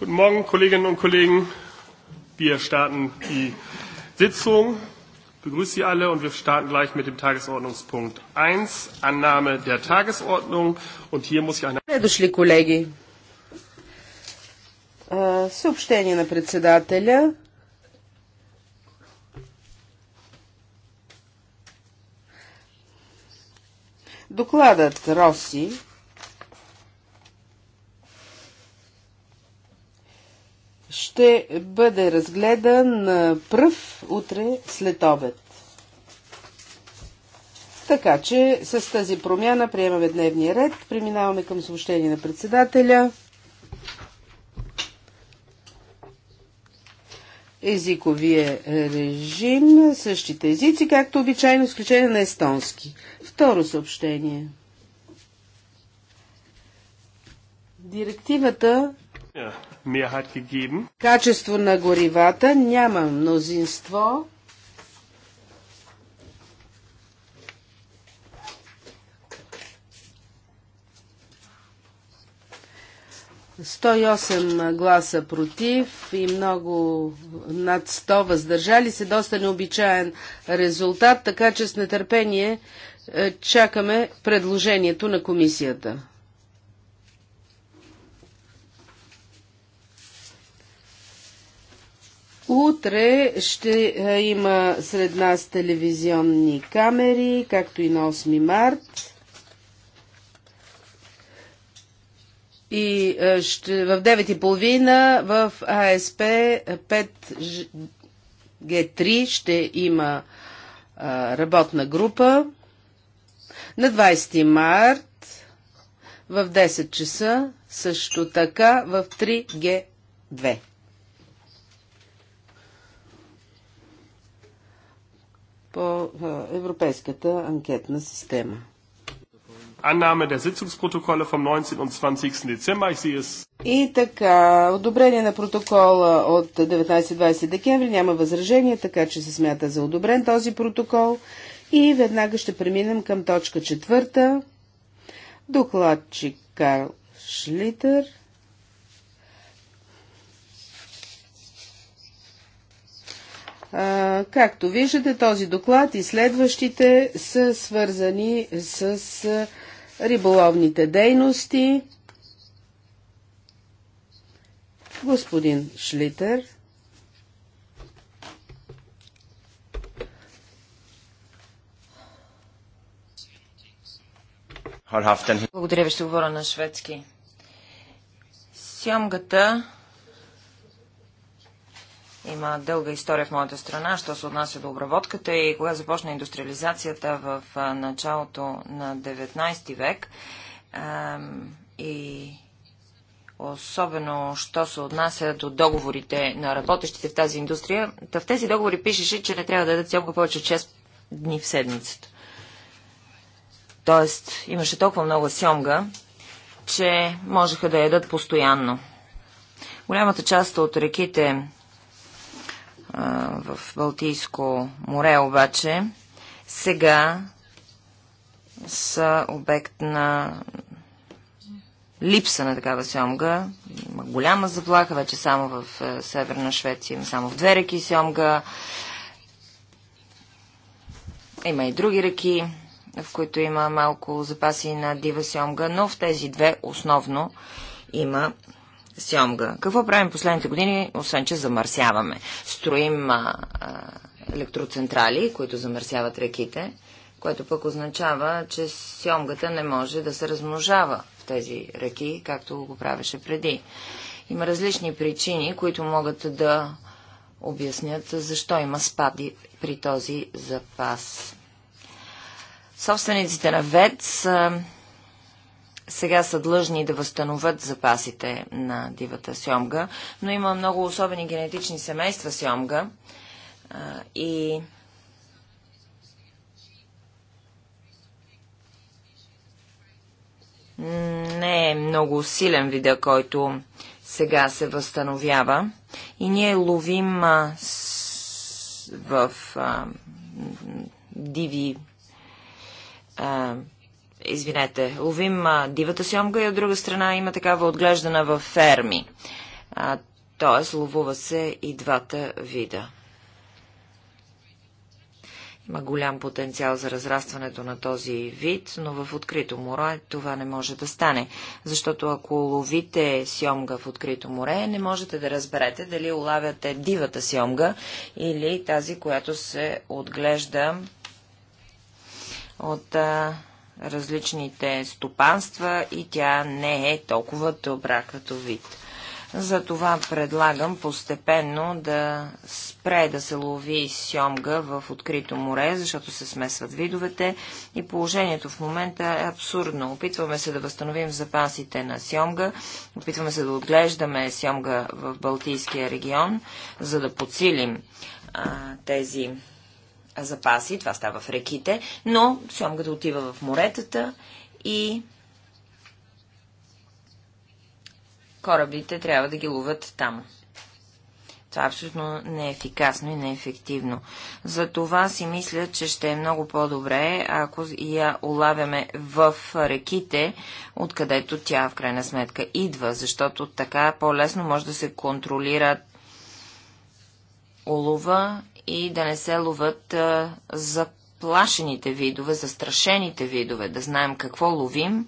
Guten Morgen, Kolleginnen und Kollegen. Wir starten die Sitzung. Ich begrüße Sie alle und wir starten gleich mit dem Tagesordnungspunkt 1, Annahme der Tagesordnung. Und hier muss ich eine... Дошли, колеги. Съобщение на председателя. Докладът Роси ще бъде разгледан пръв утре след обед. Така че с тази промяна приемаме дневния ред. Преминаваме към съобщение на председателя. Езиковия режим, същите езици, както обичайно, изключение на естонски. Второ съобщение. Директивата Качество на горивата няма мнозинство. Сто и осем гласа против и много над 100 въздържали се. Доста необичаен резултат, така че с нетърпение е, чакаме предложението на комисията. Утре ще е, има сред нас телевизионни камери, както и на 8 март. И е, ще, в 9.30 в АСП 5G3 ще има а, е, работна група. На 20 март в 10 часа също така в 3G2. по е, Европейската анкетна система. Annahme der Sitzungsprotokolle vom 19. und 20. Dezember. Ich sehe es. И така, одобрение на протокола от 19-20 декември. Няма възражение, така че се смята за одобрен този протокол. И веднага ще преминем към точка четвърта. Докладчик Карл Шлитър. Както виждате, този доклад и следващите са свързани с риболовните дейности. Господин Шлитер. Благодаря ви, ще говоря на шведски. Сямгата има дълга история в моята страна, що се отнася до обработката и кога започна индустриализацията в началото на 19 век. И особено, що се отнася до договорите на работещите в тази индустрия, в тези договори пишеше, че не трябва да дадат сега повече от 6 дни в седмицата. Тоест, имаше толкова много сьомга, че можеха да ядат постоянно. Голямата част от реките в Балтийско море обаче сега са обект на липса на такава сьомга. Има голяма заплаха, вече само в е, Северна Швеция има само в две реки сьомга. Има и други реки, в които има малко запаси на дива сьомга, но в тези две основно има Сьомга. Какво правим последните години, освен че замърсяваме? Строим а, а, електроцентрали, които замърсяват реките, което пък означава, че сьомгата не може да се размножава в тези реки, както го правеше преди. Има различни причини, които могат да обяснят защо има спади при този запас. Собствениците на ВЕЦ сега са длъжни да възстановят запасите на дивата сьомга, но има много особени генетични семейства сьомга и не е много силен вида, който сега се възстановява. И ние ловим а, с, в а, диви а, извинете, ловим дивата сьомга и от друга страна има такава отглеждана във ферми. Т.е. ловува се и двата вида. Има голям потенциал за разрастването на този вид, но в открито море това не може да стане. Защото ако ловите сьомга в открито море, не можете да разберете дали улавяте дивата сьомга или тази, която се отглежда от а, различните стопанства и тя не е толкова добра като вид. Затова предлагам постепенно да спре да се лови сьомга в открито море, защото се смесват видовете и положението в момента е абсурдно. Опитваме се да възстановим запасите на сьомга, опитваме се да отглеждаме сьомга в Балтийския регион, за да подсилим а, тези запаси, това става в реките, но сьомгата отива в моретата и корабите трябва да ги ловят там. Това е абсолютно неефикасно и неефективно. За това си мисля, че ще е много по-добре, ако я улавяме в реките, откъдето тя в крайна сметка идва, защото така по-лесно може да се контролира улова и да не се ловат заплашените видове, застрашените видове, да знаем какво ловим,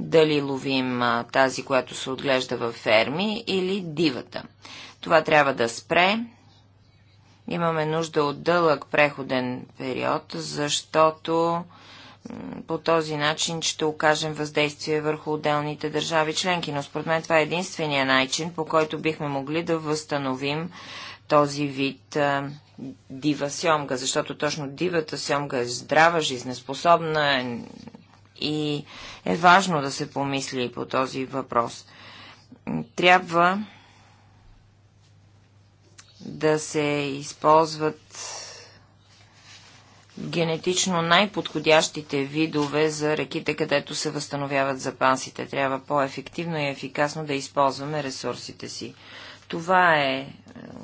дали ловим тази, която се отглежда във ферми или дивата. Това трябва да спре. Имаме нужда от дълъг преходен период, защото по този начин ще окажем въздействие върху отделните държави членки. Но според мен това е единствения начин, по който бихме могли да възстановим този вид а, дива сьомга, защото точно дивата сьомга е здрава, жизнеспособна е, и е важно да се помисли по този въпрос. Трябва да се използват генетично най-подходящите видове за реките, където се възстановяват запасите. Трябва по-ефективно и ефикасно да използваме ресурсите си. Това е, е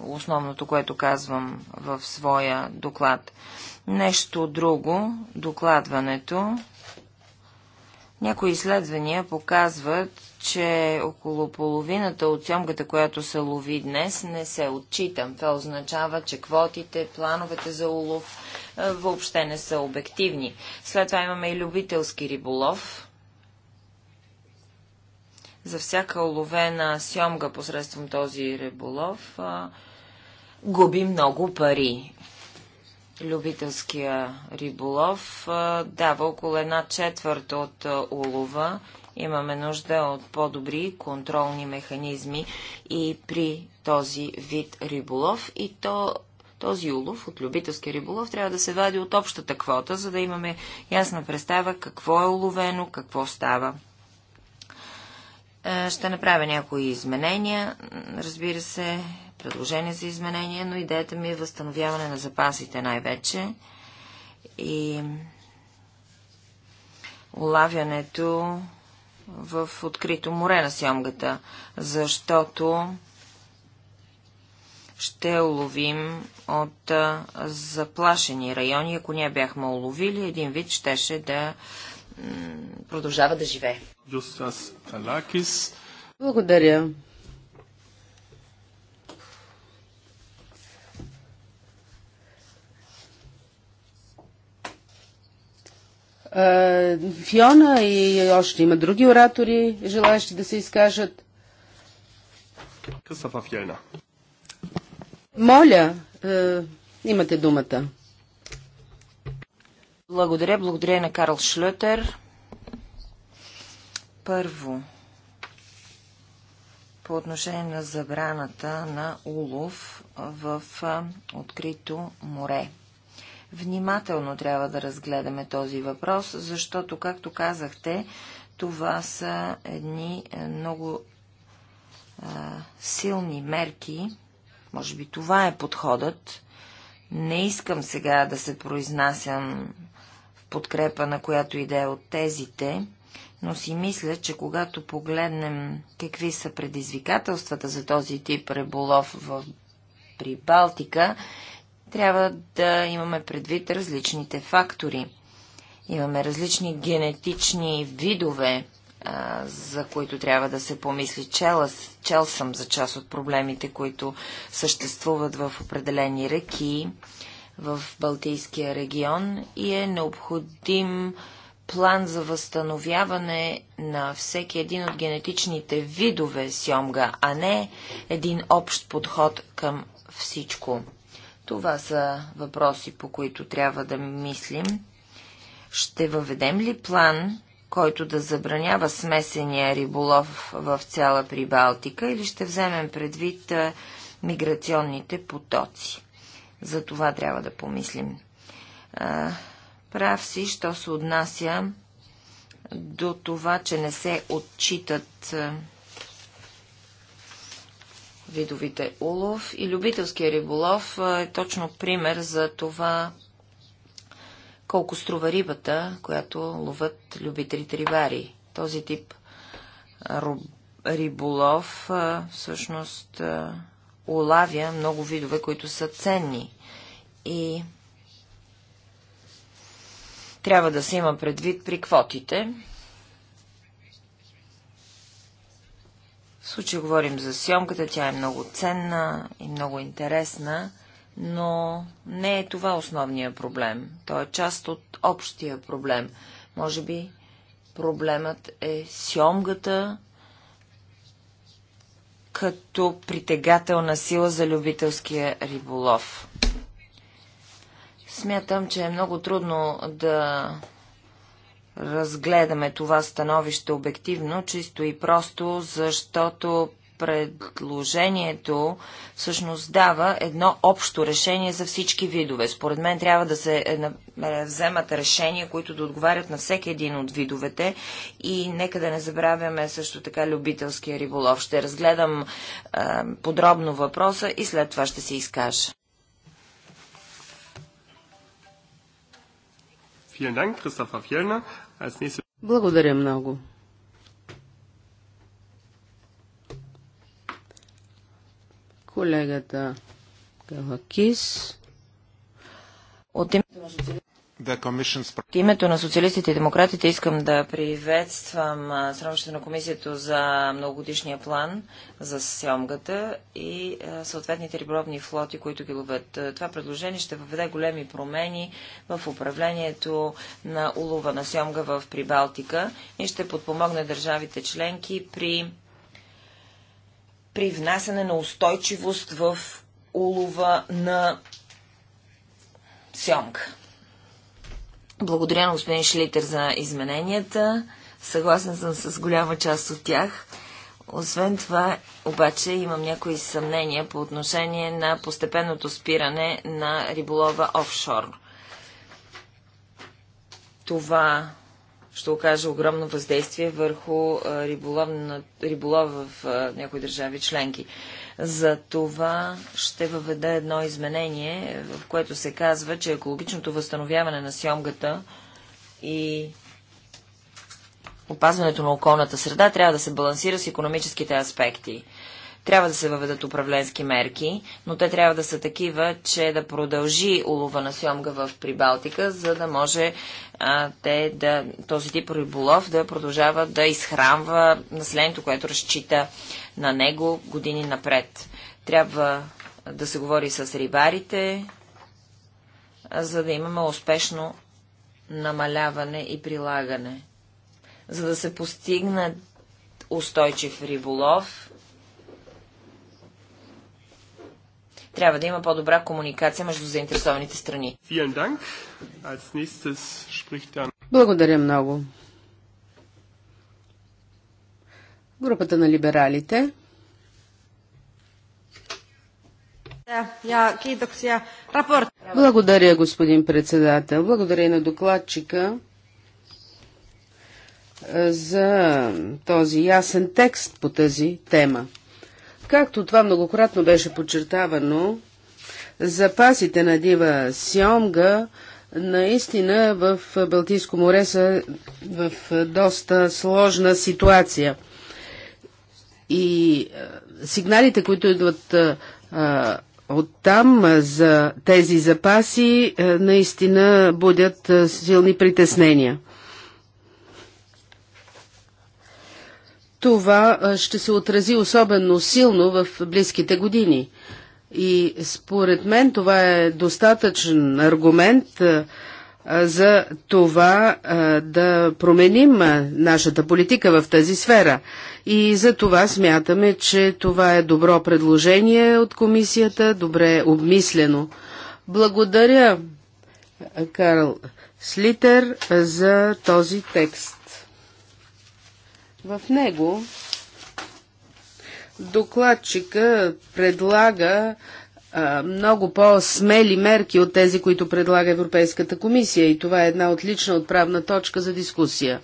основното, което казвам в своя доклад. Нещо друго, докладването. Някои изследвания показват, че около половината от сьомката, която се лови днес, не се отчитам. Това означава, че квотите, плановете за улов е, въобще не са обективни. След това имаме и любителски риболов, за всяка уловена сьомга посредством този риболов а, губи много пари. Любителския риболов а, дава около една четвърт от а, улова. Имаме нужда от по-добри контролни механизми и при този вид риболов и то този улов от любителски риболов трябва да се вади от общата квота, за да имаме ясна представа какво е уловено, какво става. Е, ще направя някои изменения, разбира се, предложения за изменения, но идеята ми е възстановяване на запасите най-вече и улавянето в открито море на сьомгата, защото ще уловим от заплашени райони. Ако ние бяхме уловили, един вид щеше да продължава да живее. Благодаря. Е, Фиона и още има други оратори, желаящи да се изкажат. Кристофа Фиона. Моля, е, имате думата. Благодаря. Благодаря на Карл Шлютер. Първо, по отношение на забраната на улов в открито море. Внимателно трябва да разгледаме този въпрос, защото, както казахте, това са едни е, много а, силни мерки. Може би това е подходът. Не искам сега да се произнасям подкрепа на която идея от тезите, но си мисля, че когато погледнем какви са предизвикателствата за този тип реболов в... при Балтика, трябва да имаме предвид различните фактори. Имаме различни генетични видове, а, за които трябва да се помисли. Чел, чел съм за част от проблемите, които съществуват в определени реки в Балтийския регион и е необходим план за възстановяване на всеки един от генетичните видове сьомга, а не един общ подход към всичко. Това са въпроси, по които трябва да мислим. Ще въведем ли план, който да забранява смесения риболов в цяла Прибалтика или ще вземем предвид миграционните потоци? За това трябва да помислим. Прав си, що се отнася до това, че не се отчитат видовите улов и любителския риболов е точно пример за това колко струва рибата, която ловат любителите рибари. Този тип риболов всъщност улавя много видове, които са ценни. И трябва да се има предвид при квотите. В случай говорим за сьомката, тя е много ценна и много интересна, но не е това основния проблем. Той е част от общия проблем. Може би проблемът е съемката, като притегателна сила за любителския риболов. Смятам, че е много трудно да разгледаме това становище обективно, чисто и просто, защото предложението всъщност дава едно общо решение за всички видове. Според мен трябва да се е, е, вземат решения, които да отговарят на всеки един от видовете и нека да не забравяме също така любителския риболов. Ще разгледам е, подробно въпроса и след това ще се изкажа. Благодаря много. Колегата Калакис. От името на социалистите и демократите искам да приветствам становището на комисията за многогодишния план за сьомгата и съответните риболовни флоти, които ги ловят. Това предложение ще въведе големи промени в управлението на улова на съемга в Прибалтика и ще подпомогне държавите членки при при внасяне на устойчивост в улова на сьомка. Благодаря на господин Шлитер за измененията. Съгласен съм с голяма част от тях. Освен това, обаче, имам някои съмнения по отношение на постепенното спиране на риболова офшор. Това ще окаже огромно въздействие върху риболов, риболов в някои държави членки. За това ще въведа едно изменение, в което се казва, че екологичното възстановяване на сьомгата и опазването на околната среда трябва да се балансира с економическите аспекти. Трябва да се въведат управленски мерки, но те трябва да са такива, че да продължи улова на съемга в Прибалтика, за да може а, те да, този тип риболов да продължава да изхранва населението, което разчита на него години напред. Трябва да се говори с рибарите, за да имаме успешно намаляване и прилагане. За да се постигне устойчив риболов Трябва да има по-добра комуникация между заинтересованите страни. Благодаря много. Групата на либералите. Благодаря, господин председател. Благодаря и на докладчика е, за този ясен текст по тази тема. Както това многократно беше подчертавано, запасите на дива сьомга наистина в Балтийско море са в доста сложна ситуация. И сигналите, които идват от там за тези запаси, наистина будят силни притеснения. Това ще се отрази особено силно в близките години. И според мен това е достатъчен аргумент за това да променим нашата политика в тази сфера. И за това смятаме, че това е добро предложение от комисията, добре обмислено. Благодаря, Карл Слитер, за този текст. В него докладчика предлага много по-смели мерки от тези, които предлага Европейската комисия и това е една отлична отправна точка за дискусия.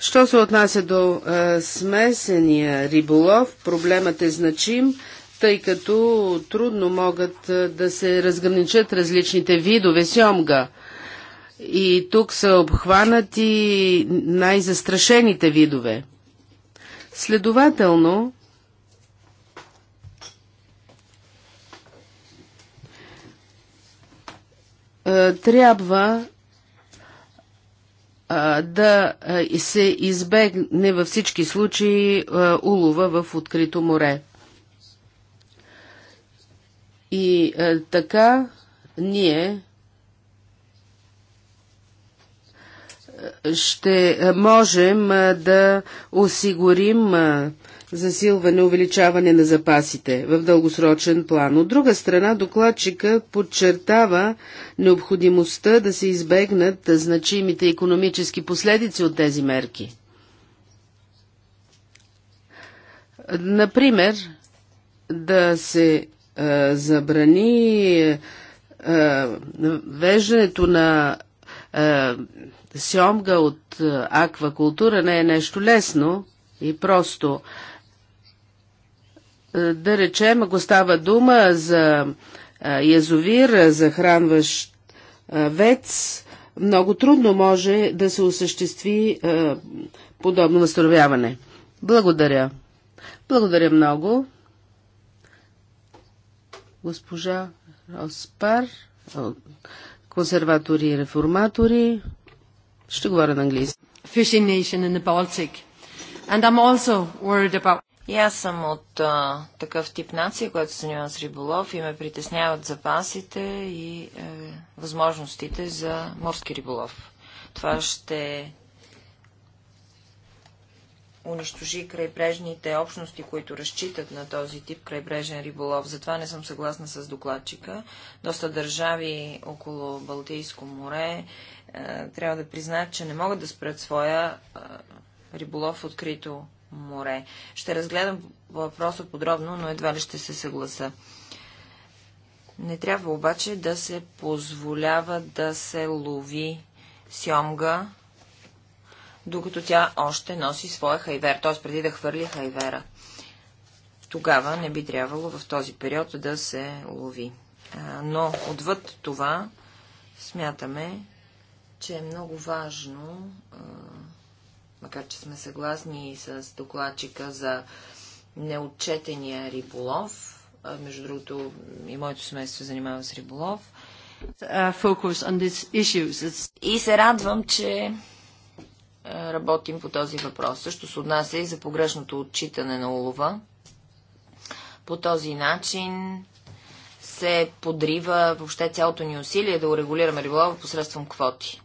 Що се отнася до а, смесения риболов, проблемът е значим, тъй като трудно могат а, да се разграничат различните видове сьомга – и тук са обхванати най-застрашените видове. Следователно, е, трябва е, да е, се избегне във всички случаи улова в открито море. И така ние ще можем да осигурим засилване, увеличаване на запасите в дългосрочен план. От друга страна, докладчика подчертава необходимостта да се избегнат значимите економически последици от тези мерки. Например, да се а, забрани а, веждането на сьомга от е, аквакултура не е нещо лесно и просто. Е, да речем, ако става дума за е, язовир, захранващ вец, много трудно може да се осъществи подобно възстановяване. Благодаря. Благодаря много. Госпожа Роспар, консерватори и реформатори. Ще говоря на английски. Fishing Nation in the Baltic. And I'm also worried about... И аз съм от а, такъв тип нация, която се занимава с риболов и ме притесняват запасите и е, възможностите за морски риболов. Това ще унищожи крайбрежните общности, които разчитат на този тип крайбрежен риболов. Затова не съм съгласна с докладчика. Доста държави около Балтийско море е, трябва да признаят, че не могат да спрат своя е, риболов в открито море. Ще разгледам въпроса подробно, но едва ли ще се съгласа. Не трябва обаче да се позволява да се лови сьомга, докато тя още носи своя хайвер, т.е. преди да хвърли хайвера. Тогава не би трябвало в този период да се лови. Но отвъд това смятаме, че е много важно, макар че сме съгласни и с докладчика за неотчетения риболов, между другото и моето семейство се занимава с риболов, и се радвам, че работим по този въпрос. Също се отнася и за погрешното отчитане на улова. По този начин се подрива въобще цялото ни усилие да урегулираме риболова посредством квоти.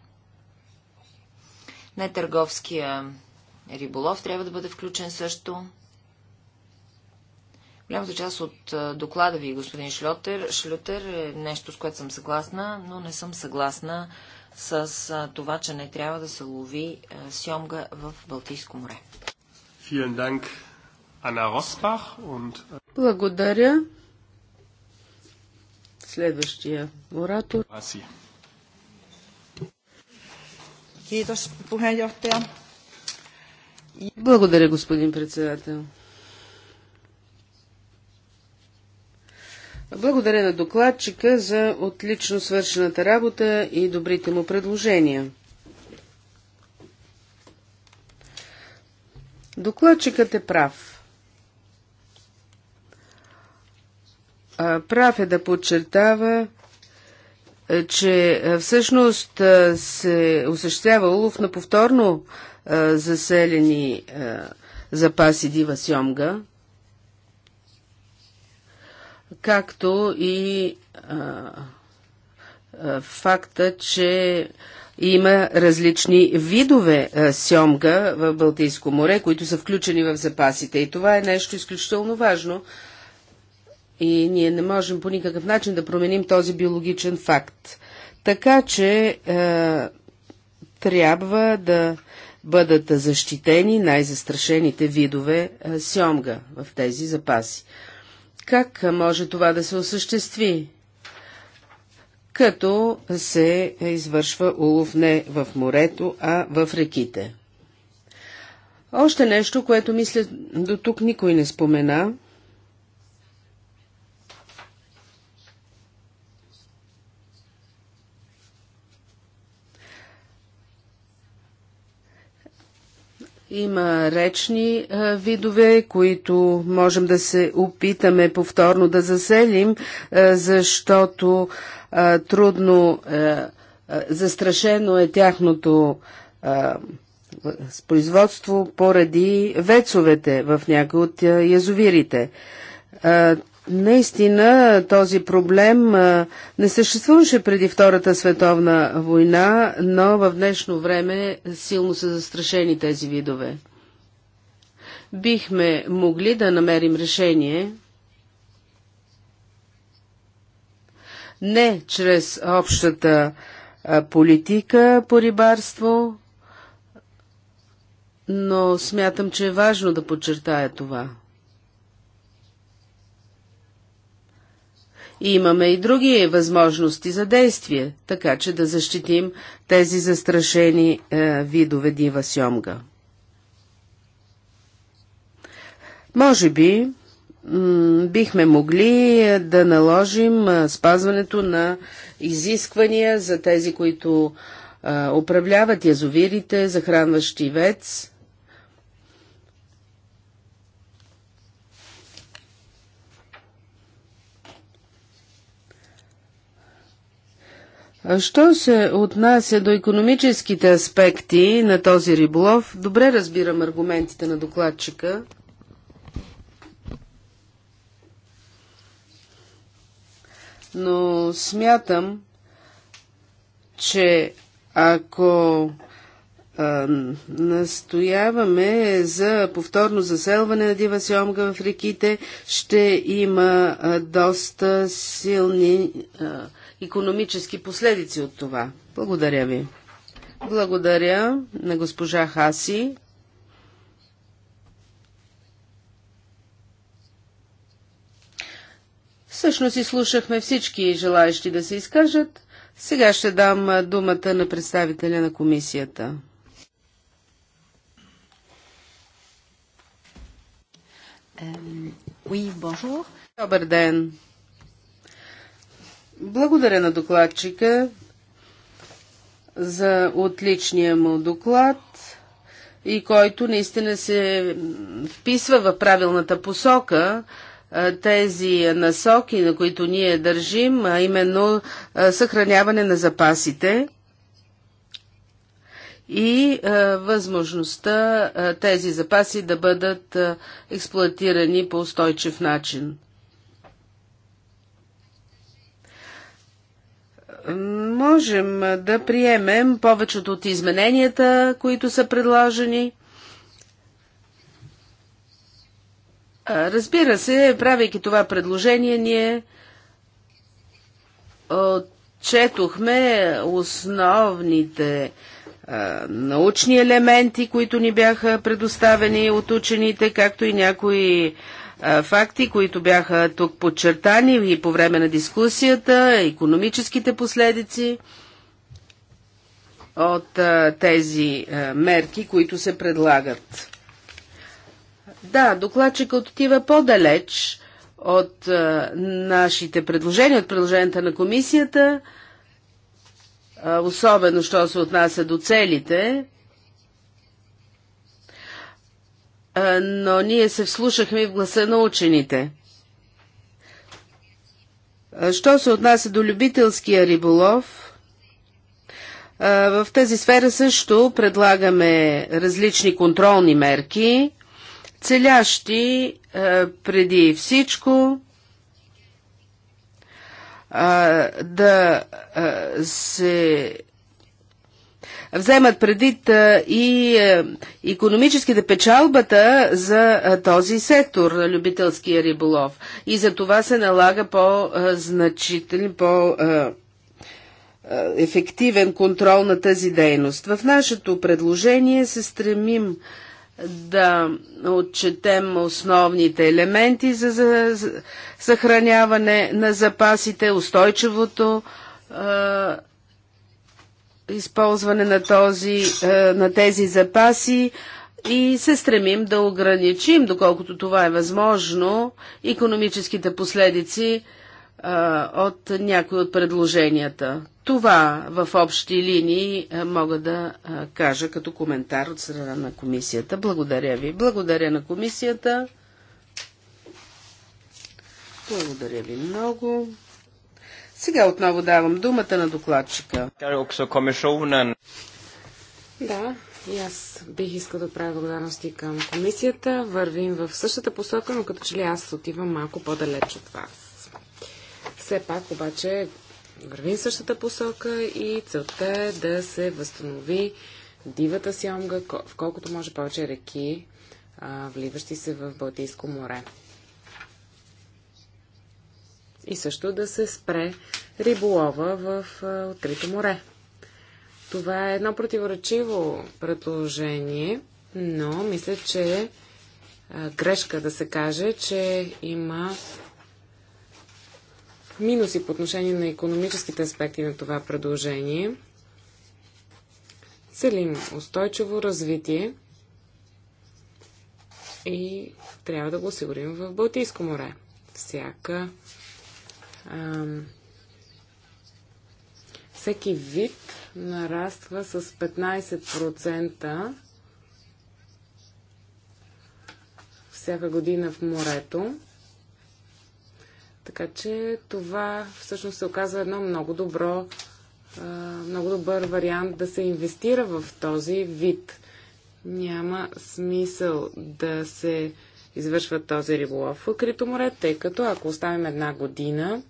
Нетърговския риболов трябва да бъде включен също. Голямата част от доклада ви, господин Шлютер, Шлютер, е нещо, с което съм съгласна, но не съм съгласна с това, че не трябва да се лови сьомга в Балтийско море. Äh, Благодаря. Следващия оратор. Спасибо. Kiitos, puheenjohtaja. Благодаря, господин председател. Благодаря на докладчика за отлично свършената работа и добрите му предложения. Докладчикът е прав. Прав е да подчертава, е, че е, всъщност е, се осъществява улов на повторно заселени запаси дива сьомга, както и факта, че има различни видове сьомга в Балтийско море, които са включени в запасите. И това е нещо изключително важно и ние не можем по никакъв начин да променим този биологичен факт. Така че е, трябва да бъдат защитени най-застрашените видове е, сьомга в тези запаси. Как може това да се осъществи? Като се извършва улов не в морето, а в реките. Още нещо, което мисля до тук никой не спомена Има речни видове, които можем да се опитаме повторно да заселим, защото трудно застрашено е тяхното производство поради вецовете в някои от язовирите. Наистина този проблем не съществуваше преди Втората световна война, но в днешно време силно са застрашени тези видове. Бихме могли да намерим решение не чрез общата политика по рибарство, но смятам, че е важно да подчертая това – И имаме и други възможности за действие, така че да защитим тези застрашени е, видове дива сьомга. Може би бихме могли е, да наложим е, спазването на изисквания за тези, които е, управляват язовирите, захранващи вец, Що се отнася до економическите аспекти на този риболов, добре разбирам аргументите на докладчика. Но смятам, че ако а, настояваме за повторно заселване на дива сьомга в реките, ще има а, доста силни а, економически последици от това. Благодаря ви. Благодаря на госпожа Хаси. Всъщност изслушахме всички желаящи да се изкажат. Сега ще дам думата на представителя на комисията. Um, oui, Добър ден! Благодаря на докладчика за отличния му доклад и който наистина се вписва в правилната посока тези насоки, на които ние държим, а именно съхраняване на запасите и възможността тези запаси да бъдат експлуатирани по устойчив начин. можем да приемем повечето от измененията, които са предложени. Разбира се, правейки това предложение, ние отчетохме основните научни елементи, които ни бяха предоставени от учените, както и някои факти, които бяха тук подчертани и по време на дискусията, економическите последици от тези мерки, които се предлагат. Да, докладчикът отива по-далеч от нашите предложения, от предложенията на комисията, особено що се отнася до целите но ние се вслушахме в гласа на учените. Що се отнася до любителския риболов, в тази сфера също предлагаме различни контролни мерки, целящи преди всичко да се вземат предвид и економическите печалбата за този сектор, на любителския риболов. И за това се налага по-значителен, по-, е, е, ефективен контрол на тази дейност. В нашето предложение се стремим да отчетем основните елементи за съхраняване на запасите, устойчивото е, използване на, този, е, на тези запаси и се стремим да ограничим, доколкото това е възможно, економическите последици е, от някои от предложенията. Това в общи линии е, мога да кажа като коментар от страна на комисията. Благодаря ви. Благодаря на комисията. Благодаря ви много. Сега отново давам думата на докладчика. Е да, и аз бих искал да правя благодарности към комисията. Вървим в същата посока, но като че ли аз отивам малко по-далеч от вас. Все пак обаче вървим в същата посока и целта е да се възстанови дивата сямга в колкото може повече реки, вливащи се в Балтийско море и също да се спре риболова в открито море. Това е едно противоречиво предложение, но мисля, че е грешка да се каже, че има минуси по отношение на економическите аспекти на това предложение. Целим устойчиво развитие и трябва да го осигурим в Балтийско море. Всяка всеки вид нараства с 15% всяка година в морето. Така че това всъщност се оказва едно много добро, много добър вариант да се инвестира в този вид. Няма смисъл да се извършва този риболов в открито море, тъй като ако оставим една година,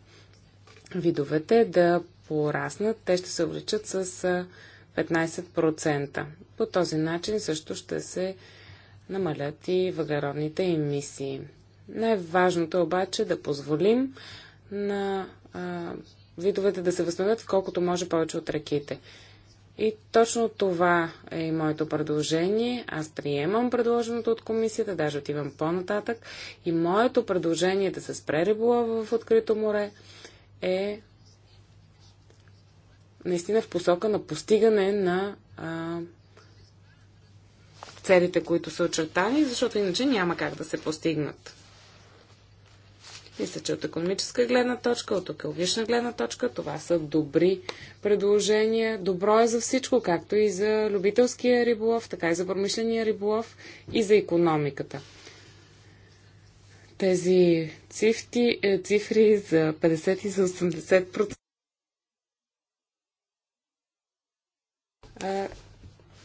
видовете да пораснат. Те ще се увеличат с 15%. По този начин също ще се намалят и въглеродните емисии. Най-важното е обаче да позволим на а, видовете да се възстановят в колкото може повече от реките. И точно това е и моето предложение. Аз приемам предложеното от комисията, даже отивам по-нататък. И моето предложение е да се спре риболова в открито море, е наистина в посока на постигане на а, целите, които са очертани, защото иначе няма как да се постигнат. Мисля, че от економическа гледна точка, от екологична гледна точка, това са добри предложения. Добро е за всичко, както и за любителския риболов, така и за промишления риболов и за економиката тези цифти, е, цифри за 50 и за 80%.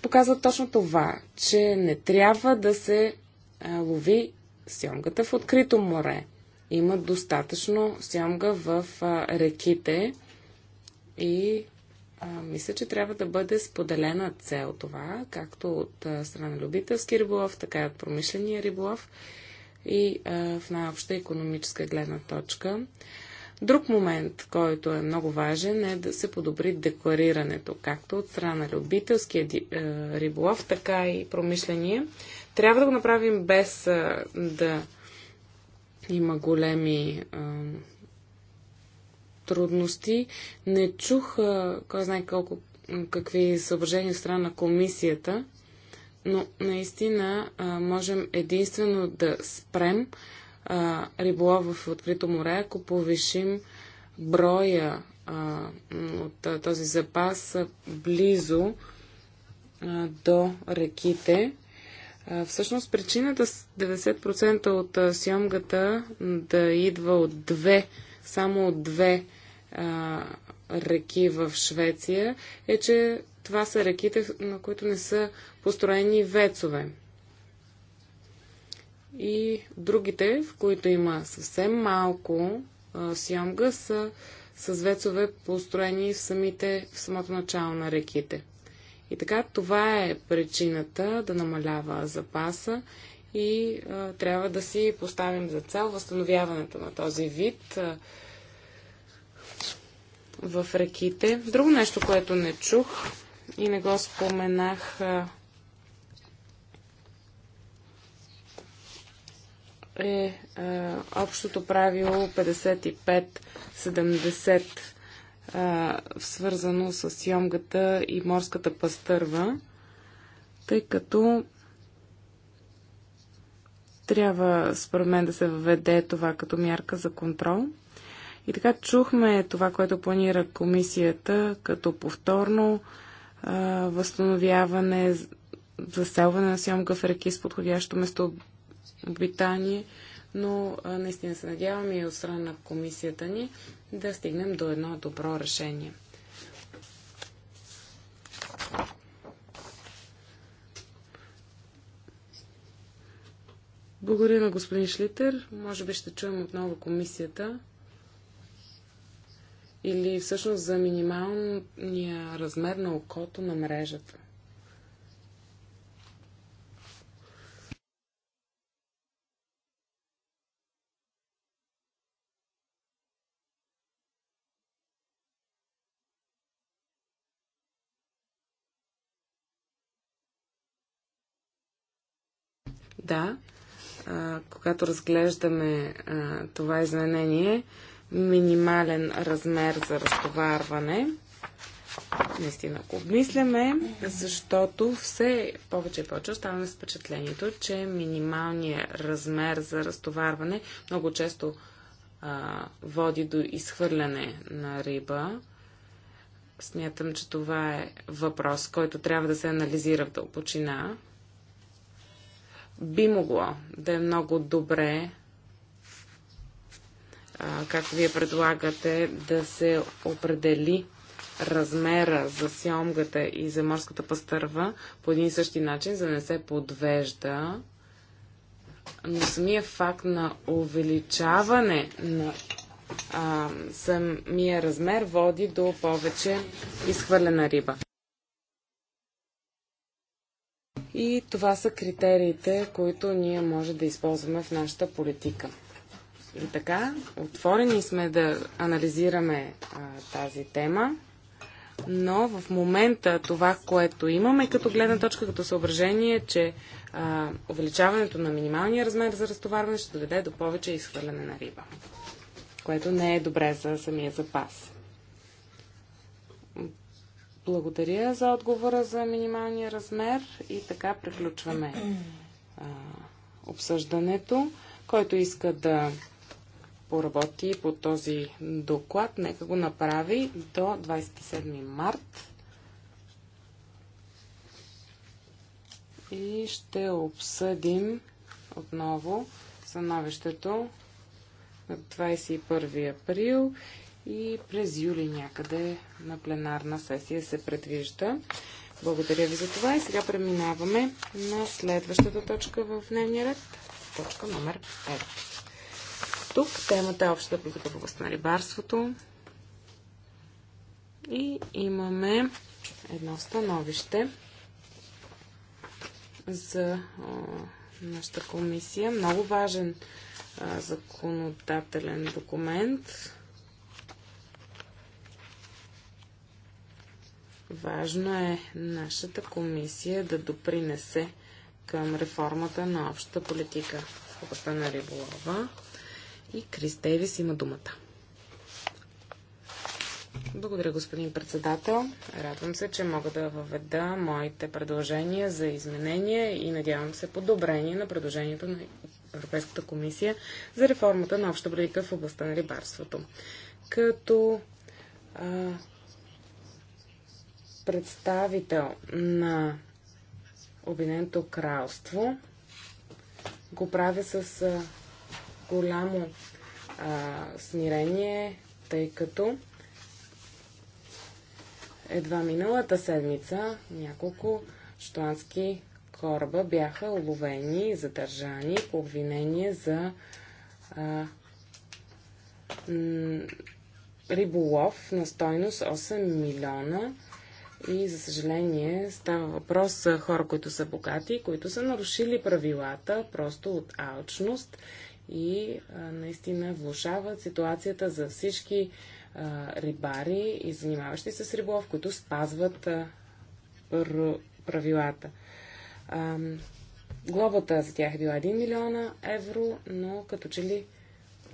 показва точно това, че не трябва да се лови сьомгата в открито море. Има достатъчно сьомга в реките и а, мисля, че трябва да бъде споделена цел това, както от страна на любителски риболов, така и от промишления риболов и а, в най-обща економическа гледна точка. Друг момент, който е много важен, е да се подобри декларирането, както от страна на любителския риболов, така и промишления. Трябва да го направим без а, да има големи а, трудности. Не чух, а, кой знае колко, какви съображения от страна на комисията но наистина а, можем единствено да спрем а, риболов в открито море, ако повишим броя а, от а, този запас а, близо а, до реките. А, всъщност причината 90% от а, сьомгата да идва от две, само от две а, реки в Швеция е, че това са реките, на които не са построени вецове. И другите, в които има съвсем малко а, сьомга, са с вецове построени в, самите, в самото начало на реките. И така, това е причината да намалява запаса и а, трябва да си поставим за цел възстановяването на този вид а, в реките. Друго нещо, което не чух, и не го споменах. Е, е общото правило 55-70 е, свързано с йомгата и морската пастърва, тъй като трябва според мен да се въведе това като мярка за контрол. И така чухме това, което планира комисията като повторно а, възстановяване, заселване на Сьомга в реки с подходящо место обитание, но а, наистина се надявам и от страна на комисията ни да стигнем до едно добро решение. Благодаря на господин Шлитер. Може би ще чуем отново комисията или всъщност за минималния размер на окото на мрежата. Да, а, когато разглеждаме а, това изменение, минимален размер за разтоварване. Наистина го обмисляме, защото все повече и повече оставаме с впечатлението, че минималният размер за разтоварване много често а, води до изхвърляне на риба. Смятам, че това е въпрос, който трябва да се анализира в дълбочина. Би могло да е много добре както вие предлагате, да се определи размера за сьомгата и за морската пастърва по един и същи начин, за да не се подвежда. Но самия факт на увеличаване на а, самия размер води до повече изхвърлена риба. И това са критериите, които ние може да използваме в нашата политика. И така, отворени сме да анализираме а, тази тема, но в момента това, което имаме като гледна точка, като съображение, е, че а, увеличаването на минималния размер за разтоварване ще доведе до повече изхвърляне на риба, което не е добре за самия запас. Благодаря за отговора за минималния размер и така приключваме а, обсъждането. Който иска да поработи по този доклад, нека го направи до 27 март. И ще обсъдим отново становището на 21 април и през юли някъде на пленарна сесия се предвижда. Благодаря ви за това и сега преминаваме на следващата точка в дневния ред. Точка номер 5. Тук темата е общата политика в областта на рибарството. И имаме едно становище за нашата комисия. Много важен а, законодателен документ. Важно е нашата комисия да допринесе към реформата на общата политика в областта на риболова. И Крис Дейвис има думата. Благодаря, господин председател. Радвам се, че мога да въведа моите предложения за изменение и надявам се подобрение на предложението на Европейската комисия за реформата на обща политика в областта на рибарството. Като а, представител на Обединеното кралство го правя с а, голямо а, смирение, тъй като едва миналата седмица няколко штуански кораба бяха уловени и задържани по обвинение за а, риболов на стойност 8 милиона. И за съжаление става въпрос за хора, които са богати, които са нарушили правилата просто от алчност и а, наистина влушават ситуацията за всички а, рибари и занимаващи се с риболов, които спазват а, правилата. А, глобата за тях е била 1 милиона евро, но като че ли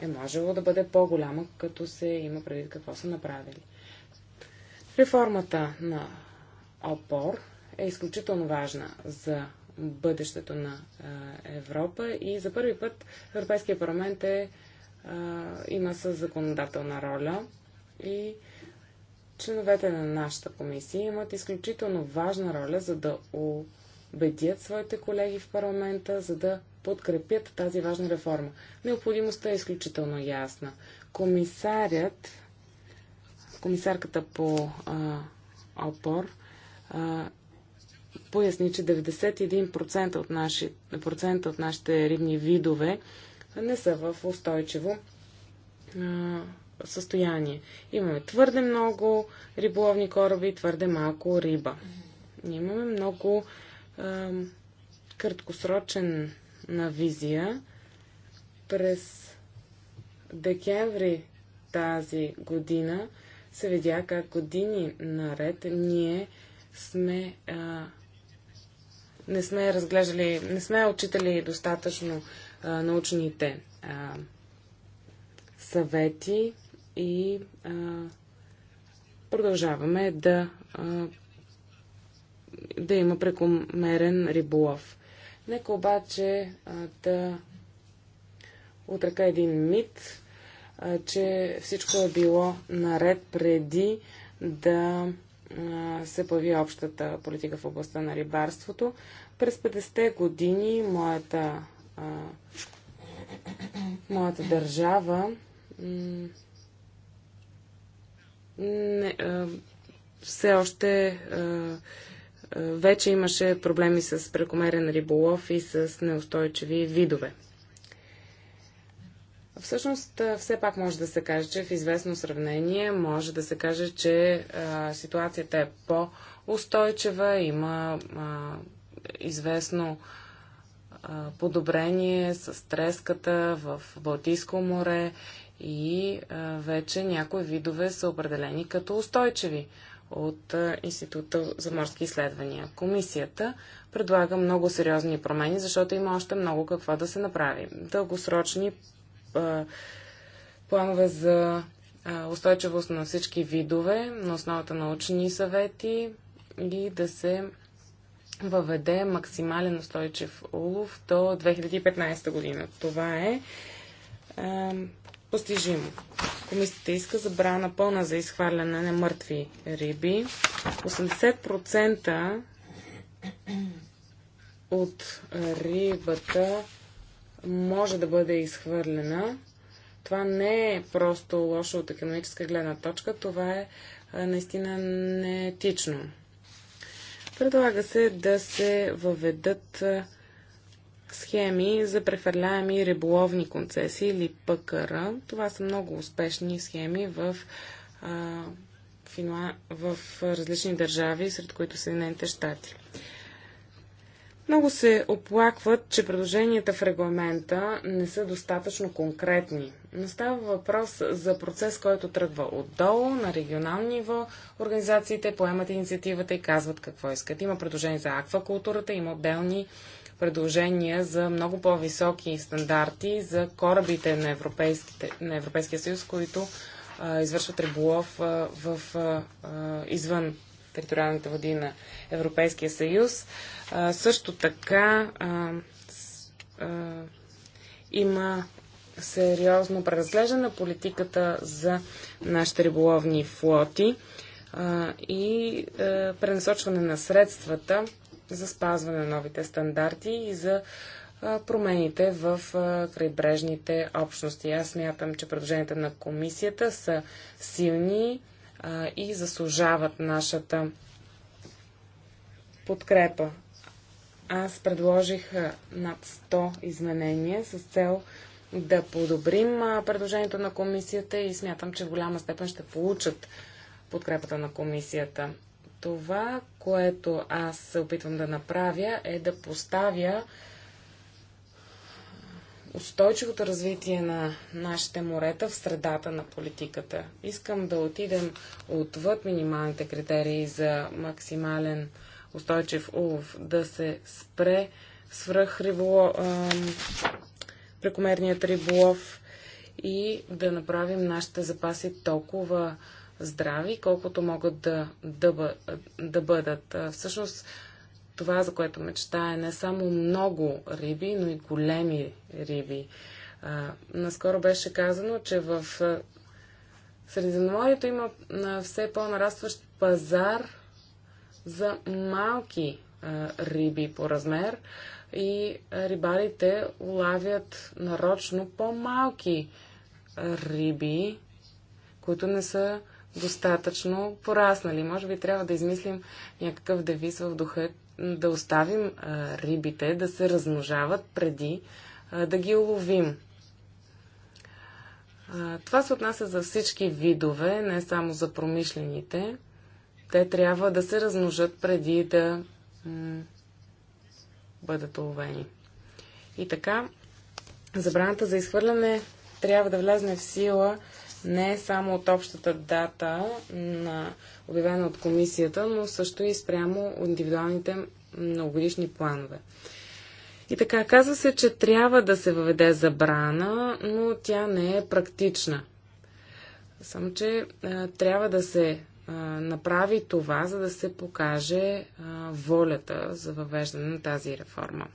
е можело да бъде по-голяма, като се има предвид какво са направили. Реформата на ОПОР е изключително важна за бъдещето на Европа и за първи път Европейския парламент е, има със законодателна роля и членовете на нашата комисия имат изключително важна роля, за да убедят своите колеги в парламента, за да подкрепят тази важна реформа. Необходимостта е изключително ясна. Комисарят, комисарката по а, опор, а, поясни, че 91% от, наши, процента от нашите рибни видове не са в устойчиво състояние. Имаме твърде много риболовни кораби и твърде малко риба. Имаме много а, краткосрочен на визия. През декември тази година се видя как години наред ние сме а, не сме разглеждали, не сме отчитали достатъчно а, научните а, съвети и а, продължаваме да, а, да има прекомерен риболов. Нека обаче а, да отръка един мит, а, че всичко е било наред преди да се появи общата политика в областта на рибарството. През 50-те години моята, а, моята държава не, а, все още а, вече имаше проблеми с прекомерен риболов и с неустойчиви видове. Всъщност, все пак може да се каже, че в известно сравнение може да се каже, че а, ситуацията е по-устойчива, има а, известно а, подобрение с треската в Балтийско море и а, вече някои видове са определени като устойчиви от а, Института за морски изследвания. Комисията предлага много сериозни промени, защото има още много какво да се направи. Дългосрочни а, планове за а, устойчивост на всички видове, на основата на учени съвети и да се въведе максимален устойчив улов до 2015 година. Това е а, постижимо. Комисията иска забрана пълна за изхвърляне на мъртви риби. 80% от рибата може да бъде изхвърлена. Това не е просто лошо от економическа гледна точка, това е наистина неетично. Предлага се да се въведат схеми за прехвърляеми риболовни концесии или ПКР. Това са много успешни схеми в, а, в различни държави, сред които Съединените щати. Много се оплакват, че предложенията в регламента не са достатъчно конкретни. Но става въпрос за процес, който тръгва отдолу, на регионално ниво. Организациите поемат инициативата и казват какво искат. Има предложения за аквакултурата, има отделни предложения за много по-високи стандарти за корабите на, на Европейския съюз, които а, извършват риболов а, в, а, извън териториалните води на Европейския съюз. А, също така а, с, а, има сериозно преразглеждане на политиката за нашите риболовни флоти и пренасочване на средствата за спазване на новите стандарти и за промените в крайбрежните общности. Аз мятам, че предложенията на комисията са силни, а, и заслужават нашата подкрепа. Аз предложих над 100 изменения с цел да подобрим предложението на комисията и смятам, че в голяма степен ще получат подкрепата на комисията. Това, което аз се опитвам да направя, е да поставя устойчивото развитие на нашите морета в средата на политиката. Искам да отидем отвъд минималните критерии за максимален устойчив улов, да се спре свръх риболов, прекомерният риболов и да направим нашите запаси толкова здрави, колкото могат да, да, да бъдат. Всъщност, това, за което мечтая, не само много риби, но и големи риби. А, наскоро беше казано, че в Средиземноморието има на все по-нарастващ пазар за малки а, риби по размер и рибарите лавят нарочно по-малки риби, които не са достатъчно пораснали. Може би трябва да измислим някакъв девиз в духа да оставим рибите да се размножават преди да ги уловим. това се отнася за всички видове, не само за промишлените. Те трябва да се размножат преди да бъдат уловени. И така, забраната за изхвърляне трябва да влезне в сила не е само от общата дата на обявена от комисията, но също и спрямо индивидуалните многогодишни планове. И така, казва се, че трябва да се въведе забрана, но тя не е практична. Само, че а, трябва да се а, направи това, за да се покаже а, волята за въвеждане на тази реформа.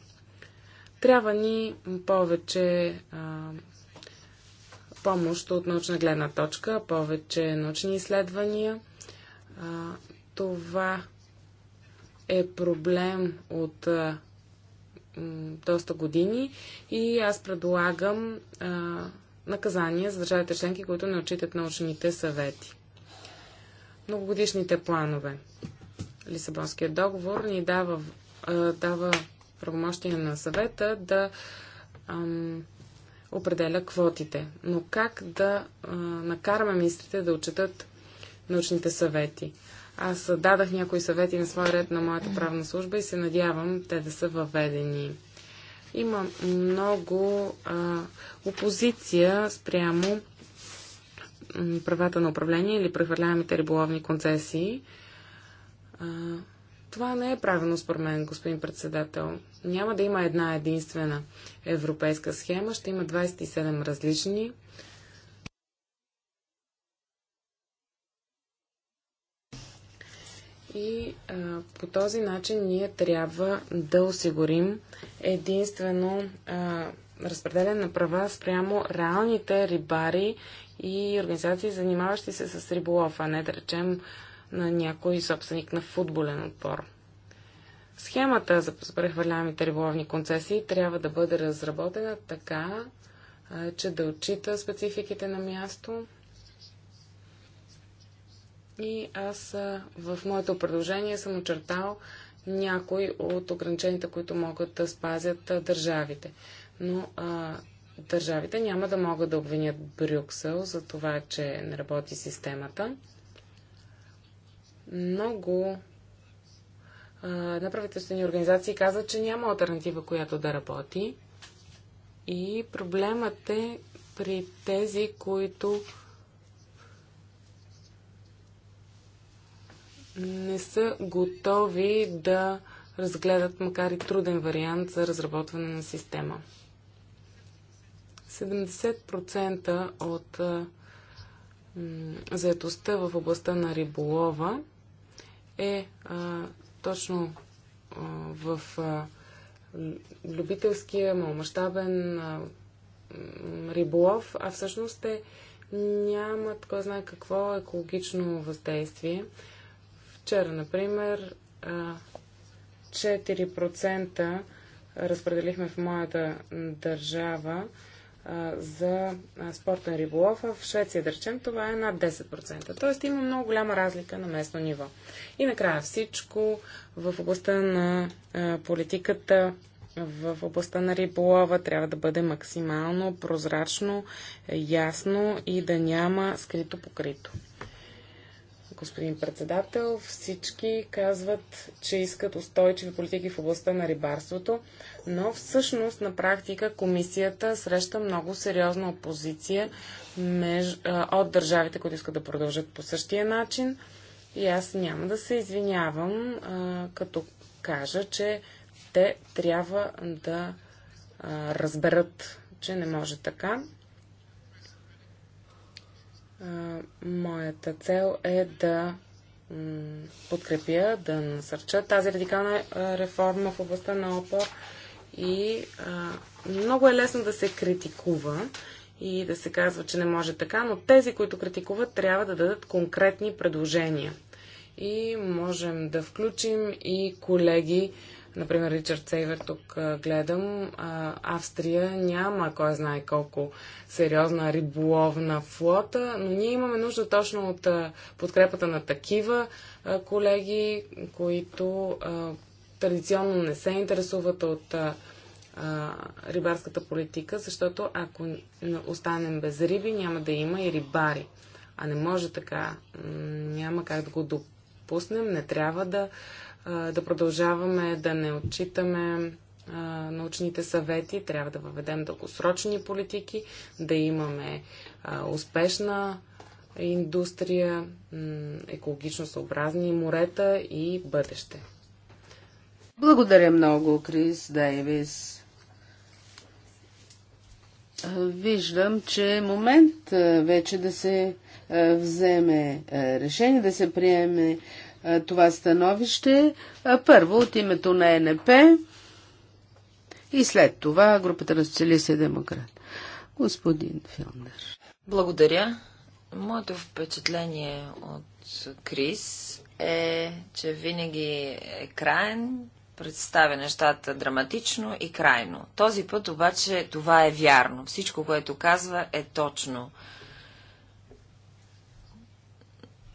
Трябва ни повече а, помощ от научна гледна точка, повече научни изследвания. А, това е проблем от а, доста години и аз предлагам а, наказания за държавите членки, които не отчитат научните съвети. Многогодишните планове. Лисабонският договор ни дава, а, дава правомощие на съвета да определя квотите. Но как да а, накараме министрите да отчитат научните съвети? Аз дадах някои съвети на своя ред на моята правна служба и се надявам те да са въведени. Има много а, опозиция спрямо правата на управление или прехвърляемите риболовни концесии. А, това не е правилно според мен, господин председател. Няма да има една единствена европейска схема, ще има 27 различни. И а, по този начин ние трябва да осигурим единствено а, разпределение на права спрямо реалните рибари и организации, занимаващи се с риболов, а не да речем на някой собственик на футболен отбор. Схемата за прехвърляемите риболовни концесии трябва да бъде разработена така, че да отчита спецификите на място. И аз в моето предложение съм очертал някои от ограниченията, които могат да спазят държавите. Но а, държавите няма да могат да обвинят Брюксел за това, че не работи системата. Много неправителствени организации казват, че няма альтернатива, която да работи. И проблемът е при тези, които не са готови да разгледат, макар и труден вариант за разработване на система. 70% от заетостта в областта на риболова е а, точно а, в а, любителския, маломащабен риболов, а всъщност те нямат кой знае какво екологично въздействие. Вчера, например, 4% разпределихме в моята държава за спортен риболов, в Швеция, да речем, това е над 10%. Тоест има много голяма разлика на местно ниво. И накрая всичко в областта на политиката, в областта на риболова трябва да бъде максимално прозрачно, ясно и да няма скрито покрито господин председател. Всички казват, че искат устойчиви политики в областта на рибарството, но всъщност на практика комисията среща много сериозна опозиция меж... от държавите, които искат да продължат по същия начин. И аз няма да се извинявам, като кажа, че те трябва да разберат, че не може така моята цел е да подкрепя, да насърча тази радикална реформа в областта на опор и много е лесно да се критикува и да се казва, че не може така, но тези, които критикуват, трябва да дадат конкретни предложения. И можем да включим и колеги, Например, Ричард Сейвер тук гледам. Австрия няма кой знае колко сериозна риболовна флота, но ние имаме нужда точно от подкрепата на такива колеги, които традиционно не се интересуват от рибарската политика, защото ако останем без риби, няма да има и рибари. А не може така. Няма как да го допуснем. Не трябва да да продължаваме да не отчитаме научните съвети, трябва да въведем дългосрочни политики, да имаме успешна индустрия, екологично съобразни морета и бъдеще. Благодаря много, Крис Дейвис. Виждам, че е момент вече да се вземе решение, да се приеме това становище. Първо от името на НП и след това групата на социалисти и демократ. Господин Филнер. Благодаря. Моето впечатление от Крис е, че винаги е краен, представя нещата драматично и крайно. Този път обаче това е вярно. Всичко, което казва, е точно.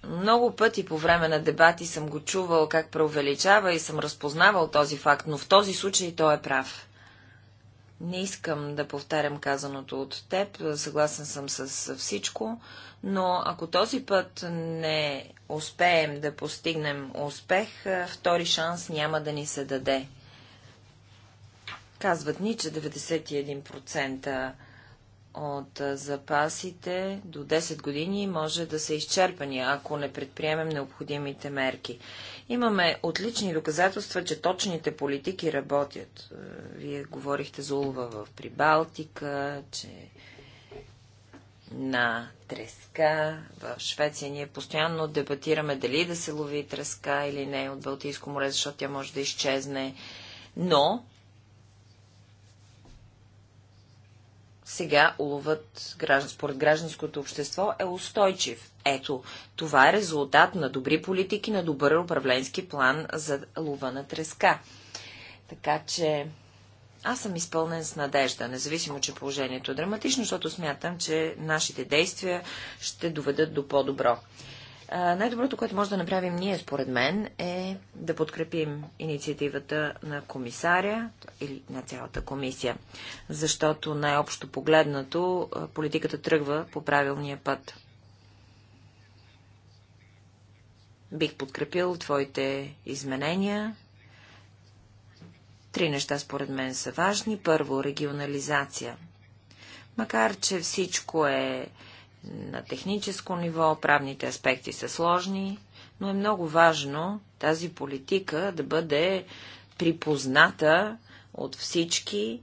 Много пъти по време на дебати съм го чувал как преувеличава и съм разпознавал този факт, но в този случай той е прав. Не искам да повтарям казаното от теб, съгласен съм с всичко, но ако този път не успеем да постигнем успех, втори шанс няма да ни се даде. Казват ни, че 91% от запасите до 10 години може да са изчерпани, ако не предприемем необходимите мерки. Имаме отлични доказателства, че точните политики работят. Вие говорихте за улва в Прибалтика, че на треска. В Швеция ние постоянно дебатираме дали да се лови треска или не от Балтийско море, защото тя може да изчезне. Но сега уловът според гражданското общество е устойчив. Ето, това е резултат на добри политики, на добър управленски план за лова на треска. Така че аз съм изпълнен с надежда, независимо, че положението е драматично, защото смятам, че нашите действия ще доведат до по-добро. Най-доброто, което може да направим ние, според мен, е да подкрепим инициативата на комисаря или на цялата комисия, защото най-общо погледнато политиката тръгва по правилния път. Бих подкрепил твоите изменения. Три неща според мен са важни. Първо, регионализация. Макар, че всичко е на техническо ниво, правните аспекти са сложни, но е много важно тази политика да бъде припозната от всички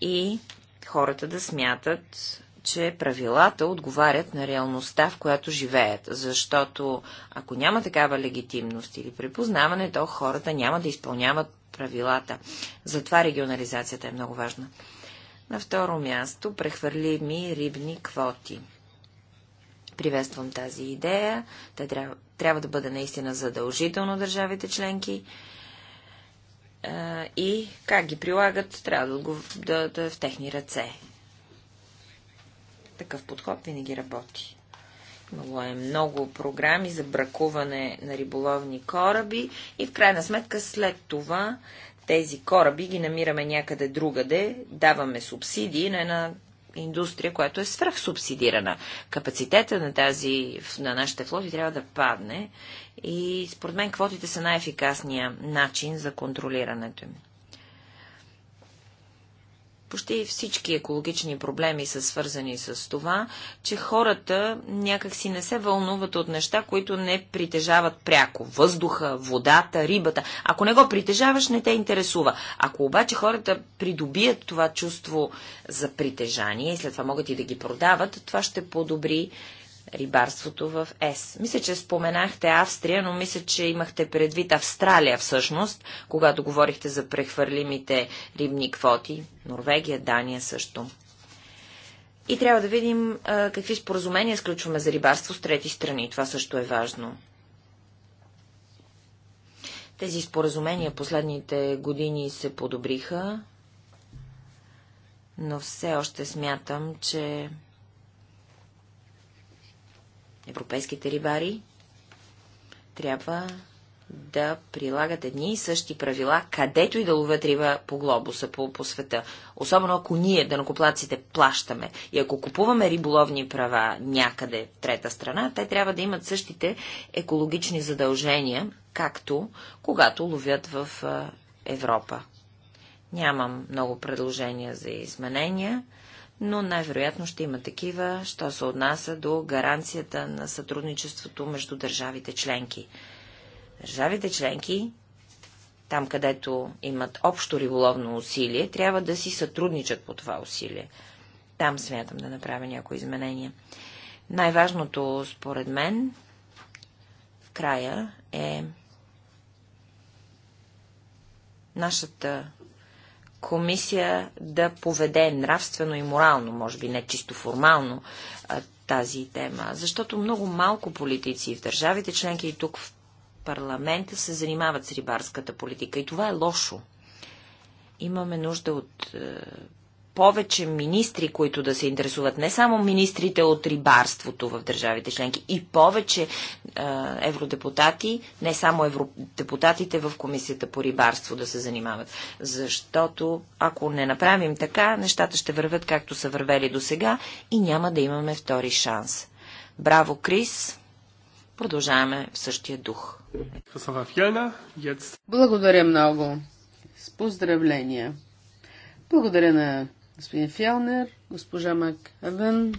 и хората да смятат, че правилата отговарят на реалността, в която живеят. Защото ако няма такава легитимност или припознаване, то хората няма да изпълняват правилата. Затова регионализацията е много важна. На второ място прехвърлими рибни квоти. Приветствам тази идея. Тя трябва, трябва да бъде наистина задължително държавите членки. И как ги прилагат, трябва да, да, да е в техни ръце. Такъв подход винаги работи. Имало е много програми за бракуване на риболовни кораби и в крайна сметка след това тези кораби ги намираме някъде другаде, даваме субсидии на една индустрия, която е свръхсубсидирана. Капацитета на, тази, на нашите флоти трябва да падне и според мен квотите са най-ефикасния начин за контролирането им. Почти всички екологични проблеми са свързани с това, че хората някакси не се вълнуват от неща, които не притежават пряко. Въздуха, водата, рибата. Ако не го притежаваш, не те интересува. Ако обаче хората придобият това чувство за притежание и след това могат и да ги продават, това ще подобри рибарството в ЕС. Мисля, че споменахте Австрия, но мисля, че имахте предвид Австралия всъщност, когато говорихте за прехвърлимите рибни квоти. Норвегия, Дания също. И трябва да видим а, какви споразумения сключваме за рибарство с трети страни. Това също е важно. Тези споразумения последните години се подобриха, но все още смятам, че европейските рибари трябва да прилагат едни и същи правила, където и да ловят риба по глобуса, по, по света. Особено ако ние, данокоплаците, плащаме и ако купуваме риболовни права някъде в трета страна, те трябва да имат същите екологични задължения, както когато ловят в Европа. Нямам много предложения за изменения но най-вероятно ще има такива, що се отнася до гаранцията на сътрудничеството между държавите членки. Държавите членки, там където имат общо риболовно усилие, трябва да си сътрудничат по това усилие. Там смятам да направя някои изменения. Най-важното, според мен, в края е нашата комисия да поведе нравствено и морално, може би не чисто формално, тази тема. Защото много малко политици в държавите членки и тук в парламента се занимават с рибарската политика. И това е лошо. Имаме нужда от е, повече министри, които да се интересуват не само министрите от рибарството в държавите членки, и повече е, евродепутати, не само евродепутатите в Комисията по рибарство да се занимават. Защото ако не направим така, нещата ще вървят както са вървели до сега и няма да имаме втори шанс. Браво, Крис! Продължаваме в същия дух. Благодаря много. С поздравления. Благодаря на Господин Фелнер, госпожа Мак Авен.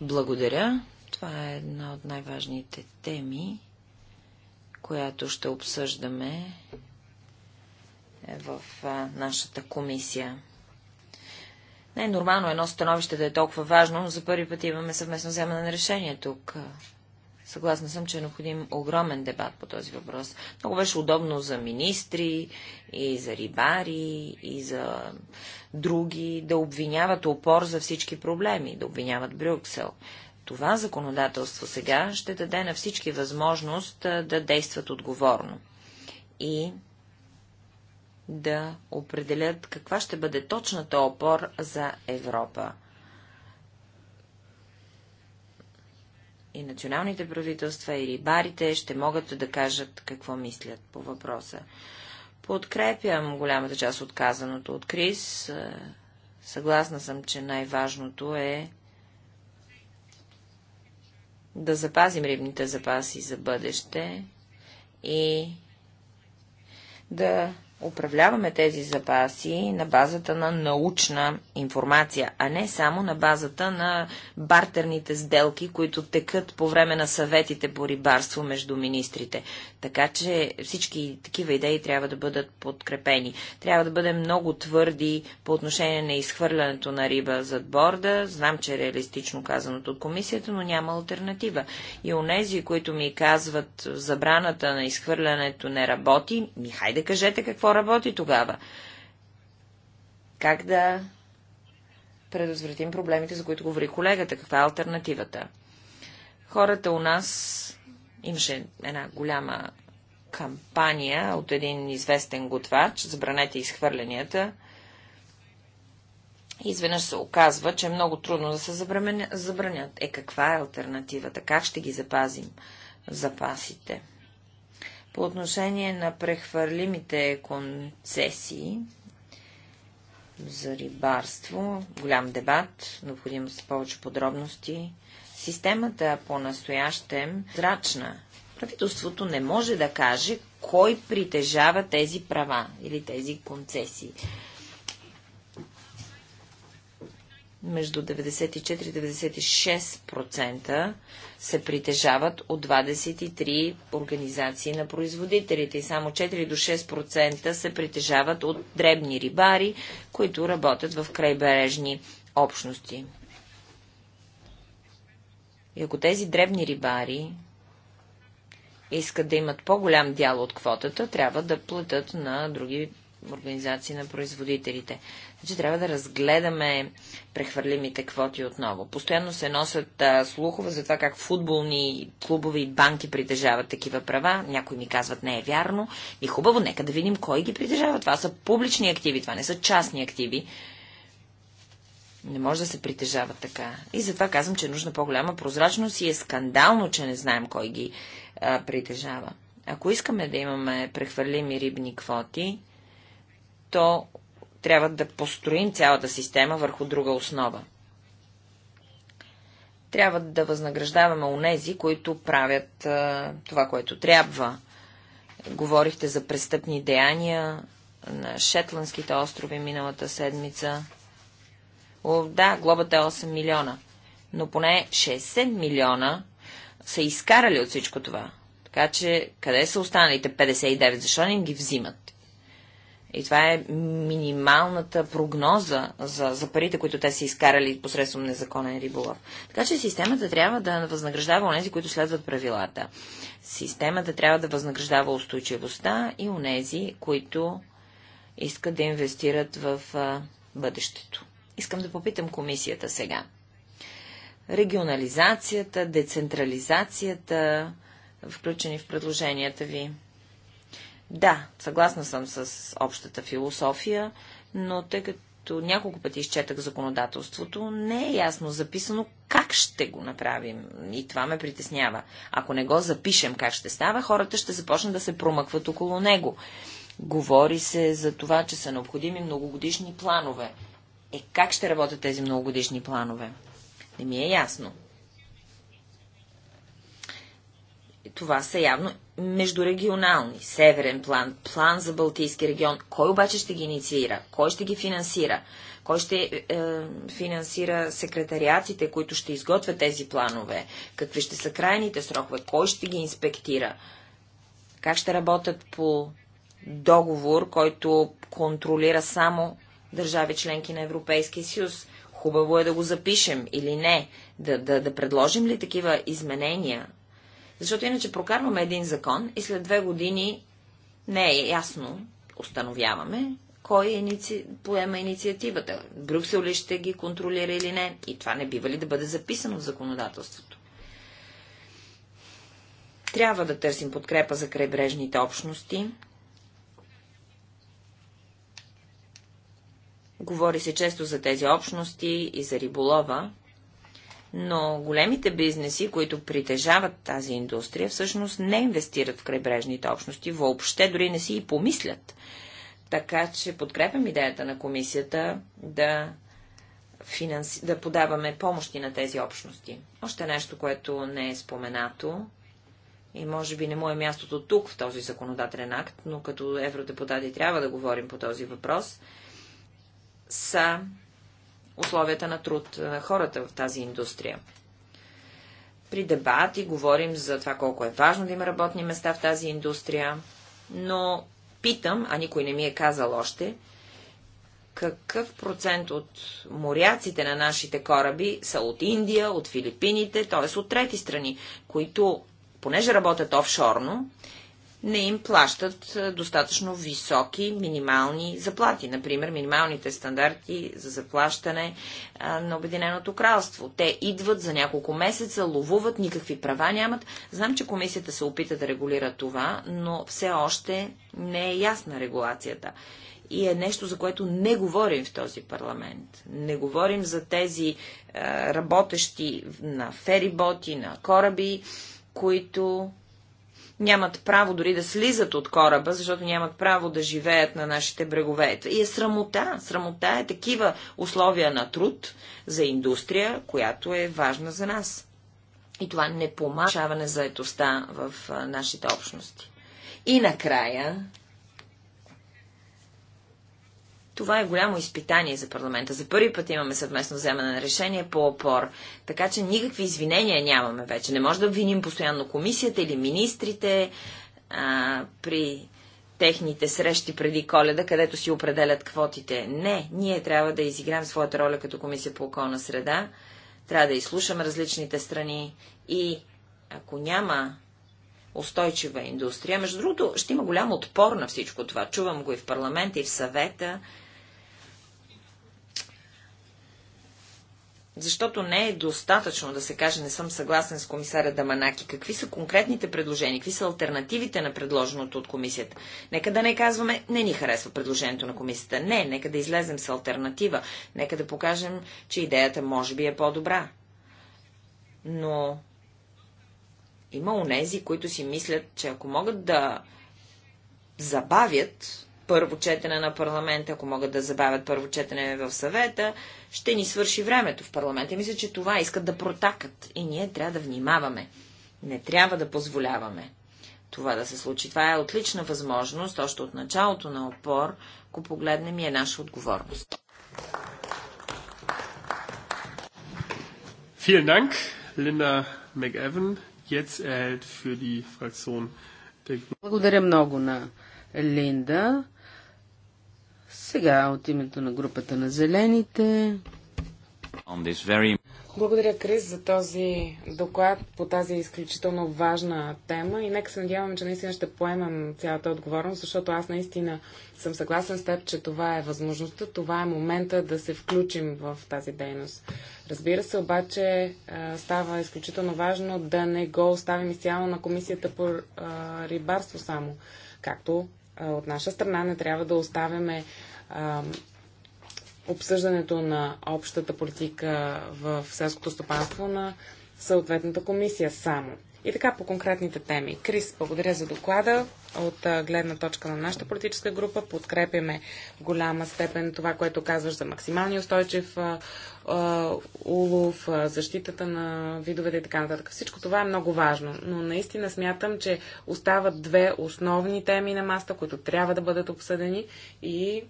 Благодаря. Това е една от най-важните теми, която ще обсъждаме в нашата комисия. Не е нормално едно становище да е толкова важно, но за първи път имаме съвместно вземане на решение тук. Съгласна съм, че е необходим огромен дебат по този въпрос. Много беше удобно за министри и за рибари и за други да обвиняват опор за всички проблеми, да обвиняват Брюксел. Това законодателство сега ще даде на всички възможност да действат отговорно и да определят каква ще бъде точната опор за Европа. и националните правителства, и рибарите ще могат да кажат какво мислят по въпроса. Подкрепям голямата част от казаното от Крис. Е, съгласна съм, че най-важното е да запазим рибните запаси за бъдеще и да управляваме тези запаси на базата на научна информация, а не само на базата на бартерните сделки, които текат по време на съветите по рибарство между министрите. Така че всички такива идеи трябва да бъдат подкрепени. Трябва да бъдем много твърди по отношение на изхвърлянето на риба зад борда. Знам, че е реалистично казаното от комисията, но няма альтернатива. И онези, които ми казват забраната на изхвърлянето не работи, ми хайде кажете какво какво работи тогава. Как да предотвратим проблемите, за които говори колегата? Каква е альтернативата? Хората у нас имаше една голяма кампания от един известен готвач, забранете изхвърлянията, изведнъж се оказва, че е много трудно да се забранят. Е, каква е альтернативата? Как ще ги запазим запасите? По отношение на прехвърлимите концесии за рибарство, голям дебат, необходимо с повече подробности. Системата по-настоящем зрачна. Правителството не може да каже кой притежава тези права или тези концесии. между 94 96% се притежават от 23 организации на производителите и само 4 до 6% се притежават от дребни рибари, които работят в крайбережни общности. И ако тези дребни рибари искат да имат по-голям дял от квотата, трябва да платят на други организации на производителите. Значи трябва да разгледаме прехвърлимите квоти отново. Постоянно се носят а, слухове за това как футболни клубове и банки притежават такива права. Някои ми казват не е вярно. И хубаво, нека да видим кой ги притежава. Това са публични активи, това не са частни активи. Не може да се притежава така. И затова казвам, че е нужна по-голяма прозрачност и е скандално, че не знаем кой ги а, притежава. Ако искаме да имаме прехвърлими рибни квоти, то трябва да построим цялата система върху друга основа. Трябва да възнаграждаваме онези, които правят а, това, което трябва. Говорихте за престъпни деяния на Шетландските острови миналата седмица. О, да, глобата е 8 милиона, но поне 60 милиона са изкарали от всичко това. Така че, къде са останалите 59? Защо не им ги взимат? И това е минималната прогноза за, за парите, които те са изкарали посредством незаконен риболов. Така че системата трябва да възнаграждава онези, които следват правилата. Системата трябва да възнаграждава устойчивостта и онези, които искат да инвестират в а, бъдещето. Искам да попитам комисията сега. Регионализацията, децентрализацията, включени в предложенията ви. Да, съгласна съм с общата философия, но тъй като няколко пъти изчетах законодателството, не е ясно записано как ще го направим. И това ме притеснява. Ако не го запишем как ще става, хората ще започнат да се промъкват около него. Говори се за това, че са необходими многогодишни планове. Е, как ще работят тези многогодишни планове? Не ми е ясно. Това са явно междурегионални, северен план, план за Балтийски регион. Кой обаче ще ги инициира? Кой ще ги финансира? Кой ще е, финансира секретариатите, които ще изготвят тези планове? Какви ще са крайните срокове? Кой ще ги инспектира? Как ще работят по договор, който контролира само държави членки на Европейския съюз? Хубаво е да го запишем или не? Да, да, да предложим ли такива изменения защото иначе прокарваме един закон и след две години не е ясно, установяваме, кой е иници... поема инициативата. Брюксел ли ще ги контролира или не? И това не бива ли да бъде записано в законодателството? Трябва да търсим подкрепа за крайбрежните общности. Говори се често за тези общности и за риболова, но големите бизнеси, които притежават тази индустрия, всъщност не инвестират в крайбрежните общности, въобще дори не си и помислят. Така че подкрепям идеята на комисията да, финанси... да подаваме помощи на тези общности. Още нещо, което не е споменато и може би не му е мястото тук в този законодателен акт, но като евродепутати трябва да говорим по този въпрос, са условията на труд на хората в тази индустрия. При дебати говорим за това колко е важно да има работни места в тази индустрия, но питам, а никой не ми е казал още, какъв процент от моряците на нашите кораби са от Индия, от Филипините, т.е. от трети страни, които, понеже работят офшорно, не им плащат достатъчно високи минимални заплати. Например, минималните стандарти за заплащане на Обединеното кралство. Те идват за няколко месеца, ловуват, никакви права нямат. Знам, че комисията се опита да регулира това, но все още не е ясна регулацията. И е нещо, за което не говорим в този парламент. Не говорим за тези работещи на фериботи, на кораби, които нямат право дори да слизат от кораба, защото нямат право да живеят на нашите брегове. И е срамота. Срамота е такива условия на труд за индустрия, която е важна за нас. И това не помага за заетостта в нашите общности. И накрая, това е голямо изпитание за парламента. За първи път имаме съвместно вземане на решение по опор. Така че никакви извинения нямаме вече. Не може да обвиним постоянно комисията или министрите а, при техните срещи преди коледа, където си определят квотите. Не, ние трябва да изиграем своята роля като комисия по околна среда. Трябва да изслушаме различните страни и ако няма устойчива индустрия. Между другото, ще има голям отпор на всичко това. Чувам го и в парламента, и в съвета. защото не е достатъчно да се каже, не съм съгласен с комисаря Даманаки. Какви са конкретните предложения, какви са альтернативите на предложеното от комисията? Нека да не казваме, не ни харесва предложението на комисията. Не, нека да излезем с альтернатива. Нека да покажем, че идеята може би е по-добра. Но има унези, които си мислят, че ако могат да забавят, първо четене на парламента, ако могат да забавят първо четене в съвета, ще ни свърши времето в парламента. И мисля, че това искат да протакат. И ние трябва да внимаваме. Не трябва да позволяваме това да се случи. Това е отлична възможност, още от началото на опор, ако погледнем и е наша отговорност. Vielen Dank, Linda Jetzt erhält für die Fraktion der Благодаря много на Линда. Сега от името на групата на зелените. Very... Благодаря, Крис, за този доклад по тази изключително важна тема и нека се надявам, че наистина ще поемам цялата отговорност, защото аз наистина съм съгласен с теб, че това е възможността, това е момента да се включим в тази дейност. Разбира се, обаче става изключително важно да не го оставим изцяло на комисията по рибарство само, както от наша страна не трябва да оставяме обсъждането на общата политика в селското стопанство на съответната комисия само. И така по конкретните теми. Крис, благодаря за доклада. От гледна точка на нашата политическа група подкрепяме в голяма степен това, което казваш за максимални устойчив улов, защитата на видовете и така нататък. Всичко това е много важно, но наистина смятам, че остават две основни теми на маста, които трябва да бъдат обсъдени и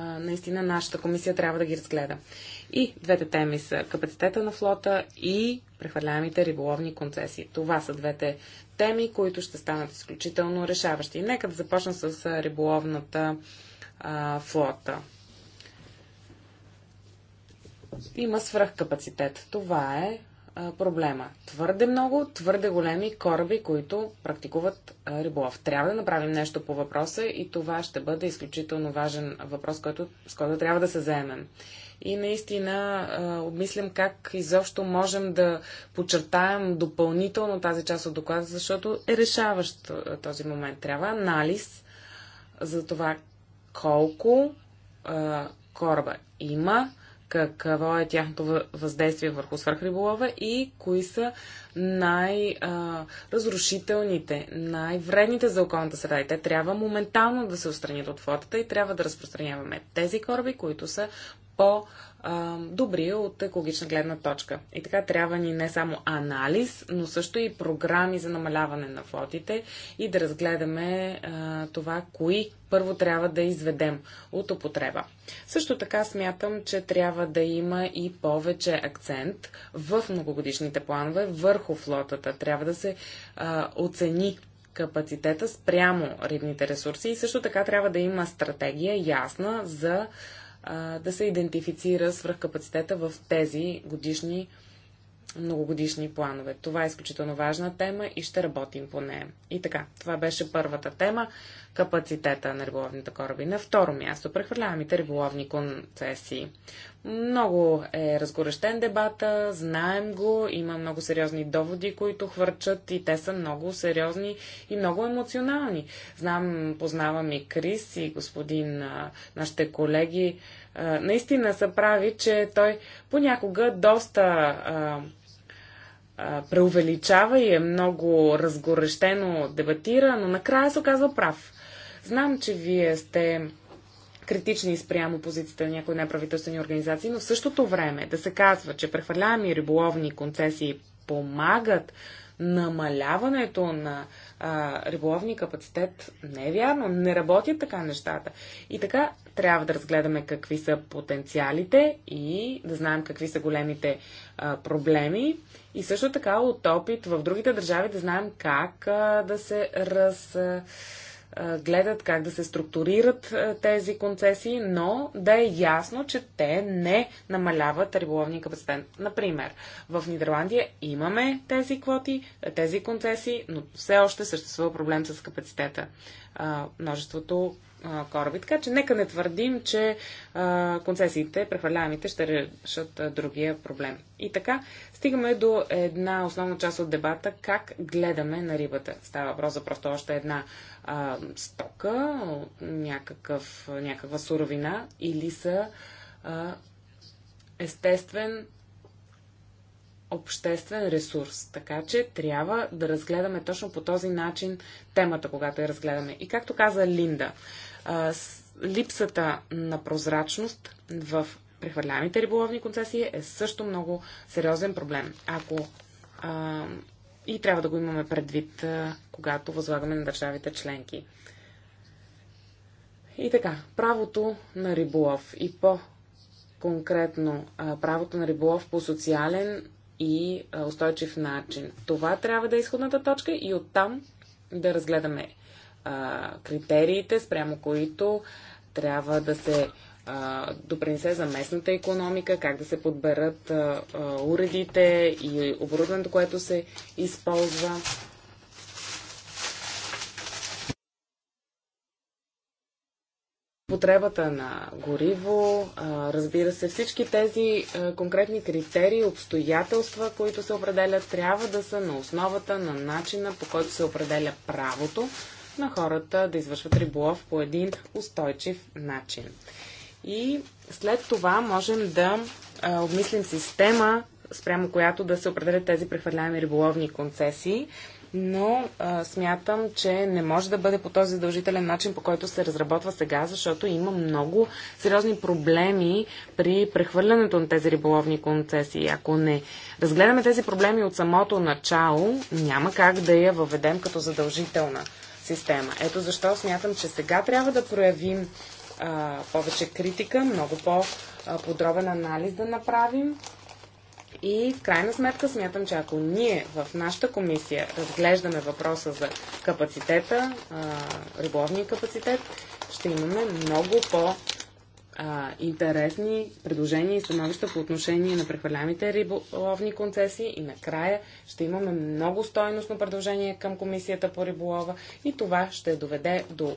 наистина нашата комисия трябва да ги разгледа. И двете теми са капацитета на флота и прехвърляемите риболовни концесии. Това са двете теми, които ще станат изключително решаващи. Нека да започна с риболовната а, флота. Има свръхкапацитет. Това е проблема. Твърде много, твърде големи кораби, които практикуват риболов. Трябва да направим нещо по въпроса и това ще бъде изключително важен въпрос, който, с който трябва да се заемем. И наистина обмислям как изобщо можем да подчертаем допълнително тази част от доклада, защото е решаващ този момент. Трябва анализ за това колко кораба има, какво е тяхното въздействие върху свърхриболова и кои са най-разрушителните, най-вредните за околната среда. И те трябва моментално да се отстранят от флотата и трябва да разпространяваме тези кораби, които са по- добри от екологична гледна точка. И така трябва ни не само анализ, но също и програми за намаляване на флотите и да разгледаме а, това, кои първо трябва да изведем от употреба. Също така смятам, че трябва да има и повече акцент в многогодишните планове върху флотата. Трябва да се а, оцени капацитета спрямо рибните ресурси и също така трябва да има стратегия ясна за да се идентифицира свръхкапацитета в тези годишни многогодишни планове. Това е изключително важна тема и ще работим по нея. И така, това беше първата тема капацитета на риболовните кораби. На второ място, прехвърлямите риболовни концесии. Много е разгорещен дебата, знаем го, има много сериозни доводи, които хвърчат и те са много сериозни и много емоционални. Знам, познавам и Крис и господин, нашите колеги, наистина са прави, че той понякога доста а, а, преувеличава и е много разгорещено дебатира, но накрая се оказва прав. Знам, че вие сте критични спрямо позицията на някои неправителствени организации, но в същото време да се казва, че прехвърляеми риболовни концесии помагат намаляването на а, риболовния капацитет, не е вярно. Не работят така нещата. И така трябва да разгледаме какви са потенциалите и да знаем какви са големите а, проблеми. И също така от опит в другите държави да знаем как а, да се разгледат, как да се структурират а, тези концесии, но да е ясно, че те не намаляват риболовния капацитет. Например, в Нидерландия имаме тези квоти, тези концесии, но все още съществува проблем с капацитета. А, множеството кораби. Така че нека не твърдим, че а, концесиите, прехвърляемите, ще решат а, другия проблем. И така, стигаме до една основна част от дебата как гледаме на рибата. Става въпрос за просто още една а, стока, някакъв, някаква суровина или са а, естествен обществен ресурс. Така че трябва да разгледаме точно по този начин темата, когато я разгледаме. И както каза Линда, а, липсата на прозрачност в прехвърляемите риболовни концесии е също много сериозен проблем. Ако а, и трябва да го имаме предвид, а, когато възлагаме на държавите членки. И така, правото на риболов и по-конкретно правото на риболов по социален и устойчив начин. Това трябва да е изходната точка и оттам да разгледаме критериите, спрямо които трябва да се допринесе за местната економика, как да се подберат уредите и оборудването, което се използва. потребата на гориво, разбира се, всички тези конкретни критерии, обстоятелства, които се определят, трябва да са на основата на начина по който се определя правото, на хората да извършват риболов по един устойчив начин. И след това можем да а, обмислим система, спрямо която да се определят тези прехвърляеми риболовни концесии, но а, смятам, че не може да бъде по този задължителен начин, по който се разработва сега, защото има много сериозни проблеми при прехвърлянето на тези риболовни концесии. Ако не разгледаме тези проблеми от самото начало, няма как да я въведем като задължителна система. Ето защо смятам, че сега трябва да проявим а, повече критика, много по-подробен анализ да направим. И в крайна сметка смятам, че ако ние в нашата комисия разглеждаме въпроса за капацитета, а, риболовния капацитет, ще имаме много по- а, интересни предложения и становища по отношение на прехвърляемите риболовни концесии и накрая ще имаме много стойностно предложение към Комисията по риболова и това ще доведе до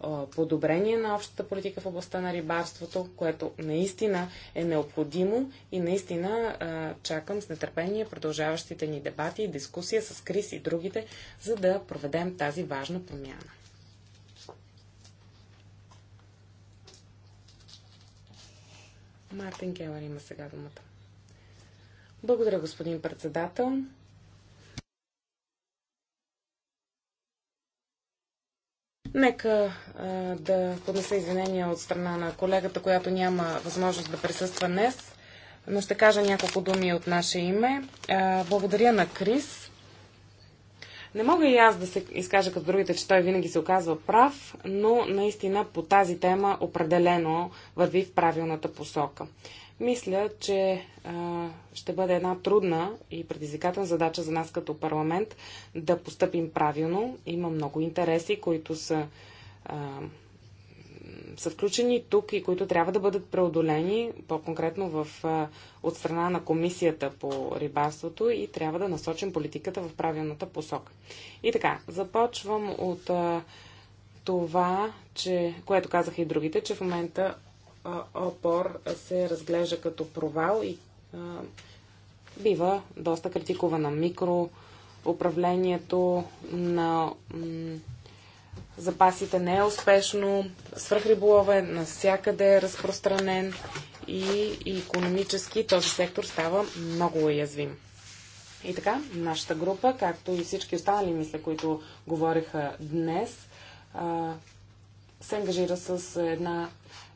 а, подобрение на общата политика в областта на рибарството, което наистина е необходимо и наистина а, чакам с нетърпение продължаващите ни дебати и дискусия с Крис и другите, за да проведем тази важна промяна. Мартин Келър има сега думата. Благодаря, господин председател. Нека а, да поднеса извинения от страна на колегата, която няма възможност да присъства днес, но ще кажа няколко думи от наше име. А, благодаря на Крис не мога и аз да се изкажа като другите, че той винаги се оказва прав, но наистина по тази тема определено върви в правилната посока. Мисля, че а, ще бъде една трудна и предизвикателна задача за нас като парламент да постъпим правилно. Има много интереси, които са са включени тук и които трябва да бъдат преодолени, по-конкретно в, от страна на Комисията по рибарството и трябва да насочим политиката в правилната посока. И така, започвам от а, това, че, което казаха и другите, че в момента а, опор се разглежда като провал и а, бива доста критикувана микроуправлението на запасите не е успешно, свръхриболова е навсякъде разпространен и, и економически този сектор става много уязвим. И така, нашата група, както и всички останали мисля, които говориха днес, се ангажира с една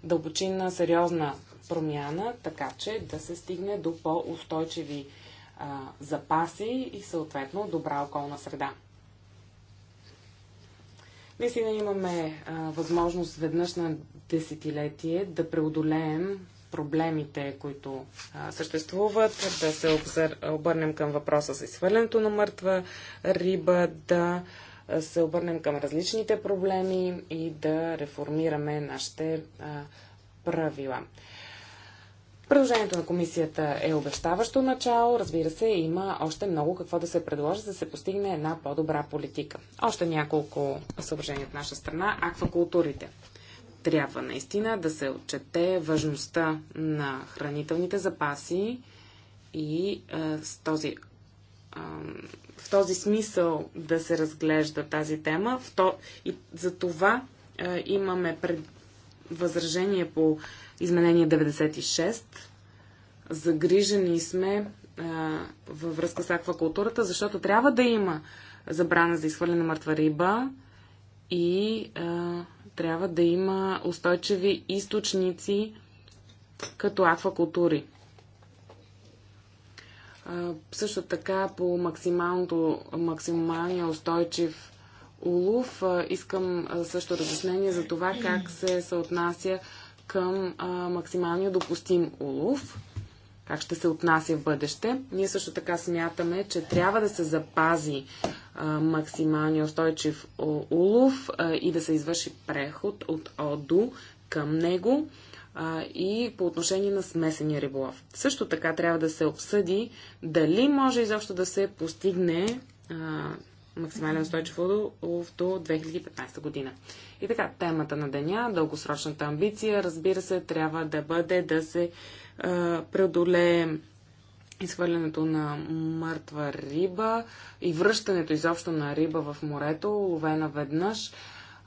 дълбочинна, сериозна промяна, така че да се стигне до по-устойчиви запаси и съответно добра околна среда. Наистина имаме а, възможност веднъж на десетилетие да преодолеем проблемите, които а, съществуват, да се обзър... обърнем към въпроса с изхвърлянето на мъртва риба, да се обърнем към различните проблеми и да реформираме нашите а, правила. Предложението на комисията е обещаващо начало. Разбира се, има още много какво да се предложи, за да се постигне една по-добра политика. Още няколко съображения от наша страна. Аквакултурите. Трябва наистина да се отчете важността на хранителните запаси и а, с този, в този смисъл да се разглежда тази тема. То, и за това имаме пред, възражение по изменение 96. Загрижени сме а, във връзка с аквакултурата, защото трябва да има забрана за изхвърляне мъртва риба и а, трябва да има устойчиви източници като аквакултури. А, също така по максималния устойчив улов. Искам също разяснение за това как се съотнася към максималния допустим улов как ще се отнася в бъдеще. Ние също така смятаме, че трябва да се запази максималния устойчив улов и да се извърши преход от ОДО към него и по отношение на смесения риболов. Също така трябва да се обсъди дали може изобщо да се постигне максимален устойчив удов до 2015 година. И така, темата на деня, дългосрочната амбиция, разбира се, трябва да бъде да се а, преодолее изхвърлянето на мъртва риба и връщането изобщо на риба в морето, ловена веднъж.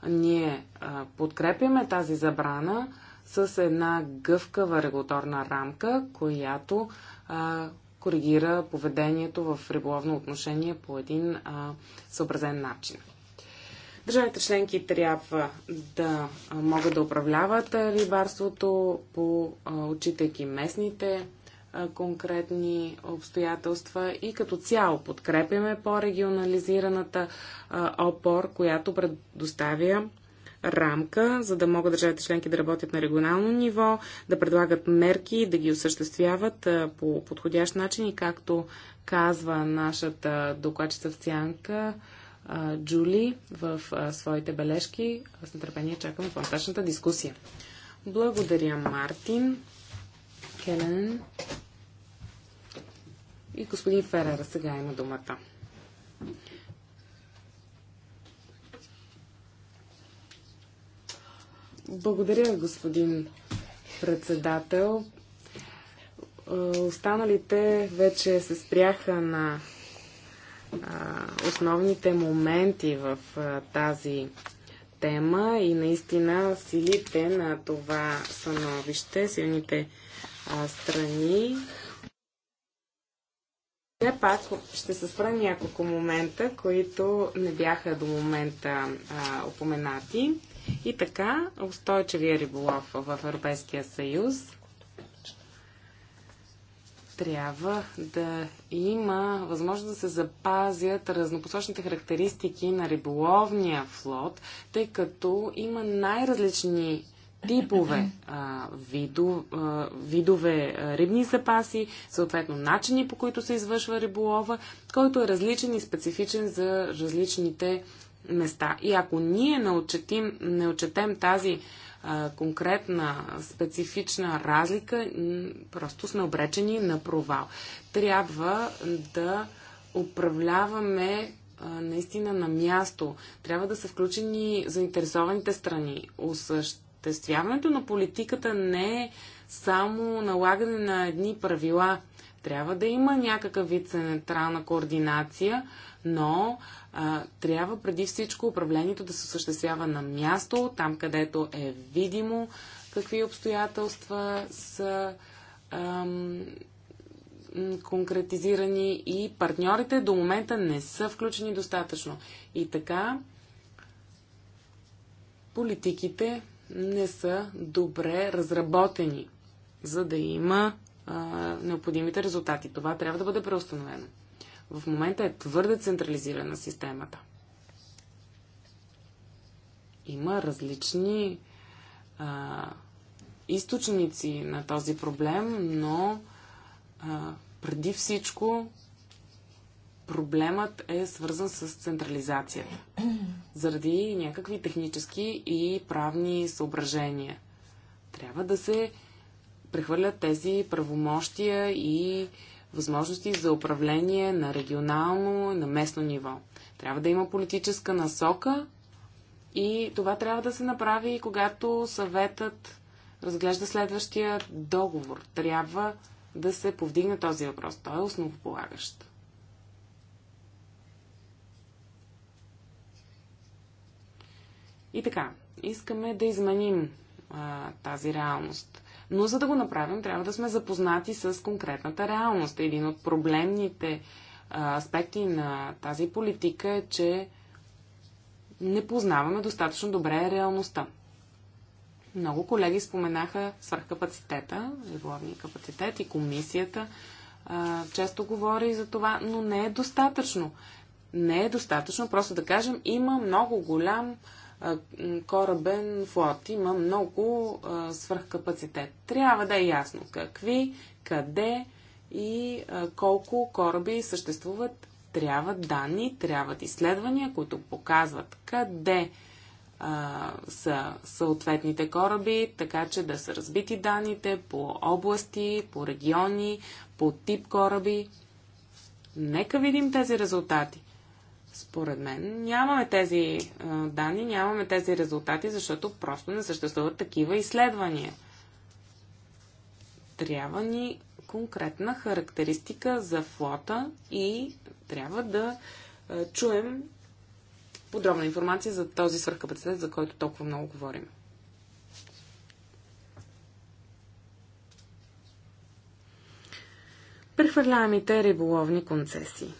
Ние а, подкрепяме тази забрана с една гъвкава регулаторна рамка, която а, коригира поведението в риболовно отношение по един а, съобразен начин. Държавите членки трябва да могат да управляват рибарството, по, отчитайки местните конкретни обстоятелства и като цяло подкрепяме по-регионализираната опор, която предоставя рамка, за да могат държавите членки да работят на регионално ниво, да предлагат мерки, да ги осъществяват по подходящ начин и както казва нашата докладчица в Цянка, Джули в своите бележки. С нетърпение чакам по-нататъчната дискусия. Благодаря, Мартин, Келен и господин Ферера сега има думата. Благодаря, господин председател. Е, останалите вече се спряха на основните моменти в тази тема и наистина силите на това становище, силните страни. Все пак ще се спра няколко момента, които не бяха до момента опоменати. упоменати. И така, устойчивия риболов в Европейския съюз трябва да има възможност да се запазят разнопосочните характеристики на риболовния флот, тъй като има най-различни типове а, виду, а, видове а, рибни запаси, съответно начини по които се извършва риболова, който е различен и специфичен за различните места. И ако ние не, отчетим, не отчетем тази а, конкретна, специфична разлика, просто сме обречени на провал. Трябва да управляваме а, наистина на място. Трябва да са включени заинтересованите страни. Осъществяването на политиката не е само налагане на едни правила. Трябва да има някакъв вид централна координация, но а, трябва преди всичко управлението да се осъществява на място, там където е видимо какви обстоятелства са ам, конкретизирани и партньорите до момента не са включени достатъчно. И така политиките не са добре разработени, за да има а, необходимите резултати. Това трябва да бъде преустановено. В момента е твърде централизирана системата. Има различни а, източници на този проблем, но а, преди всичко проблемът е свързан с централизацията. Заради някакви технически и правни съображения. Трябва да се прехвърлят тези правомощия и възможности за управление на регионално и на местно ниво. Трябва да има политическа насока и това трябва да се направи, когато съветът разглежда следващия договор. Трябва да се повдигне този въпрос. Той е основополагащ. И така, искаме да изменим а, тази реалност но за да го направим, трябва да сме запознати с конкретната реалност. Един от проблемните аспекти на тази политика е, че не познаваме достатъчно добре реалността. Много колеги споменаха свърхкапацитета, риболовния капацитет и комисията често говори за това, но не е достатъчно. Не е достатъчно просто да кажем, има много голям корабен флот. Има много а, свръхкапацитет. Трябва да е ясно какви, къде и а, колко кораби съществуват. Трябват данни, трябват изследвания, които показват къде а, са съответните кораби, така че да са разбити данните по области, по региони, по тип кораби. Нека видим тези резултати. Според мен нямаме тези данни, нямаме тези резултати, защото просто не съществуват такива изследвания. Трябва ни конкретна характеристика за флота и трябва да чуем подробна информация за този свърхкапацитет, за който толкова много говорим. Прехвърляемите риболовни концесии.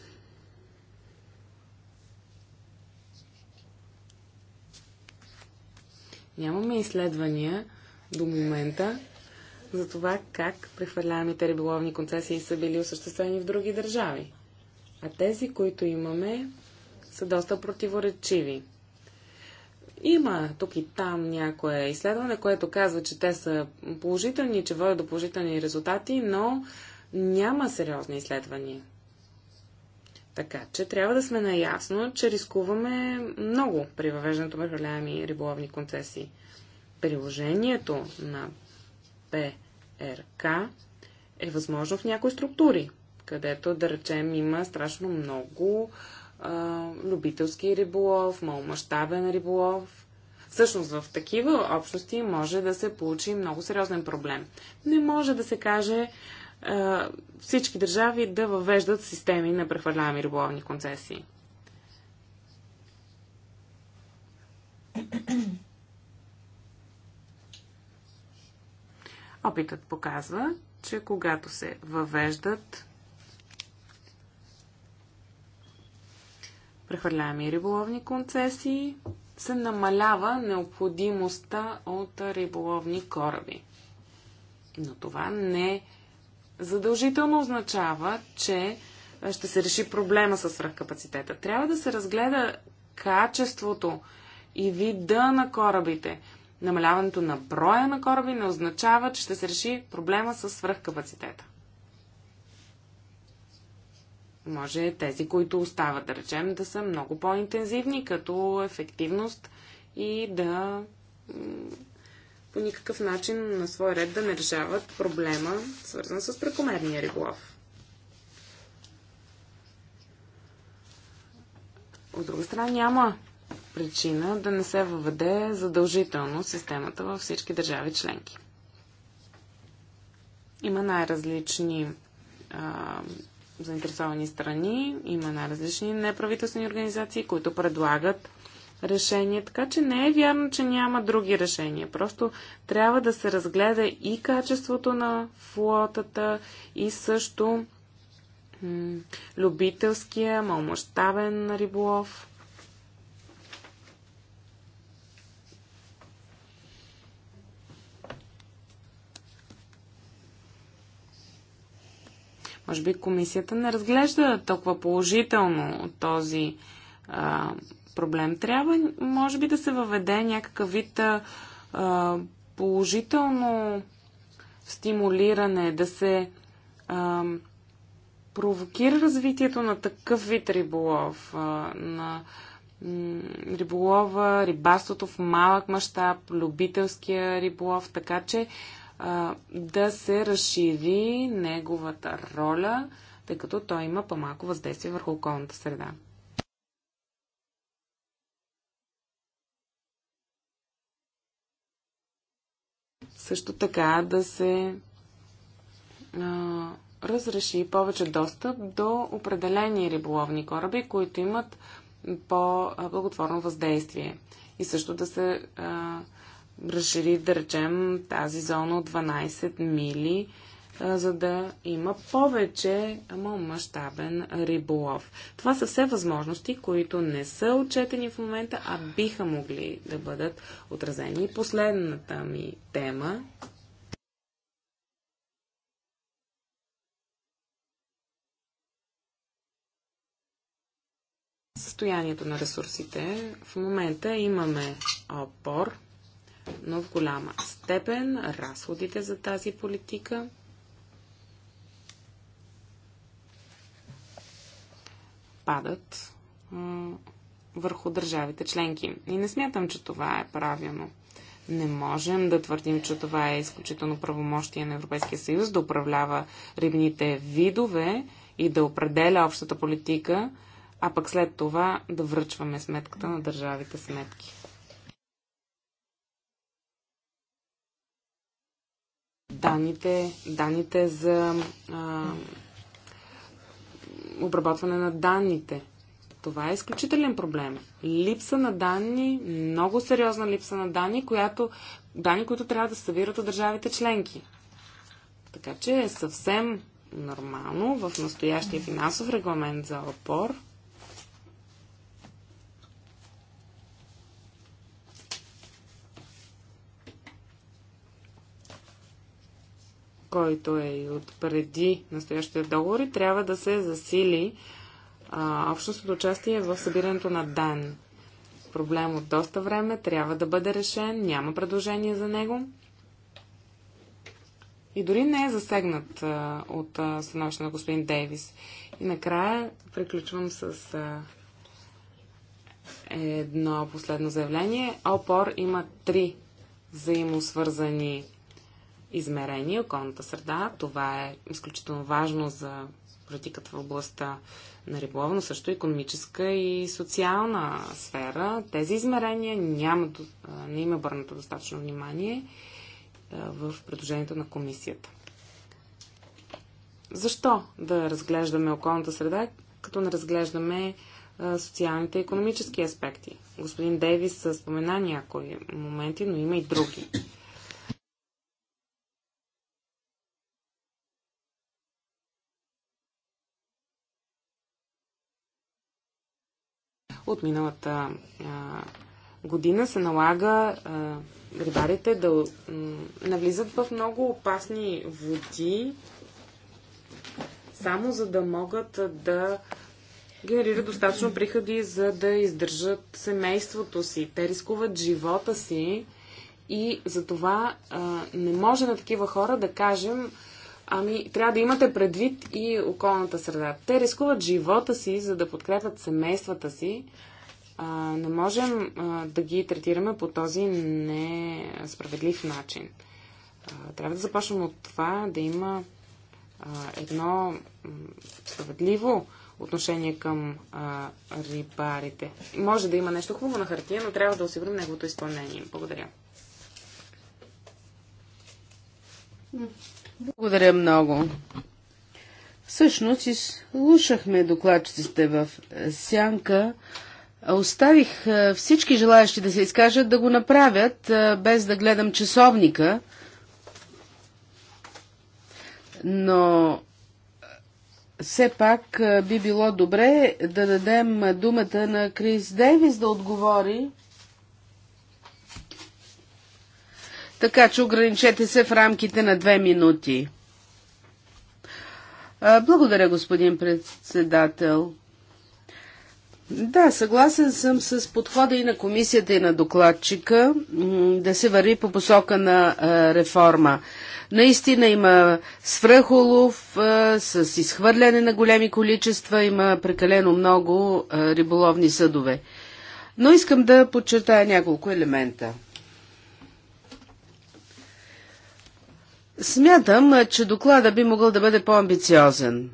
Нямаме изследвания до момента за това как прехвърляемите риболовни концесии са били осъществени в други държави. А тези, които имаме, са доста противоречиви. Има тук и там някое изследване, което казва, че те са положителни, че водят до положителни резултати, но няма сериозни изследвания. Така че трябва да сме наясно, че рискуваме много при въвеждането на хвърляеми риболовни концесии. Приложението на ПРК е възможно в някои структури, където, да речем, има страшно много а, любителски риболов, маломащабен риболов. Всъщност в такива общности може да се получи много сериозен проблем. Не може да се каже, всички държави да въвеждат системи на прехвърляеми риболовни концесии. Опитът показва, че когато се въвеждат прехвърляеми риболовни концесии, се намалява необходимостта от риболовни кораби. Но това не е задължително означава, че ще се реши проблема с свръхкапацитета. Трябва да се разгледа качеството и вида на корабите. Намаляването на броя на кораби не означава, че ще се реши проблема с свръхкапацитета. Може тези, които остават, да речем, да са много по-интензивни като ефективност и да по никакъв начин на свой ред да не решават проблема, свързан с прекомерния риболов. От друга страна няма причина да не се въведе задължително системата във всички държави членки. Има най-различни заинтересовани страни, има най-различни неправителствени организации, които предлагат решение, така че не е вярно, че няма други решения. Просто трябва да се разгледа и качеството на флотата, и също любителския, малмащабен риболов. Може би комисията не разглежда толкова положително този а, проблем. Трябва, може би, да се въведе някакъв вид а, положително стимулиране, да се а, провокира развитието на такъв вид риболов, а, на риболова, рибарството в малък мащаб, любителския риболов, така че а, да се разшири неговата роля, тъй като той има по-малко въздействие върху околната среда. също така да се а, разреши повече достъп до определени риболовни кораби, които имат по-благотворно въздействие. И също да се а, разшири, да речем, тази зона от 12 мили за да има повече, мащабен риболов. Това са все възможности, които не са отчетени в момента, а биха могли да бъдат отразени. И последната ми тема състоянието на ресурсите. В момента имаме опор, но в голяма степен разходите за тази политика падат върху държавите членки. И не смятам, че това е правилно. Не можем да твърдим, че това е изключително правомощие на Европейския съюз да управлява рибните видове и да определя общата политика, а пък след това да връчваме сметката на държавите сметки. Даните, даните за а, обработване на данните. Това е изключителен проблем. Липса на данни, много сериозна липса на данни, която, данни, които трябва да се събират от държавите членки. Така че е съвсем нормално в настоящия финансов регламент за опор който е и от преди договор и трябва да се засили а, общностното участие в събирането на дан. Проблем от доста време трябва да бъде решен, няма предложение за него. И дори не е засегнат а, от становище на господин Дейвис. И накрая приключвам с а, едно последно заявление. ОПОР има три взаимосвързани измерение, околната среда. Това е изключително важно за политиката в областта на риболова, но също економическа и социална сфера. Тези измерения няма, не им е обърнато достатъчно внимание в предложението на комисията. Защо да разглеждаме околната среда, като не разглеждаме социалните и економически аспекти? Господин Дейвис спомена някои моменти, но има и други. от миналата година се налага рибарите да навлизат в много опасни води, само за да могат да генерират достатъчно приходи, за да издържат семейството си. Те рискуват живота си и затова а, не може на такива хора да кажем, Ами, трябва да имате предвид и околната среда. Те рискуват живота си, за да подкрепят семействата си. А, не можем а, да ги третираме по този несправедлив начин. А, трябва да започнем от това да има а, едно справедливо отношение към а, рибарите. Може да има нещо хубаво на хартия, но трябва да осигурим неговото изпълнение. Благодаря. Благодаря много. Всъщност, слушахме докладчиците в Сянка. Оставих е, всички желаящи да се изкажат да го направят, е, без да гледам часовника. Но е, все пак би било добре да дадем думата на Крис Дейвис да отговори Така че ограничете се в рамките на две минути. Благодаря, господин председател. Да, съгласен съм с подхода и на комисията и на докладчика да се върви по посока на реформа. Наистина има свръхолов с изхвърляне на големи количества, има прекалено много риболовни съдове. Но искам да подчертая няколко елемента. Смятам, че доклада би могъл да бъде по-амбициозен.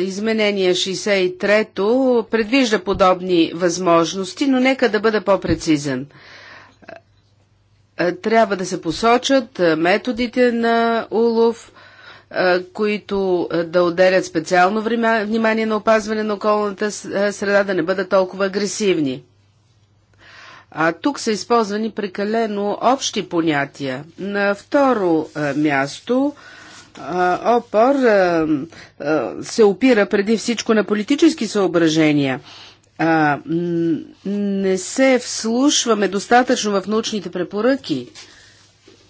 Изменение 63-то предвижда подобни възможности, но нека да бъда по-прецизен. Трябва да се посочат методите на улов, които да отделят специално внимание на опазване на околната среда, да не бъдат толкова агресивни. А тук са използвани прекалено общи понятия. На второ място ОПОР се опира преди всичко на политически съображения. Не се вслушваме достатъчно в научните препоръки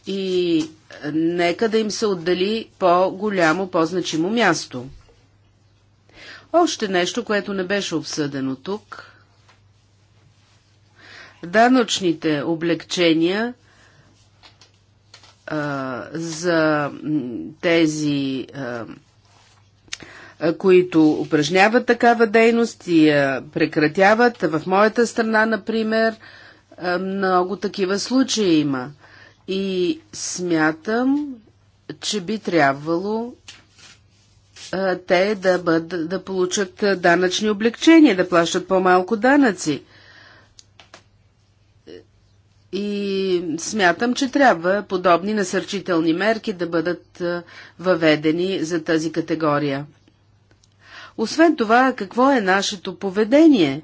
и нека да им се отдали по-голямо, по-значимо място. Още нещо, което не беше обсъдено тук – Данъчните облегчения а, за тези, а, които упражняват такава дейност и а, прекратяват. В моята страна, например, а, много такива случаи има. И смятам, че би трябвало те да, бъд, да получат данъчни облегчения, да плащат по-малко данъци. И смятам, че трябва подобни насърчителни мерки да бъдат въведени за тази категория. Освен това, какво е нашето поведение?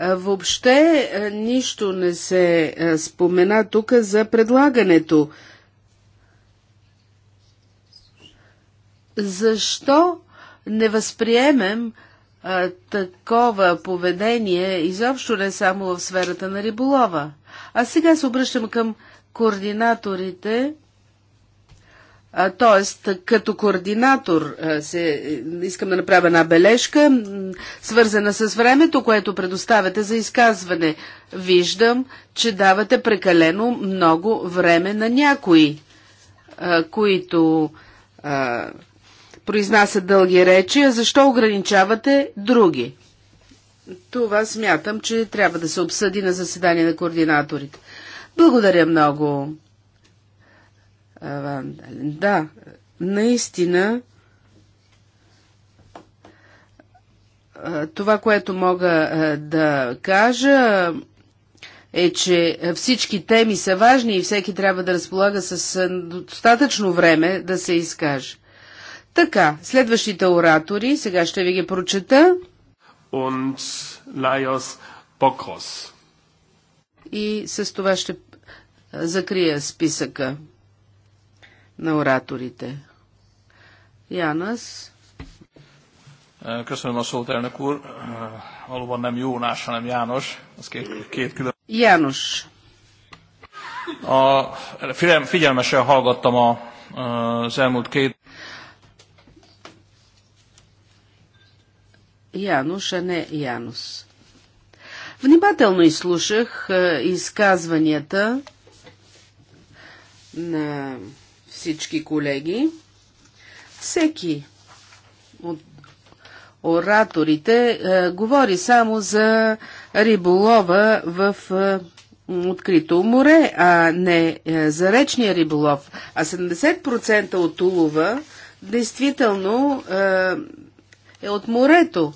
Въобще нищо не се спомена тук за предлагането. Защо не възприемем а, такова поведение изобщо не само в сферата на риболова? А сега се обръщам към координаторите. Тоест, като координатор се, искам да направя една бележка, свързана с времето, което предоставяте за изказване. Виждам, че давате прекалено много време на някои, които произнасят дълги речи, а защо ограничавате други? това смятам, че трябва да се обсъди на заседание на координаторите. Благодаря много. Да, наистина това, което мога да кажа е, че всички теми са важни и всеки трябва да разполага с достатъчно време да се изкаже. Така, следващите оратори, сега ще ви ги прочета und Lajos Bokros. И с това ще закрия списъка на ораторите. Янас. Köszönöm a szót, elnök úr. Valóban nem Jónás, hanem János. Az két, két külön... János. A, figyelmesen hallgattam a, az elmúlt két... Януш, а не Янус. Внимателно изслушах е, изказванията на всички колеги. Всеки от ораторите е, говори само за риболова в е, открито море, а не за речния риболов. А 70% от улова действително е от морето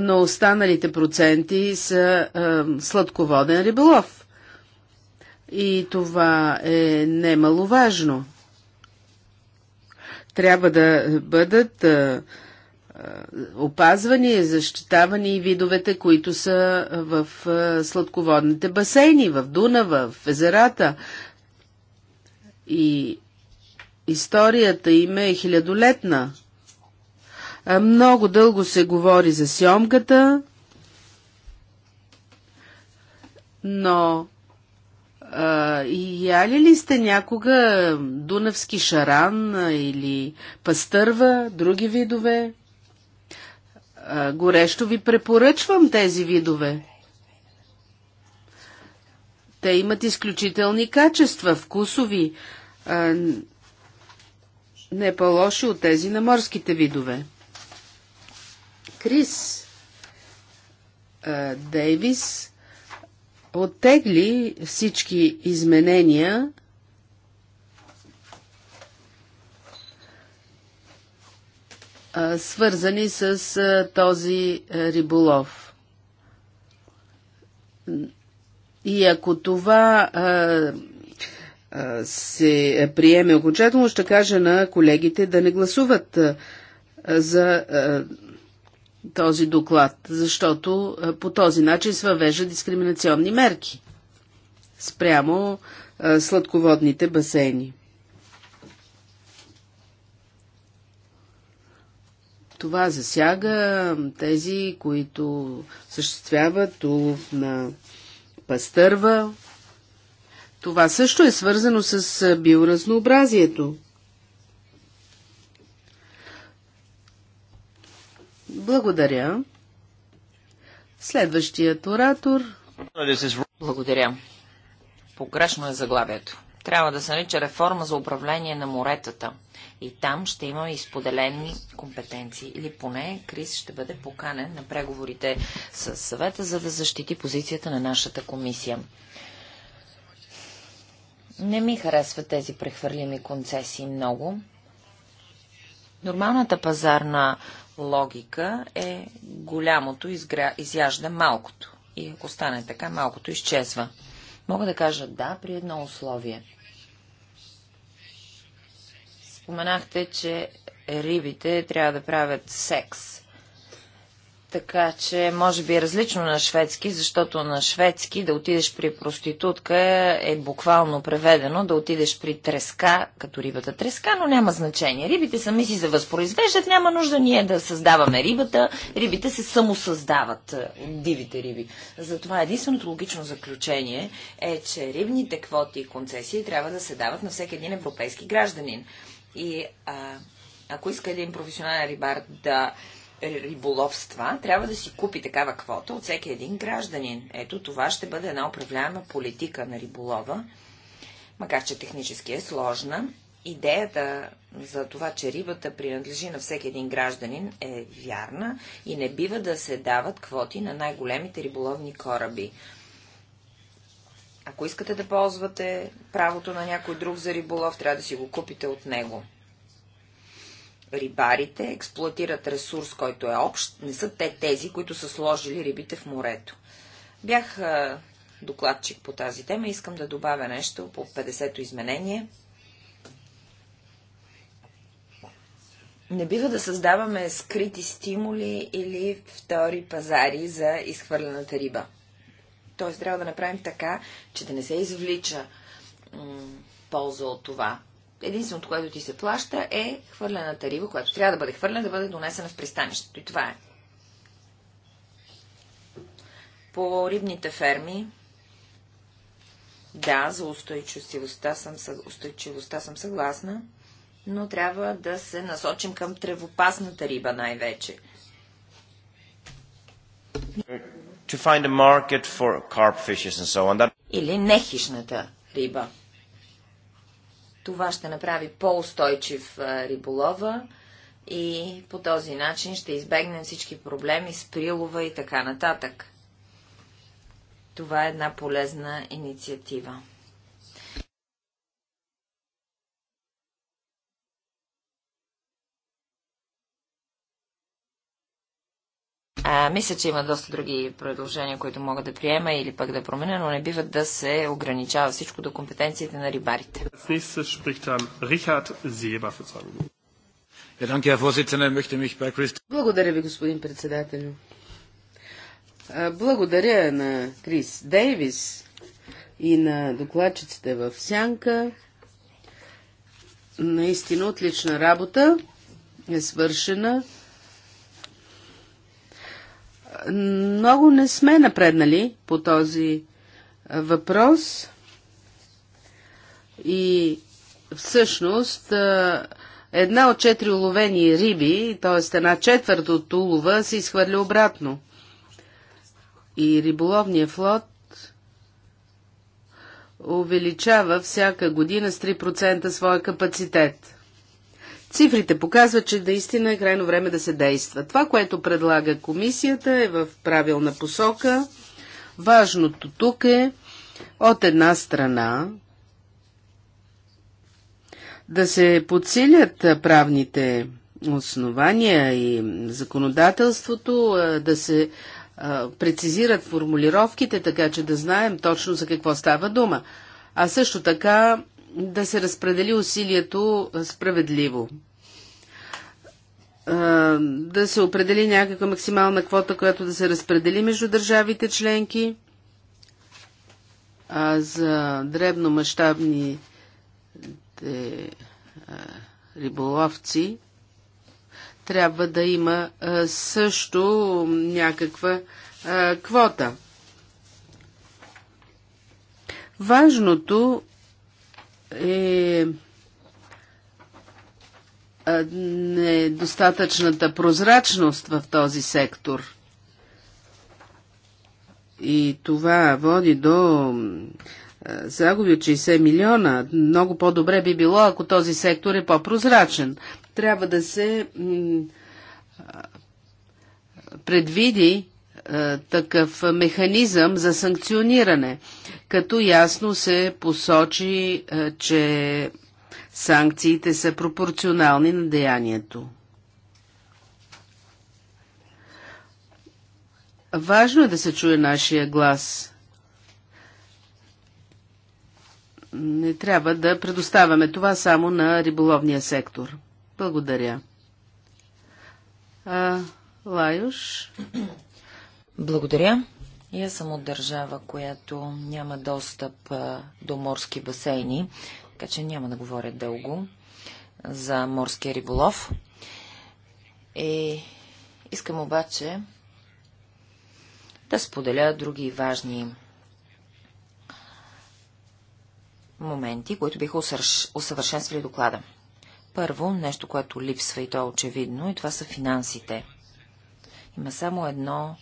но останалите проценти са е, сладководен риболов. И това е немаловажно. Трябва да бъдат е, е, опазвани, защитавани и видовете, които са в е, сладководните басейни, в Дунава, в езерата. И историята им е хилядолетна – много дълго се говори за сьомката, но а, яли ли сте някога дунавски шаран или пастърва, други видове? А, горещо ви препоръчвам тези видове. Те имат изключителни качества, вкусови, а, не по-лоши от тези на морските видове. Крис Дейвис оттегли всички изменения свързани с този риболов. И ако това се приеме окончателно, ще кажа на колегите да не гласуват за този доклад, защото е, по този начин се въвежда дискриминационни мерки спрямо е, сладководните басейни. Това засяга тези, които съществяват улов на пастърва. Това също е свързано с е, биоразнообразието. Благодаря. Следващият оратор. Благодаря. Погрешно е заглавието. Трябва да се нарича реформа за управление на моретата. И там ще имаме изподелени компетенции. Или поне Крис ще бъде поканен на преговорите с съвета, за да защити позицията на нашата комисия. Не ми харесват тези прехвърлими концесии много. Нормалната пазарна логика е голямото изгря... изяжда малкото. И ако стане така, малкото изчезва. Мога да кажа да при едно условие. Споменахте, че рибите трябва да правят секс. Така че, може би е различно на шведски, защото на шведски да отидеш при проститутка е буквално преведено да отидеш при треска, като рибата треска, но няма значение. Рибите сами си се възпроизвеждат, няма нужда ние да създаваме рибата. Рибите се самосъздават е, дивите риби. Затова единственото логично заключение е, че рибните квоти и концесии трябва да се дават на всеки един европейски гражданин. И а, ако иска един професионален рибар да е, риболовства, трябва да си купи такава квота от всеки един гражданин. Ето това ще бъде една управляема политика на риболова, макар че технически е сложна. Идеята за това, че рибата принадлежи на всеки един гражданин е вярна и не бива да се дават квоти на най-големите риболовни кораби. Ако искате да ползвате правото на някой друг за риболов, трябва да си го купите от него рибарите експлуатират ресурс, който е общ, не са те тези, които са сложили рибите в морето. Бях а, докладчик по тази тема и искам да добавя нещо по 50-то изменение. Не бива да създаваме скрити стимули или втори пазари за изхвърлената риба. Тоест трябва да направим така, че да не се извлича полза от това единственото, което ти се плаща е хвърлената риба, която трябва да бъде хвърлена, да бъде донесена в пристанището. И това е. По рибните ферми, да, за устойчивостта съм, устойчивостта съм съгласна, но трябва да се насочим към тревопасната риба най-вече. So that... Или нехищната риба. Това ще направи по-устойчив риболова и по този начин ще избегнем всички проблеми с прилова и така нататък. Това е една полезна инициатива. А, мисля, че има доста други предложения, които мога да приема или пък да променя, но не бива да се ограничава всичко до компетенциите на рибарите. Благодаря ви, господин председател. Благодаря на Крис Дейвис и на докладчиците в Сянка. Наистина отлична работа е свършена. Много не сме напреднали по този въпрос и всъщност една от четири уловени риби, т.е. една четвърт от улова, се изхвърля обратно. И риболовният флот увеличава всяка година с 3% своя капацитет. Цифрите показват, че наистина е крайно време да се действа. Това, което предлага комисията е в правилна посока. Важното тук е от една страна да се подсилят правните основания и законодателството, да се прецизират формулировките, така че да знаем точно за какво става дума. А също така да се разпредели усилието справедливо. Да се определи някаква максимална квота, която да се разпредели между държавите членки. А за дребномащабни риболовци трябва да има също някаква квота. Важното е недостатъчната прозрачност в този сектор. И това води до загуби от 60 милиона. Много по-добре би било, ако този сектор е по-прозрачен. Трябва да се предвиди е, такъв механизъм за санкциониране, като ясно се посочи, е, че санкциите са пропорционални на деянието. Важно е да се чуе нашия глас. Не трябва да предоставяме това само на риболовния сектор. Благодаря. А, Лайош? Благодаря. И аз съм от държава, която няма достъп до морски басейни, така че няма да говоря дълго за морския риболов. И е, искам обаче да споделя други важни моменти, които биха усъвършенствали доклада. Първо, нещо, което липсва и то е очевидно, и това са финансите. Има само едно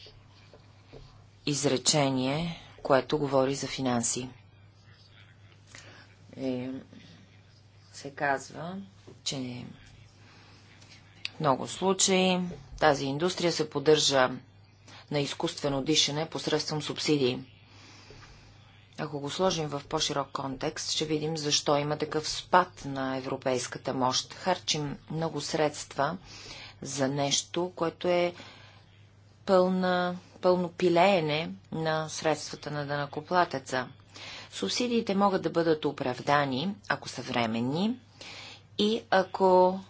изречение, което говори за финанси. И е, се казва, че в много случаи тази индустрия се поддържа на изкуствено дишане посредством субсидии. Ако го сложим в по-широк контекст, ще видим защо има такъв спад на европейската мощ. Харчим много средства за нещо, което е пълна, пълно пилеене на средствата на данакоплатеца. Субсидиите могат да бъдат оправдани, ако са временни и ако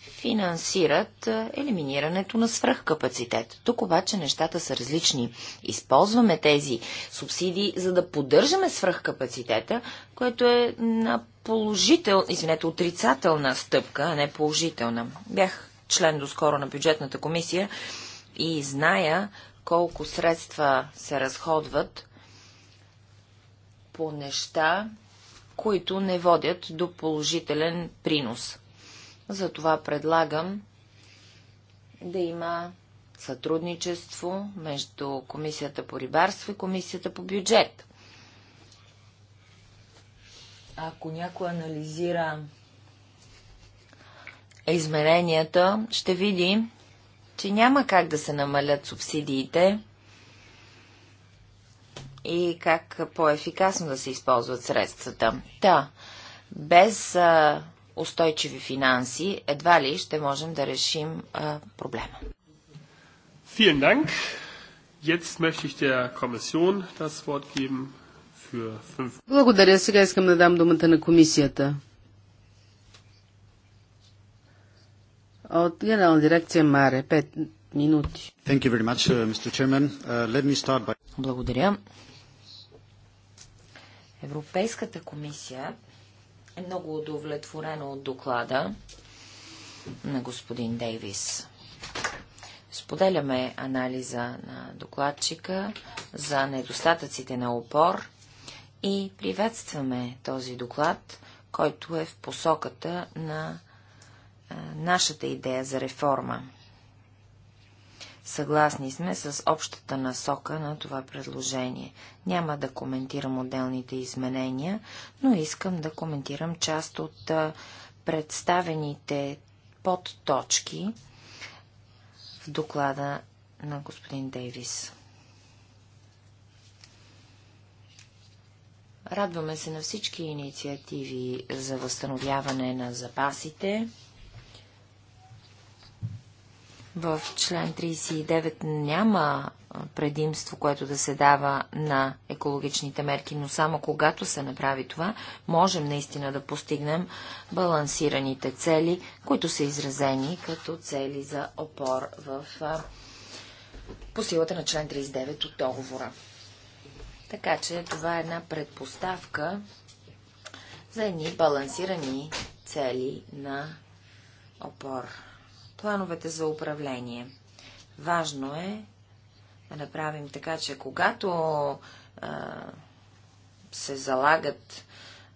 финансират е, елиминирането на свръхкапацитет. Тук обаче нещата са различни. Използваме тези субсидии, за да поддържаме свръхкапацитета, което е на положител, извинете, отрицателна стъпка, а не положителна. Бях член доскоро на бюджетната комисия и зная колко средства се разходват по неща, които не водят до положителен принос. Затова предлагам да има сътрудничество между Комисията по рибарство и Комисията по бюджет. Ако някой анализира измененията, ще види, че няма как да се намалят субсидиите и как по-ефикасно да се използват средствата. Да, без а, устойчиви финанси едва ли ще можем да решим а, проблема. Vielen Dank. Jetzt möchte ich der Kommission das Wort geben für 5. Благодаря. Сега искам да дам думата на комисията. От генерална дирекция Маре, 5 минути. Much, uh, uh, by... Благодаря. Европейската комисия е много удовлетворена от доклада на господин Дейвис. Споделяме анализа на докладчика за недостатъците на опор и приветстваме този доклад, който е в посоката на нашата идея за реформа. Съгласни сме с общата насока на това предложение. Няма да коментирам отделните изменения, но искам да коментирам част от представените подточки в доклада на господин Дейвис. Радваме се на всички инициативи за възстановяване на запасите в член 39 няма предимство, което да се дава на екологичните мерки, но само когато се направи това, можем наистина да постигнем балансираните цели, които са изразени като цели за опор в, по силата на член 39 от договора. Така че това е една предпоставка за едни балансирани цели на опор плановете за управление. Важно е да направим така, че когато а, се залагат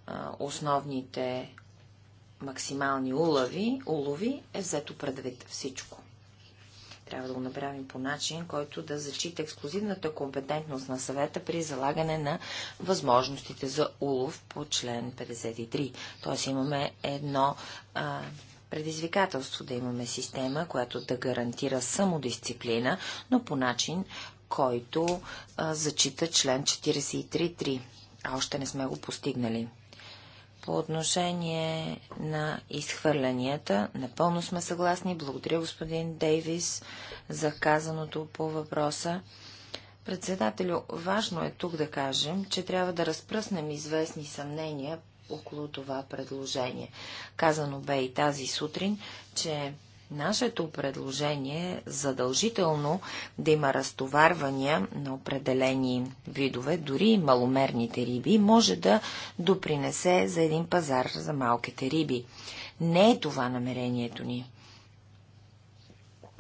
а, основните максимални улови, улови, е взето предвид всичко. Трябва да го направим по начин, който да зачита ексклюзивната компетентност на съвета при залагане на възможностите за улов по член 53. Тоест имаме едно а, предизвикателство да имаме система, която да гарантира самодисциплина, но по начин, който а, зачита член 43.3. А още не сме го постигнали. По отношение на изхвърлянията, напълно сме съгласни. Благодаря господин Дейвис за казаното по въпроса. Председателю, важно е тук да кажем, че трябва да разпръснем известни съмнения около това предложение. Казано бе и тази сутрин, че Нашето предложение е задължително да има разтоварвания на определени видове, дори и маломерните риби, може да допринесе за един пазар за малките риби. Не е това намерението ни.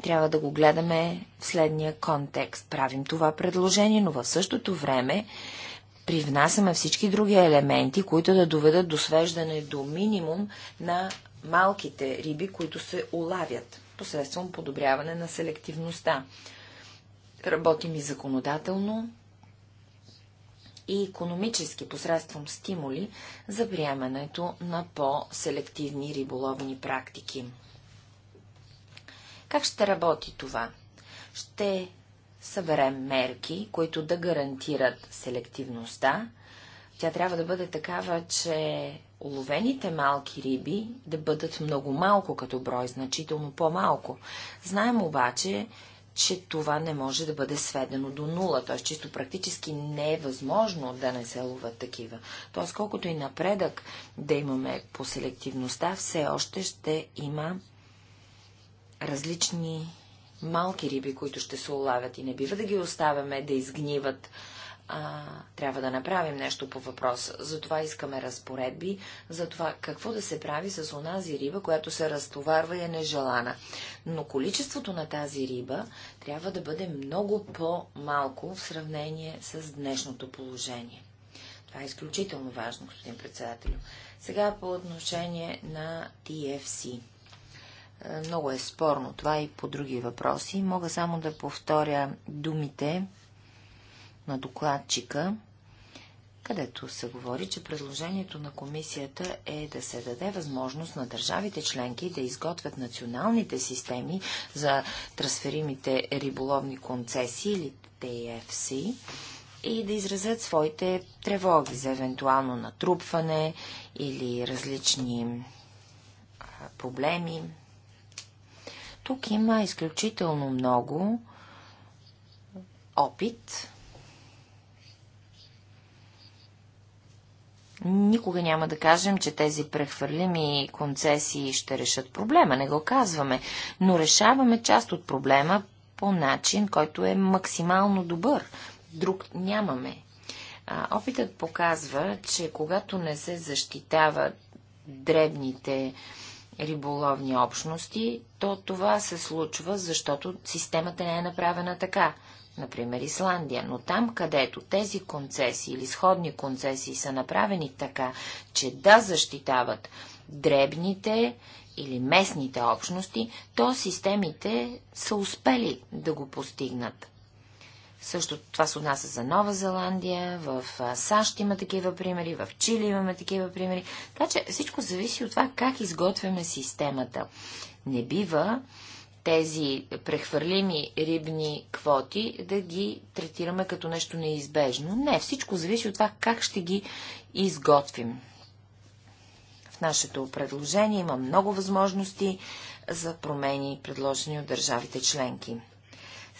Трябва да го гледаме в следния контекст. Правим това предложение, но в същото време привнасяме всички други елементи, които да доведат до свеждане до минимум на малките риби, които се улавят посредством подобряване на селективността. Работим и законодателно, и економически посредством стимули за приемането на по-селективни риболовни практики. Как ще работи това? Ще съберем мерки, които да гарантират селективността. Тя трябва да бъде такава, че уловените малки риби да бъдат много малко като брой, значително по-малко. Знаем обаче, че това не може да бъде сведено до нула, т.е. чисто практически не е възможно да не се ловат такива. Т.е. колкото и напредък да имаме по селективността, все още ще има различни малки риби, които ще се улавят и не бива да ги оставяме да изгниват. А, трябва да направим нещо по въпроса. Затова искаме разпоредби за това какво да се прави с онази риба, която се разтоварва и е нежелана. Но количеството на тази риба трябва да бъде много по-малко в сравнение с днешното положение. Това е изключително важно, господин председател. Сега по отношение на TFC. Е, много е спорно. Това и по други въпроси. Мога само да повторя думите на докладчика, където се говори, че предложението на комисията е да се даде възможност на държавите членки да изготвят националните системи за трансферимите риболовни концесии или TFC и да изразят своите тревоги за евентуално натрупване или различни проблеми тук има изключително много опит. Никога няма да кажем, че тези прехвърлими концесии ще решат проблема. Не го казваме, но решаваме част от проблема по начин, който е максимално добър. Друг нямаме. Опитът показва, че когато не се защитават дребните риболовни общности, то това се случва, защото системата не е направена така. Например, Исландия. Но там, където тези концесии или сходни концесии са направени така, че да защитават дребните или местните общности, то системите са успели да го постигнат. Също това се отнася за Нова Зеландия, в САЩ има такива примери, в Чили имаме такива примери. Така че всичко зависи от това как изготвяме системата. Не бива тези прехвърлими рибни квоти да ги третираме като нещо неизбежно. Не, всичко зависи от това как ще ги изготвим. В нашето предложение има много възможности за промени, предложени от държавите членки.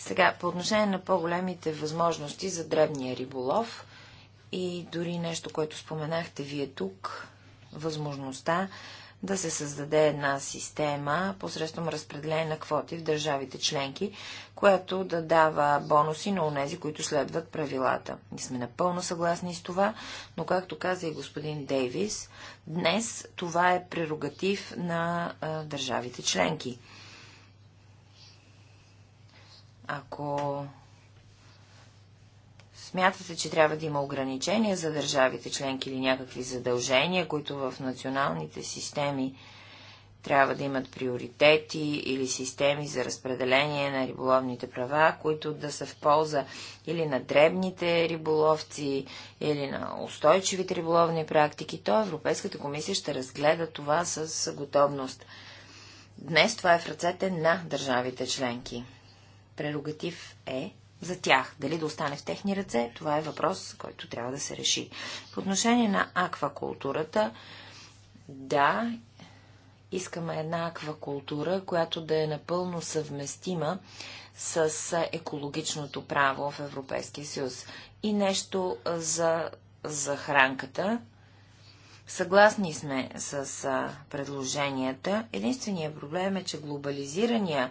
Сега, по отношение на по-големите възможности за древния риболов и дори нещо, което споменахте вие тук, възможността да се създаде една система посредством разпределение на квоти в държавите членки, която да дава бонуси на унези, които следват правилата. Ние сме напълно съгласни с това, но както каза и господин Дейвис, днес това е прерогатив на а, държавите членки. Ако смятате, че трябва да има ограничения за държавите членки или някакви задължения, които в националните системи трябва да имат приоритети или системи за разпределение на риболовните права, които да са в полза или на дребните риболовци, или на устойчивите риболовни практики, то Европейската комисия ще разгледа това с готовност. Днес това е в ръцете на държавите членки прерогатив е за тях. Дали да остане в техни ръце, това е въпрос, който трябва да се реши. По отношение на аквакултурата, да, искаме една аквакултура, която да е напълно съвместима с екологичното право в Европейския съюз. И нещо за захранката. Съгласни сме с предложенията. Единственият проблем е, че глобализирания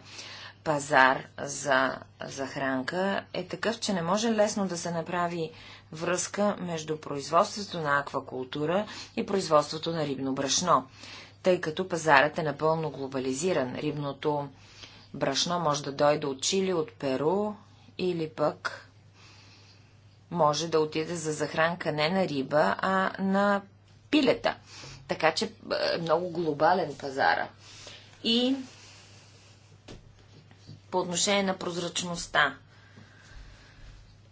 пазар за захранка е такъв, че не може лесно да се направи връзка между производството на аквакултура и производството на рибно брашно, тъй като пазарът е напълно глобализиран. Рибното брашно може да дойде от Чили, от Перу или пък може да отиде за захранка не на риба, а на пилета. Така че е много глобален пазара. И по отношение на прозрачността.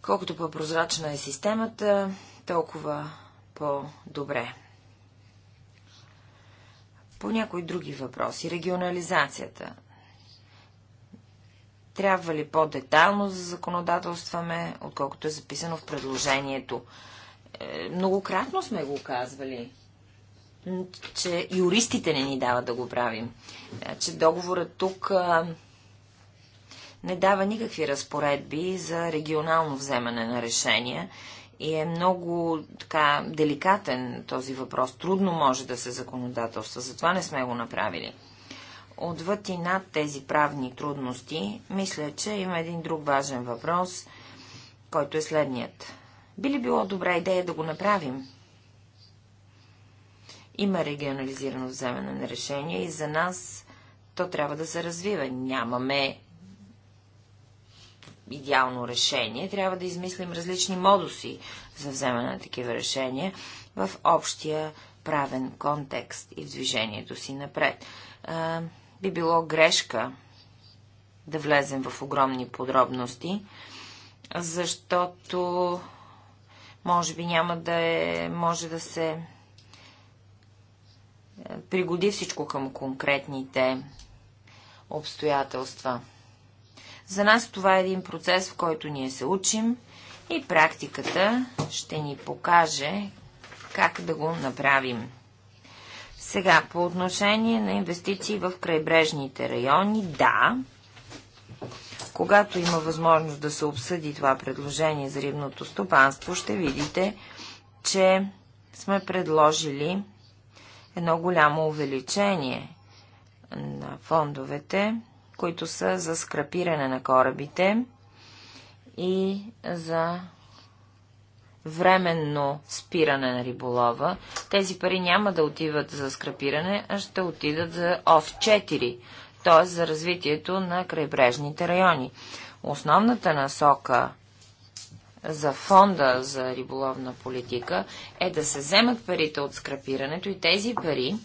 Колкото по-прозрачна е системата, толкова по-добре. По някои други въпроси. Регионализацията. Трябва ли по-детайлно за законодателстваме, отколкото е записано в предложението? Е, многократно сме го казвали, че юристите не ни дават да го правим. Че значи, договорът тук не дава никакви разпоредби за регионално вземане на решения и е много така деликатен този въпрос. Трудно може да се законодателства, затова не сме го направили. Отвъд и над тези правни трудности, мисля, че има един друг важен въпрос, който е следният. Би ли било добра идея да го направим? Има регионализирано вземане на решение и за нас то трябва да се развива. Нямаме идеално решение. Трябва да измислим различни модуси за вземане на такива решения в общия правен контекст и в движението си напред. А, би било грешка да влезем в огромни подробности, защото може би няма да е, може да се е, пригоди всичко към конкретните обстоятелства. За нас това е един процес, в който ние се учим и практиката ще ни покаже как да го направим. Сега, по отношение на инвестиции в крайбрежните райони, да, когато има възможност да се обсъди това предложение за рибното стопанство, ще видите, че сме предложили едно голямо увеличение на фондовете които са за скрапиране на корабите и за временно спиране на риболова. Тези пари няма да отиват за скрапиране, а ще отидат за ОВ-4, т.е. за развитието на крайбрежните райони. Основната насока за фонда за риболовна политика е да се вземат парите от скрапирането и тези пари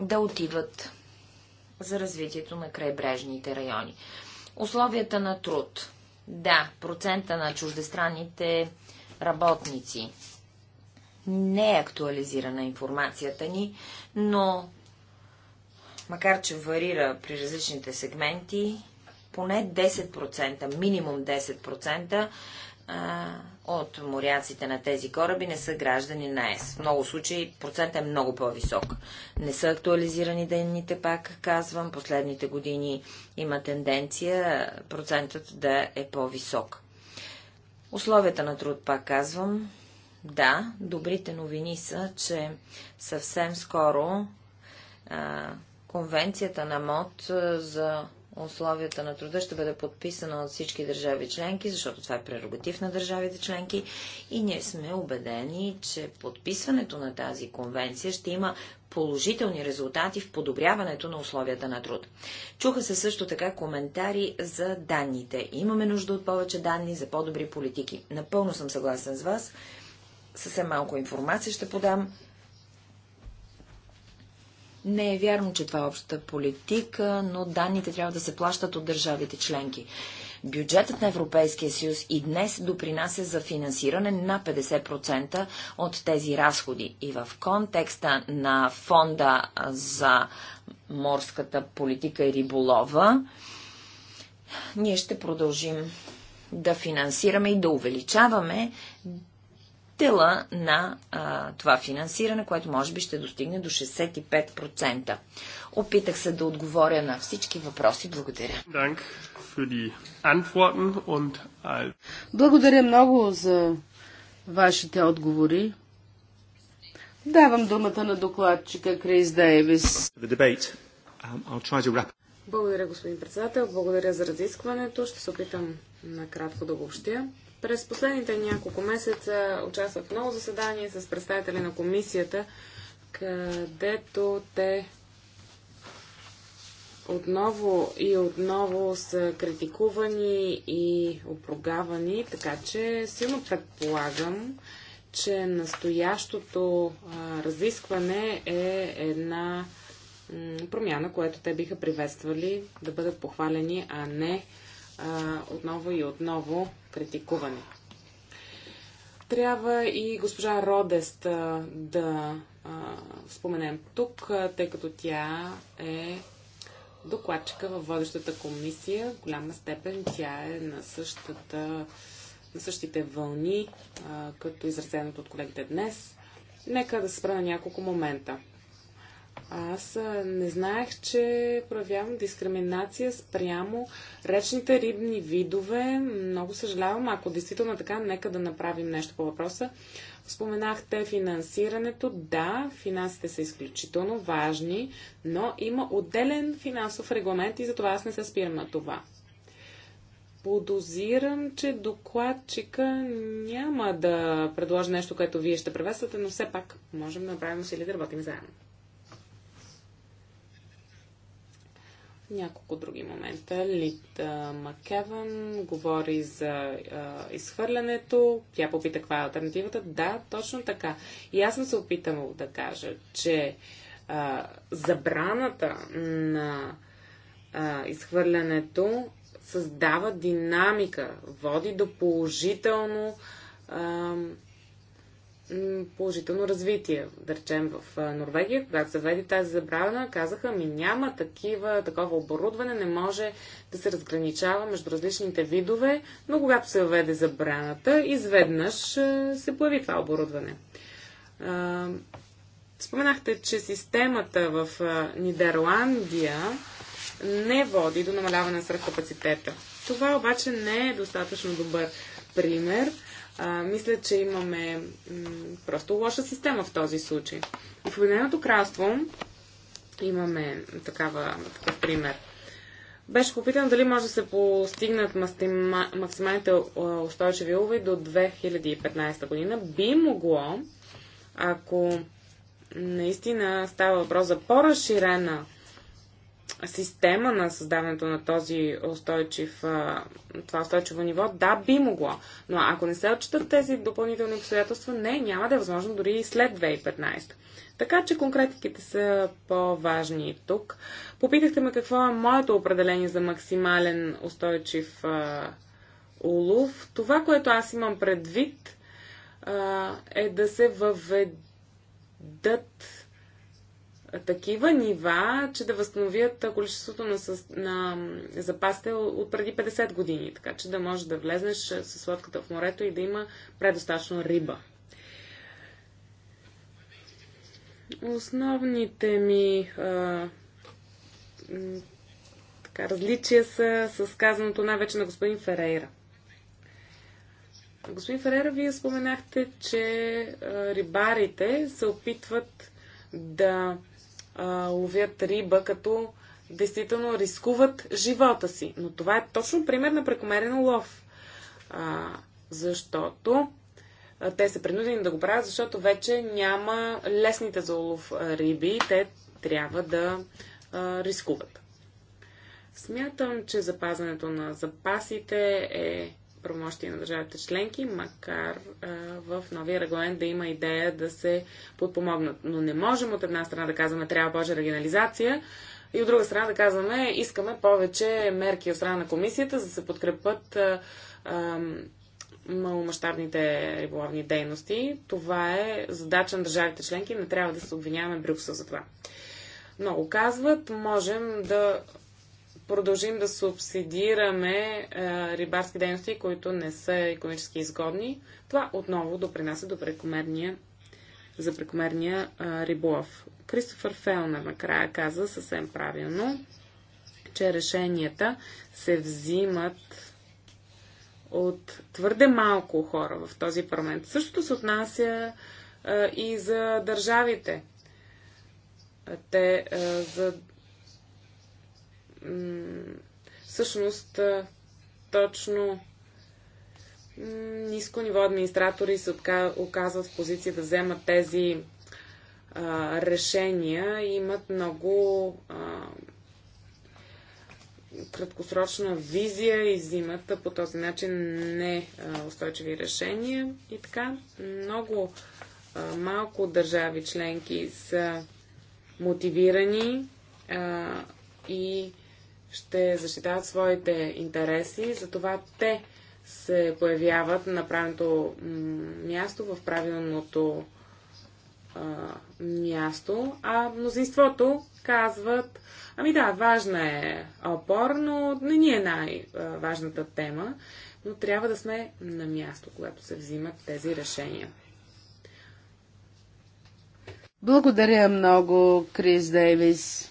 да отиват за развитието на крайбрежните райони. Условията на труд. Да, процента на чуждестранните работници. Не е актуализирана информацията ни, но макар че варира при различните сегменти, поне 10%, минимум 10% от моряците на тези кораби не са граждани на ЕС. В много случаи процентът е много по-висок. Не са актуализирани денните, пак казвам. Последните години има тенденция процентът да е по-висок. Условията на труд, пак казвам. Да, добрите новини са, че съвсем скоро а, конвенцията на МОД за условията на труда ще бъде подписана от всички държави членки, защото това е прерогатив на държавите членки и ние сме убедени, че подписването на тази конвенция ще има положителни резултати в подобряването на условията на труд. Чуха се също така коментари за данните. Имаме нужда от повече данни за по-добри политики. Напълно съм съгласен с вас. Съвсем малко информация ще подам не е вярно, че това е общата политика, но данните трябва да се плащат от държавите членки. Бюджетът на Европейския съюз и днес допринася за финансиране на 50% от тези разходи. И в контекста на фонда за морската политика и риболова, ние ще продължим да финансираме и да увеличаваме дела на а, това финансиране, което може би ще достигне до 65%. Опитах се да отговоря на всички въпроси. Благодаря. Благодаря много за вашите отговори. Давам думата на докладчика Крис Дейвис. Um, Благодаря, господин председател. Благодаря за разискването. Ще се опитам накратко да обобщя. През последните няколко месеца участвах в много заседания с представители на комисията, където те отново и отново са критикувани и опругавани, така че силно предполагам, че настоящото разискване е една промяна, която те биха приветствали да бъдат похвалени, а не отново и отново критикуване. Трябва и госпожа Родест да а, споменем тук, тъй като тя е докладчика във водещата комисия. В голяма степен тя е на, същата, на същите вълни, а, като изразеното от колегите днес. Нека да се спра на няколко момента. Аз не знаех, че проявявам дискриминация спрямо речните рибни видове. Много съжалявам. Ако действително е така, нека да направим нещо по въпроса. Споменахте финансирането. Да, финансите са изключително важни, но има отделен финансов регламент и затова аз не се спирам на това. Подозирам, че докладчика няма да предложи нещо, което вие ще превесвате, но все пак можем да направим усилия да работим заедно. няколко други момента. Лита Макеван говори за а, изхвърлянето. Тя попита каква е альтернативата. Да, точно така. И аз съм се опитам да кажа, че а, забраната на а, изхвърлянето създава динамика, води до положително а, положително развитие. Да речем в Норвегия, когато заведе тази забрана, казаха ми няма такива, такова оборудване, не може да се разграничава между различните видове, но когато се въведе забраната, изведнъж се появи това оборудване. Споменахте, че системата в Нидерландия не води до намаляване на свръхкапацитета. Това обаче не е достатъчно добър пример а, мисля, че имаме просто лоша система в този случай. И в Обединеното кралство имаме такава, такъв пример. Беше попитан дали може да се постигнат максималните устойчиви улови до 2015 година. Би могло, ако наистина става въпрос за по-разширена система на създаването на този устойчив, това устойчиво ниво, да, би могло. Но ако не се отчитат тези допълнителни обстоятелства, не, няма да е възможно дори и след 2015. Така че конкретиките са по-важни тук. Попитахте ме какво е моето определение за максимален устойчив а, улов. Това, което аз имам предвид, а, е да се въведат такива нива, че да възстановят количеството на, със, на запасите от преди 50 години, така че да можеш да влезнеш е, с лодката в морето и да има предостатъчно риба. Основните ми а, така, различия са с казаното най-вече на господин Ферейра. Господин Ферера, вие споменахте, че рибарите се опитват да а, ловят риба, като действително рискуват живота си. Но това е точно пример на прекомерен лов. А, защото а, те са принудени да го правят, защото вече няма лесните за улов риби. Те трябва да а, рискуват. Смятам, че запазването на запасите е правомощия на държавите членки, макар а, в новия регламент да има идея да се подпомогнат. Но не можем от една страна да казваме трябва повече регионализация и от друга страна да казваме искаме повече мерки от страна на комисията, за да се подкрепят маломащабните риболовни дейности. Това е задача на държавите членки, не трябва да се обвиняваме Брюксел за това много казват, можем да продължим да субсидираме а, е, рибарски дейности, които не са економически изгодни. Това отново допринася до прекомерния, за прекомерния а, е, риболов. Кристофър Фелнер накрая каза съвсем правилно, че решенията се взимат от твърде малко хора в този парламент. Същото се отнася а, е, и за държавите. Те а, за всъщност точно ниско ниво администратори се оказват в позиция да вземат тези а, решения и имат много а, краткосрочна визия и взимат по този начин неустойчиви решения. И така, много а, малко държави членки са мотивирани и ще защитават своите интереси, затова те се появяват на правилното място, в правилното а, място, а мнозинството казват, ами да, важна е опор, но не ни е най-важната тема, но трябва да сме на място, когато се взимат тези решения. Благодаря много, Крис Дейвис.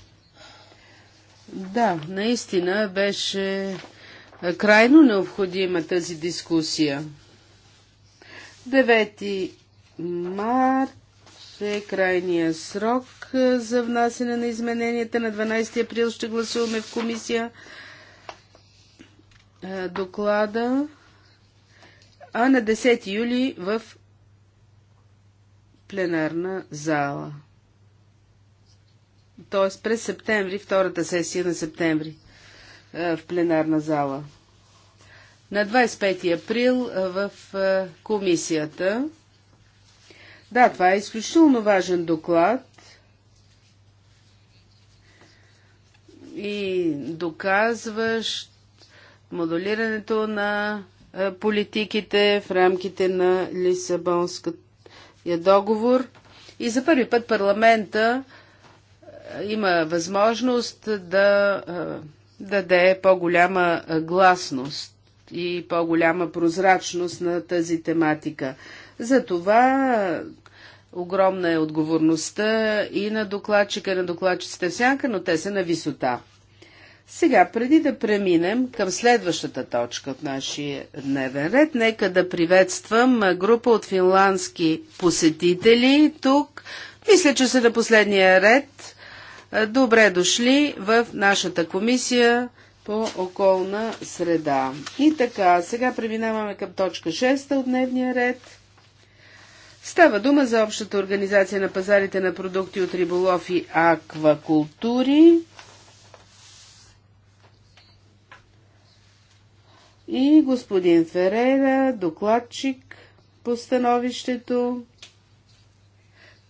Да, наистина беше крайно необходима тази дискусия. 9 март е крайния срок за внасяне на измененията. На 12 април ще гласуваме в комисия доклада, а на 10 юли в пленарна зала т.е. през септември, втората сесия на септември в пленарна зала. На 25 април в комисията. Да, това е изключително важен доклад и доказващ модулирането на политиките в рамките на Лисабонския договор. И за първи път парламента има възможност да даде по-голяма гласност и по-голяма прозрачност на тази тематика. Затова огромна е отговорността и на докладчика, и на докладчиците сянка, но те са на висота. Сега, преди да преминем към следващата точка от нашия дневен ред, нека да приветствам група от финландски посетители тук. Мисля, че са на последния ред. Добре дошли в нашата комисия по околна среда. И така, сега преминаваме към точка 6 от дневния ред. Става дума за общата организация на пазарите на продукти от риболов и аквакултури. И господин Ферера, докладчик по становището.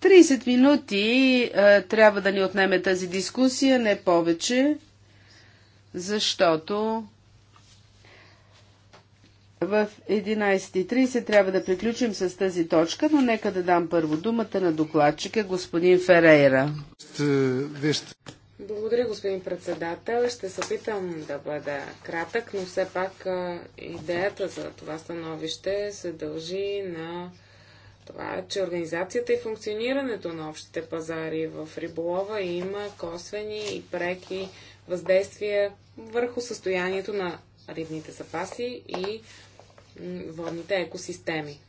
30 минути а, е, трябва да ни отнеме тази дискусия, не повече, защото в 11.30 трябва да приключим с тази точка, но нека да дам първо думата на докладчика господин Ферейра. Благодаря, господин председател. Ще се опитам да бъда кратък, но все пак е, идеята за това становище се дължи на това, че организацията и функционирането на общите пазари в риболова има косвени и преки въздействия върху състоянието на рибните запаси и водните екосистеми.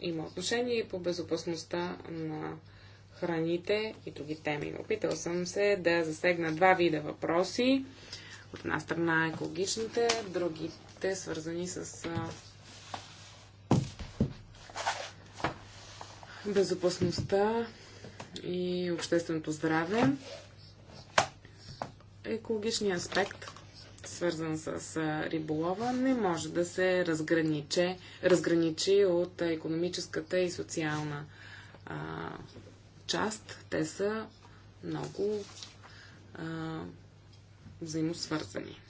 Има отношение и по безопасността на храните и други теми. Опитал съм се да засегна два вида въпроси от една страна екологичните, другите свързани с безопасността и общественото здраве. Екологичният аспект, свързан с риболова, не може да се разграничи, разграничи от економическата и социална а, част. Те са много а, взаимосвързани.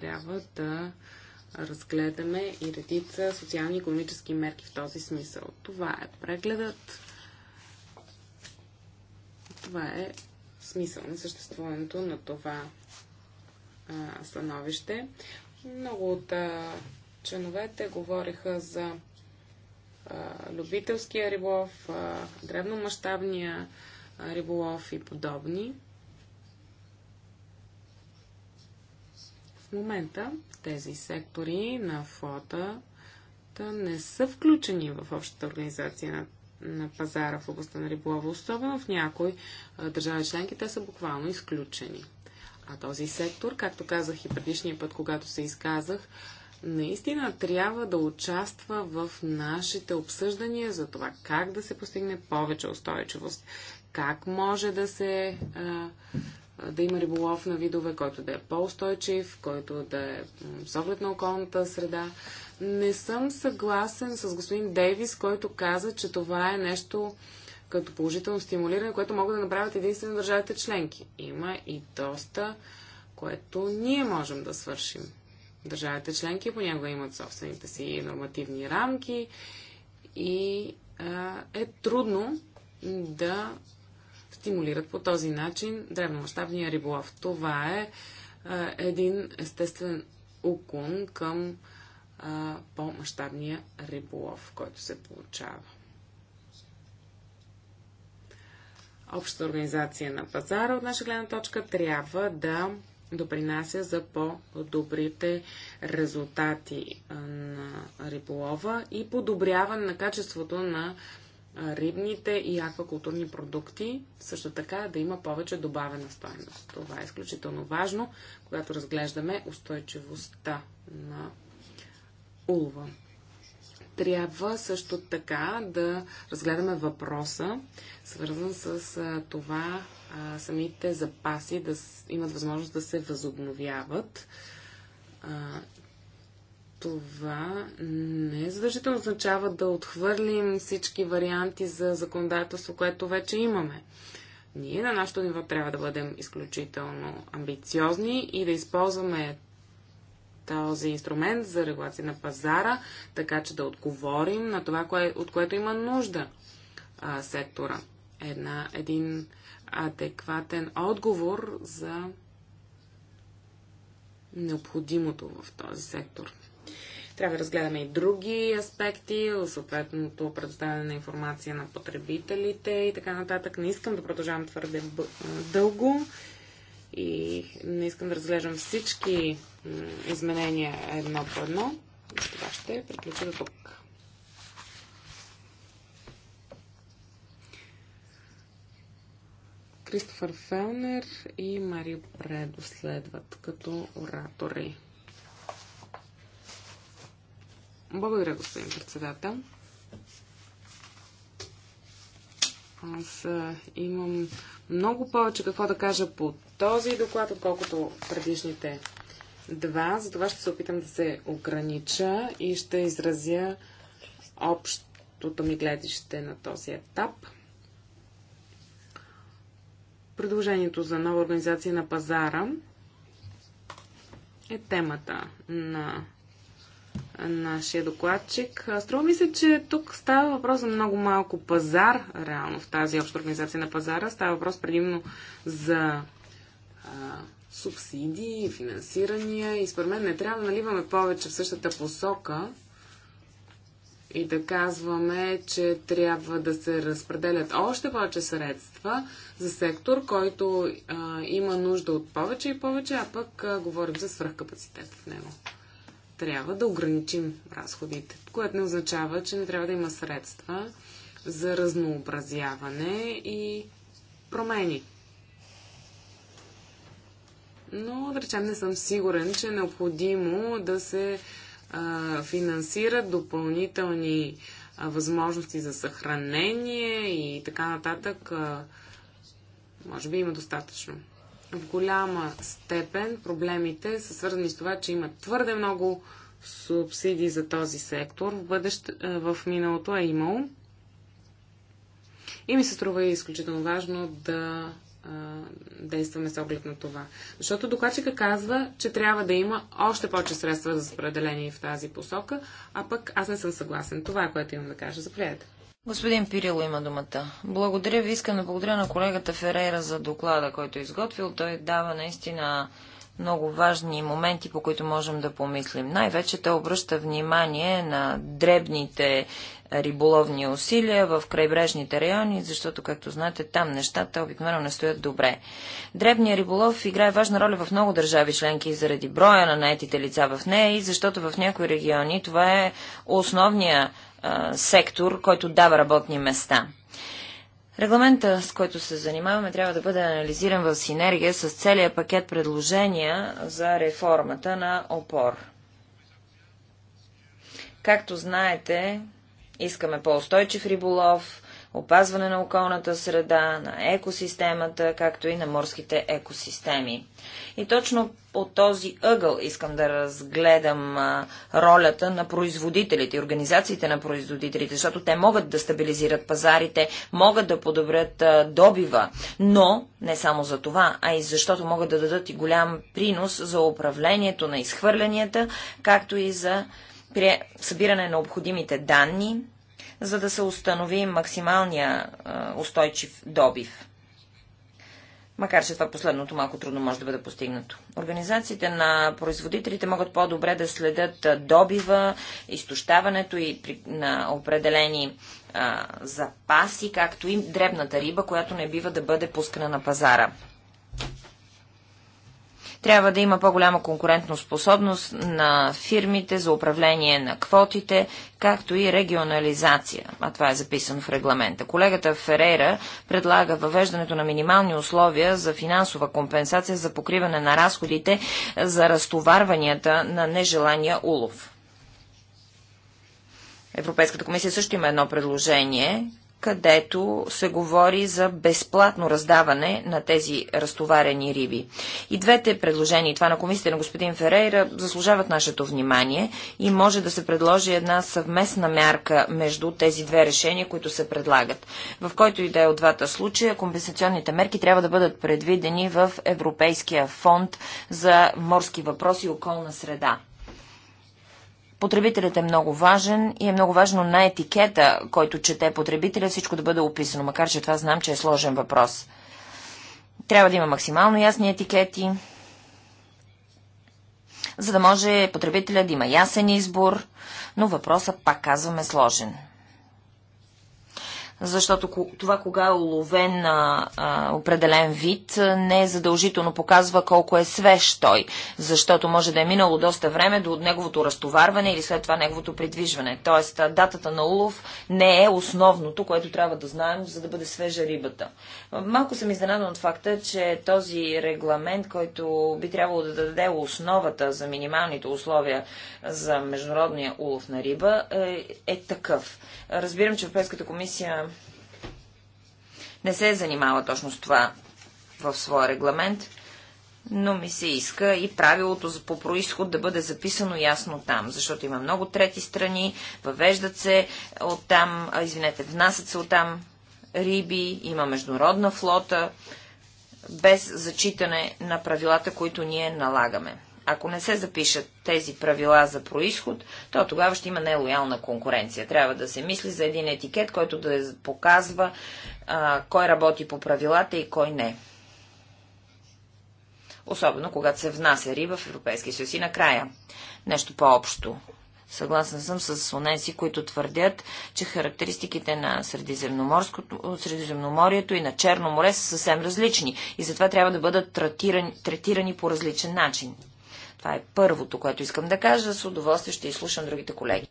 Трябва да разгледаме и редица социални и економически мерки в този смисъл. Това е прегледът. Това е смисъл на съществуването на това а, становище. Много от а, членовете говориха за а, любителския риболов, древномащабния риболов и подобни. момента тези сектори на флота не са включени в общата организация на, на пазара в областта на риболова, особено в някои държави членки, те са буквално изключени. А този сектор, както казах и предишния път, когато се изказах, наистина трябва да участва в нашите обсъждания за това как да се постигне повече устойчивост, как може да се а, да има риболов на видове, който да е по-устойчив, който да е с оглед на околната среда. Не съм съгласен с господин Дейвис, който каза, че това е нещо като положително стимулиране, което могат да направят единствено държавите членки. Има и доста, което ние можем да свършим. Държавите членки понякога имат собствените си нормативни рамки и е трудно да стимулират по този начин древномащабния риболов. Това е а, един естествен уклон към по-мащабния риболов, който се получава. Общата организация на пазара от наша гледна точка трябва да допринася за по-добрите резултати на риболова и подобряване на качеството на рибните и аквакултурни продукти, също така да има повече добавена стоеност. Това е изключително важно, когато разглеждаме устойчивостта на улова. Трябва също така да разгледаме въпроса, свързан с това самите запаси да имат възможност да се възобновяват това не е задължително означава да отхвърлим всички варианти за законодателство, което вече имаме. Ние на нашото ниво трябва да бъдем изключително амбициозни и да използваме този инструмент за регулация на пазара, така че да отговорим на това, кое, от което има нужда а, сектора. Една, един адекватен отговор за необходимото в този сектор. Трябва да разгледаме и други аспекти, съответното предоставяне на информация на потребителите и така нататък. Не искам да продължавам твърде дълго и не искам да разглеждам всички изменения едно по едно. И това ще приключи до тук. Кристофър Фелнер и Марио Предо следват като оратори. Благодаря, господин председател. Аз имам много повече какво да кажа по този доклад, отколкото предишните два. Затова ще се опитам да се огранича и ще изразя общото ми гледище на този етап. Предложението за нова организация на пазара е темата на нашия докладчик. Струва ми се, че тук става въпрос за много малко пазар, реално в тази обща организация на пазара. Става въпрос предимно за а, субсидии, финансирания и според мен не трябва да наливаме повече в същата посока и да казваме, че трябва да се разпределят още повече средства за сектор, който а, има нужда от повече и повече, а пък а, говорим за свръхкапацитет в него трябва да ограничим разходите, което не означава, че не трябва да има средства за разнообразяване и промени. Но, да речем, не съм сигурен, че е необходимо да се а, финансират допълнителни а, възможности за съхранение и така нататък. А, може би има достатъчно в голяма степен проблемите са свързани с това, че има твърде много субсидии за този сектор. В, бъдеще, е, в миналото е имало. И ми се струва и изключително важно да а, е, действаме с оглед на това. Защото докладчика казва, че трябва да има още повече средства за разпределение в тази посока, а пък аз не съм съгласен. Това е което имам да кажа. Заповядайте. Господин Пирило има думата. Благодаря ви. Искам да благодаря на колегата Ферейра за доклада, който е изготвил. Той дава наистина много важни моменти, по които можем да помислим. Най-вече той обръща внимание на дребните риболовни усилия в крайбрежните райони, защото, както знаете, там нещата обикновено не стоят добре. Дребният риболов играе важна роля в много държави членки заради броя на наетите лица в нея и защото в някои региони това е основния сектор, който дава работни места. Регламента, с който се занимаваме, трябва да бъде анализиран в синергия с целият пакет предложения за реформата на ОПОР. Както знаете, искаме по-устойчив риболов, опазване на околната среда, на екосистемата, както и на морските екосистеми. И точно по този ъгъл искам да разгледам ролята на производителите и организациите на производителите, защото те могат да стабилизират пазарите, могат да подобрят добива, но не само за това, а и защото могат да дадат и голям принос за управлението на изхвърлянията, както и за събиране на необходимите данни, за да се установи максималния устойчив добив. Макар, че това последното малко трудно може да бъде постигнато. Организациите на производителите могат по-добре да следят добива, изтощаването и при, на определени а, запаси, както и дребната риба, която не бива да бъде пускана на пазара. Трябва да има по-голяма конкурентно способност на фирмите за управление на квотите, както и регионализация, а това е записано в регламента. Колегата Ферейра предлага въвеждането на минимални условия за финансова компенсация за покриване на разходите за разтоварванията на нежелания улов. Европейската комисия също има едно предложение, където се говори за безплатно раздаване на тези разтоварени риби. И двете предложения, и това на комисията на господин Ферейра, заслужават нашето внимание и може да се предложи една съвместна мярка между тези две решения, които се предлагат. В който и да е от двата случая, компенсационните мерки трябва да бъдат предвидени в Европейския фонд за морски въпроси и околна среда. Потребителят е много важен и е много важно на етикета, който чете потребителя, всичко да бъде описано, макар че това знам, че е сложен въпрос. Трябва да има максимално ясни етикети, за да може потребителя да има ясен избор, но въпросът, пак казваме, сложен защото това кога е уловен а, определен вид не е задължително показва колко е свеж той, защото може да е минало доста време до неговото разтоварване или след това неговото придвижване. Тоест датата на улов не е основното, което трябва да знаем, за да бъде свежа рибата. Малко съм изненадан от факта, че този регламент, който би трябвало да даде основата за минималните условия за международния улов на риба, е, е такъв. Разбирам, че Европейската комисия не се е занимава точно с това в своя регламент, но ми се иска и правилото по происход да бъде записано ясно там, защото има много трети страни, въвеждат се от там, извинете, внасят се от там риби, има международна флота, без зачитане на правилата, които ние налагаме. Ако не се запишат тези правила за происход, то тогава ще има нелоялна конкуренция. Трябва да се мисли за един етикет, който да показва, а, кой работи по правилата и кой не. Особено когато се внася риба в Европейския съюз и накрая. Нещо по-общо. Съгласна съм с онези, които твърдят, че характеристиките на Средиземноморието и на Черно море са съвсем различни и затова трябва да бъдат третирани, третирани по различен начин. Това е първото, което искам да кажа. С удоволствие ще изслушам другите колеги.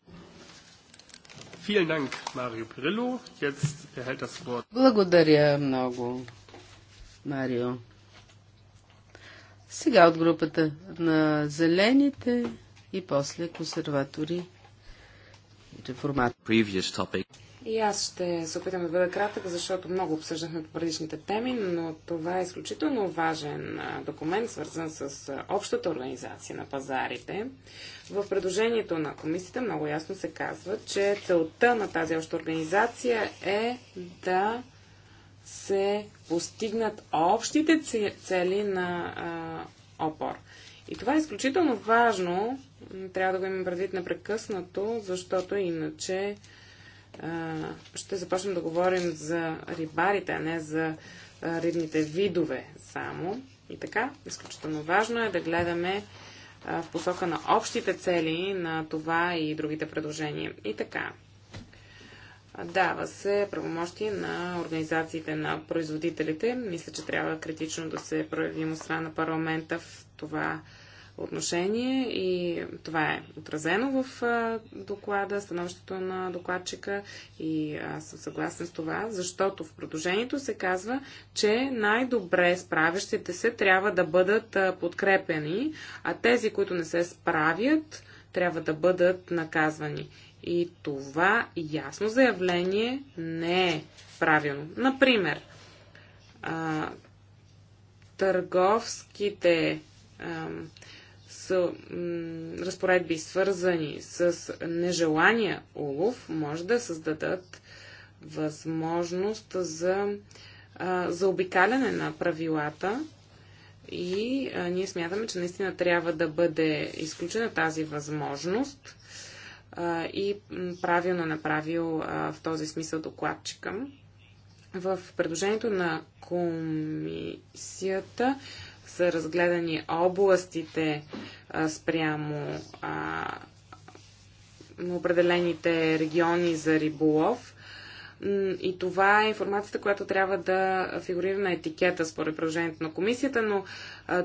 Благодаря много, Марио. Сега от групата на зелените и после консерватори реформатори. И аз ще се опитам да бъда кратък, защото много обсъждахме по предишните теми, но това е изключително важен документ, свързан с общата организация на пазарите. В предложението на комисията много ясно се казва, че целта на тази обща организация е да се постигнат общите цели на а, опор. И това е изключително важно, трябва да го имам предвид непрекъснато, защото иначе ще започнем да говорим за рибарите, а не за рибните видове само. И така, изключително важно е да гледаме в посока на общите цели на това и другите предложения. И така, дава се правомощие на организациите на производителите. Мисля, че трябва критично да се проявим от страна на парламента в това отношение и това е отразено в доклада, становището на докладчика и аз съм съгласен с това, защото в продължението се казва, че най-добре справящите се трябва да бъдат подкрепени, а тези, които не се справят, трябва да бъдат наказвани. И това ясно заявление не е правилно. Например, търговските са разпоредби свързани с нежелания улов, може да създадат възможност за заобикаляне на правилата и а, ние смятаме, че наистина трябва да бъде изключена тази възможност а, и правилно направил а, в този смисъл докладчика. В предложението на комисията са разгледани областите а, спрямо а, определените региони за риболов и това е информацията, която трябва да фигурира на етикета според предложението на комисията, но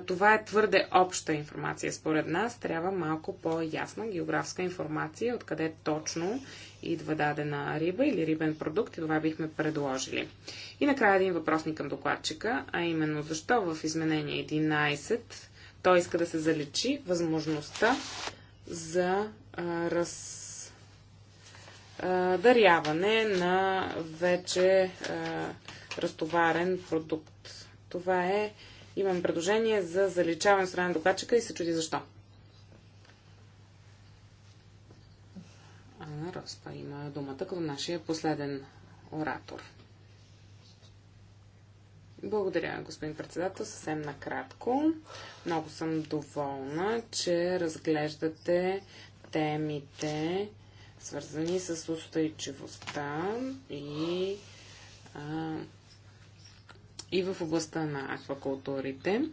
това е твърде обща информация. Според нас трябва малко по-ясна географска информация, откъде точно идва дадена риба или рибен продукт и това бихме предложили. И накрая един въпросник към докладчика, а именно защо в изменение 11 той иска да се заличи възможността за а, раз даряване на вече а, разтоварен продукт. Това е. Имам предложение за заличаване страна на докладчика и се чуди защо. Ана Роспа има думата като нашия последен оратор. Благодаря, господин председател. Съвсем накратко. Много съм доволна, че разглеждате темите свързани с устойчивостта и, а, и в областта на аквакултурите.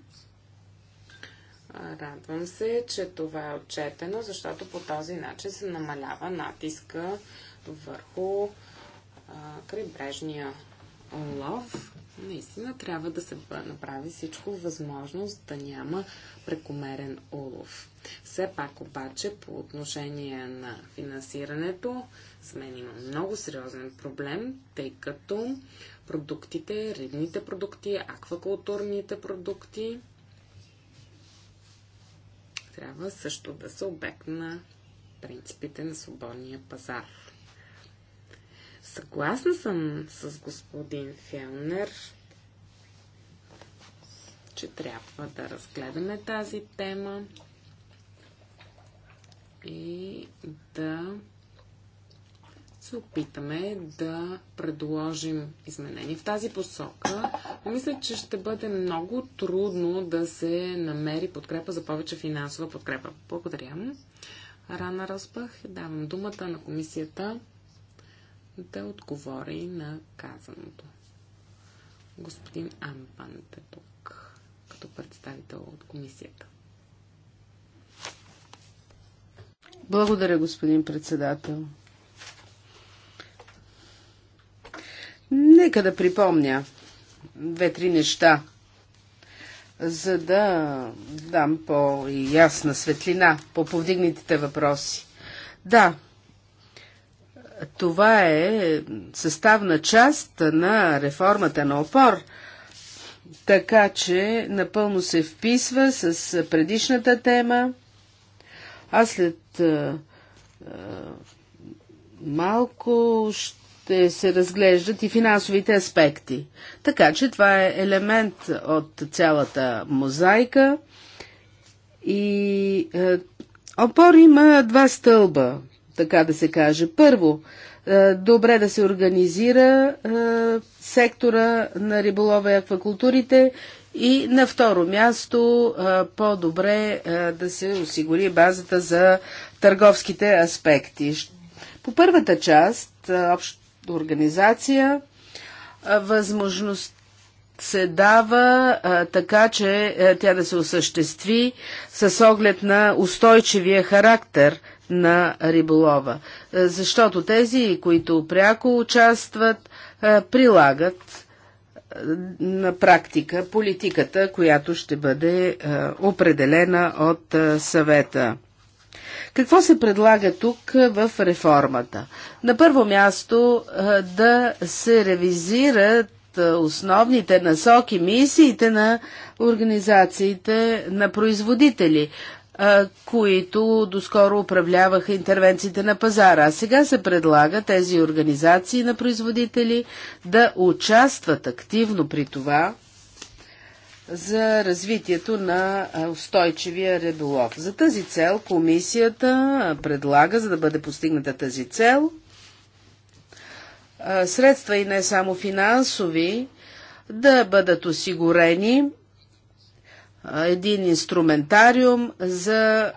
Радвам се, че това е отчетено, защото по този начин се намалява натиска върху а, крайбрежния лов. Наистина трябва да се направи всичко възможност да няма прекомерен улов. Все пак обаче по отношение на финансирането с мен има много сериозен проблем, тъй като продуктите, рибните продукти, аквакултурните продукти трябва също да са обект на принципите на свободния пазар. Съгласна съм с господин Фелнер, че трябва да разгледаме тази тема и да се опитаме да предложим изменения в тази посока. Мисля, че ще бъде много трудно да се намери подкрепа за повече финансова подкрепа. Благодаря. Рана Роспах, давам думата на комисията да отговори на казаното. Господин Ампан е тук, като представител от комисията. Благодаря, господин председател. Нека да припомня две-три неща, за да дам по-ясна светлина по повдигнатите въпроси. Да, това е съставна част на реформата на опор, така че напълно се вписва с предишната тема – а след малко ще се разглеждат и финансовите аспекти. Така че това е елемент от цялата мозайка. И а, опор има два стълба, така да се каже. Първо, добре да се организира е, сектора на риболова и аквакултурите и на второ място, по-добре да се осигури базата за търговските аспекти. По първата част, общата организация, възможност се дава а, така, че а, тя да се осъществи с оглед на устойчивия характер на риболова. А, защото тези, които пряко участват, а, прилагат на практика политиката, която ще бъде е, определена от е, съвета. Какво се предлага тук е, в реформата? На първо място да се ревизират основните насоки, мисиите на организациите на производители, които доскоро управляваха интервенциите на пазара. А сега се предлага тези организации на производители да участват активно при това за развитието на устойчивия редолов. За тази цел комисията предлага, за да бъде постигната тази цел, средства и не само финансови да бъдат осигурени един инструментариум за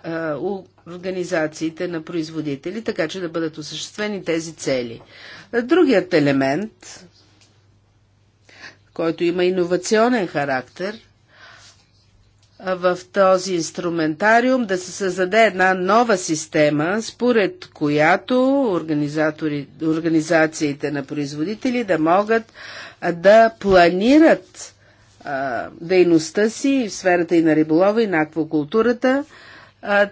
организациите на производители, така че да бъдат осъществени тези цели. Другият елемент, който има иновационен характер, в този инструментариум да се създаде една нова система, според която организациите на производители да могат да планират дейността си в сферата и на риболова и на аквакултурата,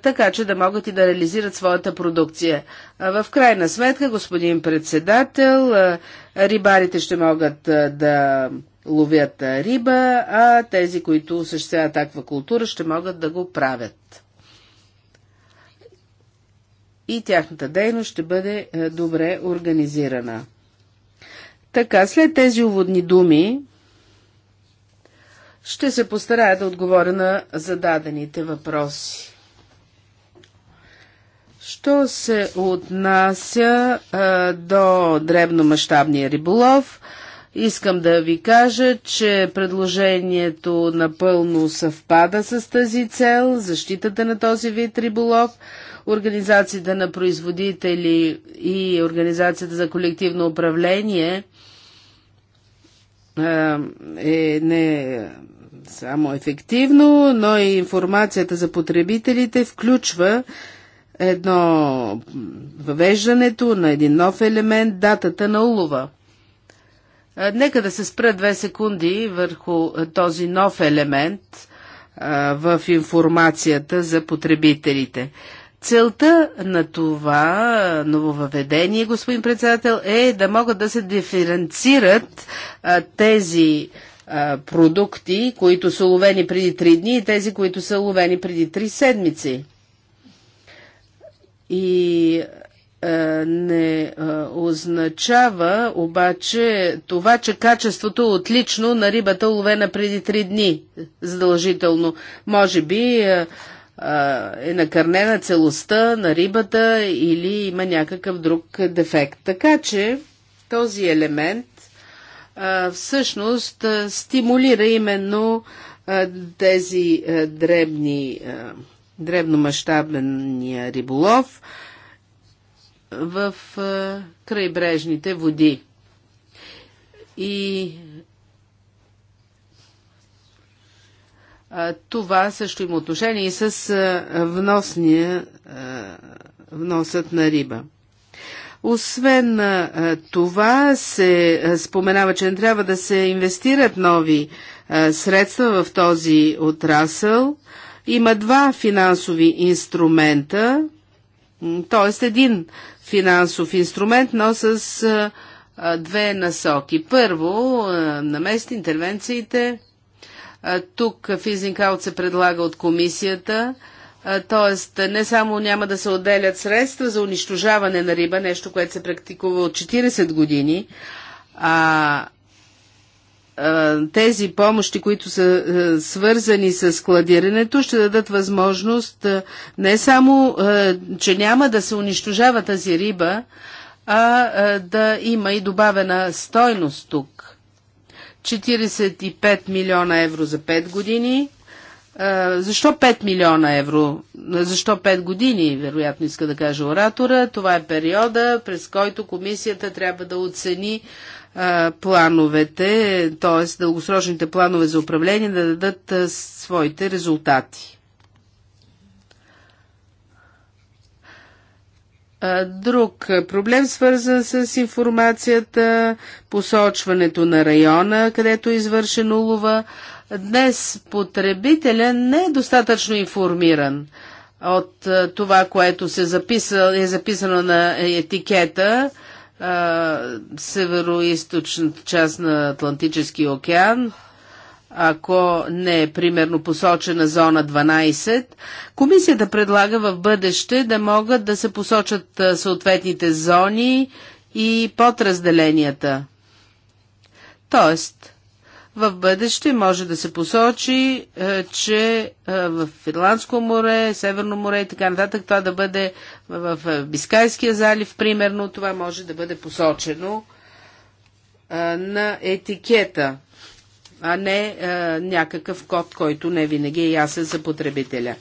така че да могат и да реализират своята продукция. В крайна сметка, господин председател, рибарите ще могат да ловят риба, а тези, които осъществяват аквакултура, ще могат да го правят. И тяхната дейност ще бъде добре организирана. Така, след тези уводни думи, ще се постарая да отговоря на зададените въпроси. Що се отнася а, до дребномащабния риболов, искам да ви кажа, че предложението напълно съвпада с тази цел, защитата на този вид риболов, организацията на производители и организацията за колективно управление а, е не само ефективно, но и информацията за потребителите включва едно въвеждането на един нов елемент, датата на улова. Нека да се спра две секунди върху този нов елемент в информацията за потребителите. Целта на това нововъведение, господин председател, е да могат да се диференцират тези продукти, които са ловени преди 3 дни и тези, които са ловени преди 3 седмици. И а, не а, означава обаче това, че качеството е отлично на рибата ловена преди 3 дни задължително. Може би а, е накърнена целостта на рибата или има някакъв друг дефект. Така че този елемент всъщност стимулира именно тези дребни, дребномащабния риболов в крайбрежните води. И това също има отношение и с вносния, вносът на риба. Освен това се споменава, че не трябва да се инвестират нови средства в този отрасъл. Има два финансови инструмента, т.е. един финансов инструмент, но с две насоки. Първо, на интервенциите. Тук физинг се предлага от комисията – Тоест, не само няма да се отделят средства за унищожаване на риба, нещо, което се практикува от 40 години, а, тези помощи, които са свързани с складирането, ще дадат възможност не само, че няма да се унищожава тази риба, а да има и добавена стойност тук. 45 милиона евро за 5 години защо 5 милиона евро? Защо 5 години, вероятно иска да каже оратора? Това е периода, през който комисията трябва да оцени плановете, т.е. дългосрочните планове за управление да дадат своите резултати. друг проблем свързан с информацията, посочването на района, където е извършено улова, Днес потребителя не е достатъчно информиран от това, което се записа, е записано на етикета северо-источната част на Атлантическия океан, ако не е примерно посочена зона 12, комисията предлага в бъдеще да могат да се посочат съответните зони и подразделенията. Тоест, в бъдеще може да се посочи, е, че е, в Ирландско море, Северно море и така нататък, това да бъде в Бискайския залив, примерно, това може да бъде посочено е, на етикета, а не някакъв код, който не винаги е ясен за потребителя.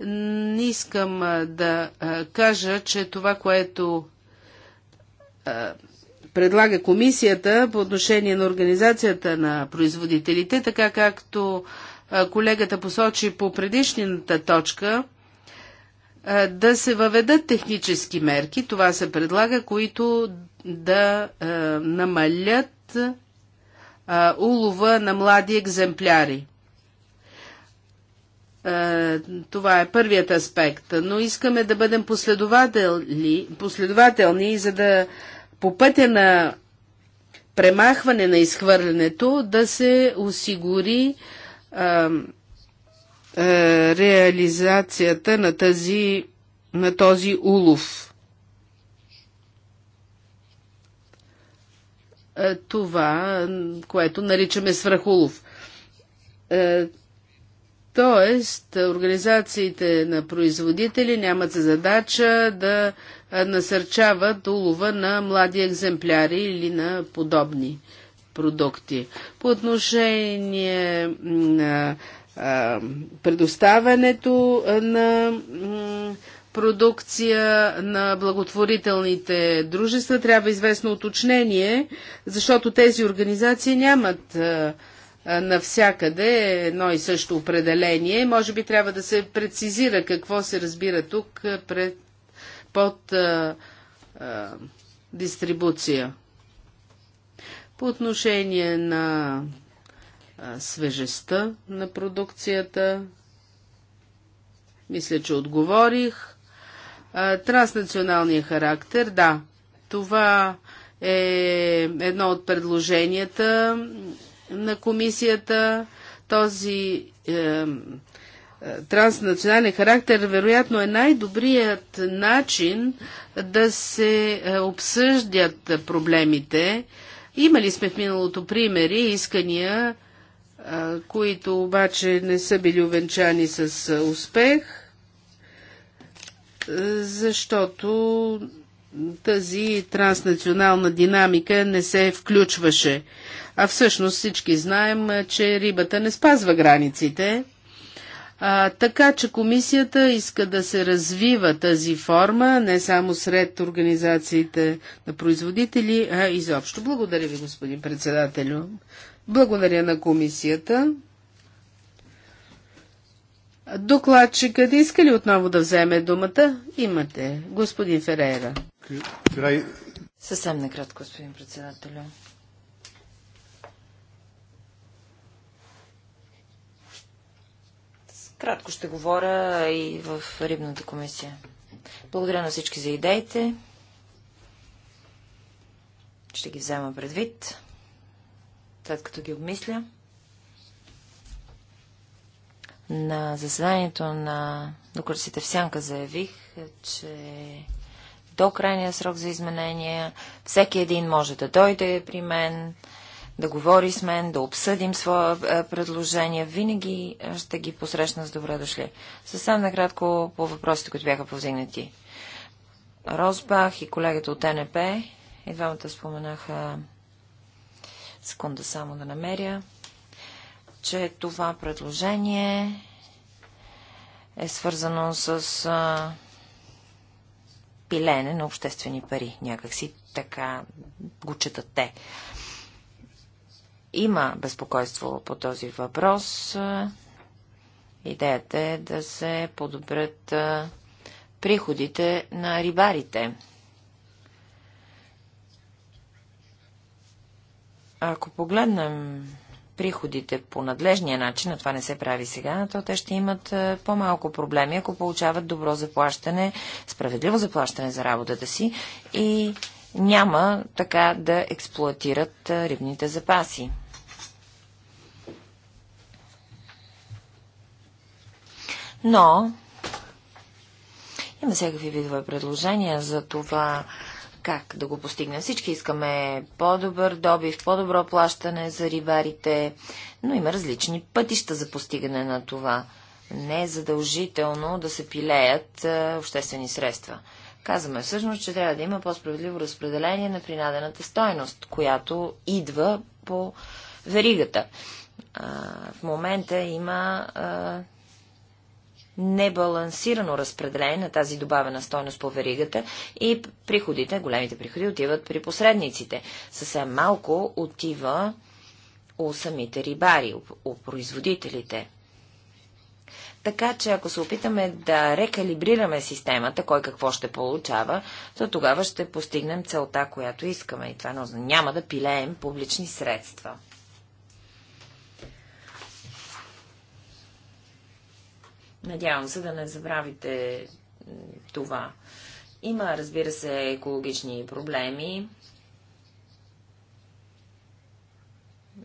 Не искам да кажа, че това, което предлага комисията по отношение на организацията на производителите, така както колегата посочи по предишната точка, да се въведат технически мерки, това се предлага, които да намалят улова на млади екземпляри. Това е първият аспект, но искаме да бъдем последователни, последователни за да по пътя на премахване на изхвърлянето да се осигури а, а, реализацията на, тази, на този улов. А, това, което наричаме свръхулов. Тоест, организациите на производители нямат за задача да насърчават улова на млади екземпляри или на подобни продукти. По отношение на предоставянето на продукция на благотворителните дружества трябва известно уточнение, защото тези организации нямат навсякъде е едно и също определение. Може би трябва да се прецизира какво се разбира тук пред, под а, а, дистрибуция. По отношение на а, свежестта на продукцията, мисля, че отговорих. А, транснационалния характер, да, това е едно от предложенията на комисията. Този е, е, транснационален характер вероятно е най-добрият начин да се е, обсъждат проблемите. Имали сме в миналото примери, искания, е, които обаче не са били увенчани с успех, защото тази транснационална динамика не се включваше. А всъщност всички знаем, че рибата не спазва границите. А, така че комисията иска да се развива тази форма не само сред организациите на производители, а изобщо. Благодаря ви, господин председателю. Благодаря на комисията. Докладчикът иска ли отново да вземе думата? Имате, господин Ферейра. Съвсем накратко, господин председателю. Кратко ще говоря и в Рибната комисия. Благодаря на всички за идеите. Ще ги взема предвид, след като ги обмисля. На заседанието на докладчиците в Сянка заявих, че до крайния срок за изменения всеки един може да дойде при мен, да говори с мен, да обсъдим своя е, предложение. Винаги е, ще ги посрещна с добре дошли. Съвсем накратко по въпросите, които бяха повзигнати. Розбах и колегата от НП, и двамата споменаха секунда само да намеря че това предложение е свързано с а, пилене на обществени пари. Някакси така го четат те. Има безпокойство по този въпрос. Идеята е да се подобрят а, приходите на рибарите. Ако погледнем приходите по надлежния начин, а това не се прави сега, то те ще имат е, по-малко проблеми, ако получават добро заплащане, справедливо заплащане за работата си и няма така да експлуатират е, рибните запаси. Но има всякакви видове предложения за това как да го постигнем. Всички искаме по-добър добив, по-добро плащане за рибарите, но има различни пътища за постигане на това. Не е задължително да се пилеят е, обществени средства. Казваме всъщност, че трябва да има по-справедливо разпределение на принадената стойност, която идва по веригата. А, в момента има а, небалансирано разпределение на тази добавена стойност по веригата и приходите, големите приходи отиват при посредниците. Съвсем малко отива у самите рибари, у производителите. Така че ако се опитаме да рекалибрираме системата, кой какво ще получава, то тогава ще постигнем целта, която искаме. И това няма да пилеем публични средства. Надявам се да не забравите това. Има, разбира се, екологични проблеми,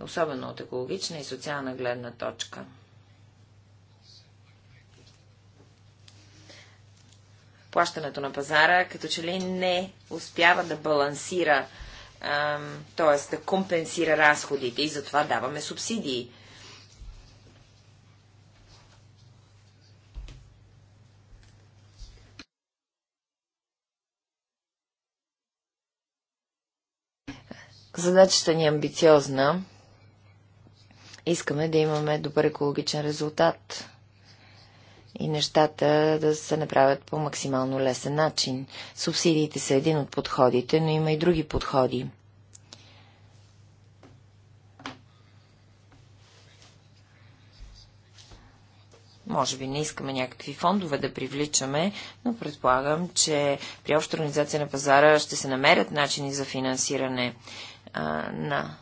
особено от екологична и социална гледна точка. Плащането на пазара като че ли не успява да балансира, т.е. да компенсира разходите и затова даваме субсидии. Задачата ни е амбициозна. Искаме да имаме добър екологичен резултат и нещата да се направят по максимално лесен начин. Субсидиите са един от подходите, но има и други подходи. Може би не искаме някакви фондове да привличаме, но предполагам, че при обща организация на пазара ще се намерят начини за финансиране а, на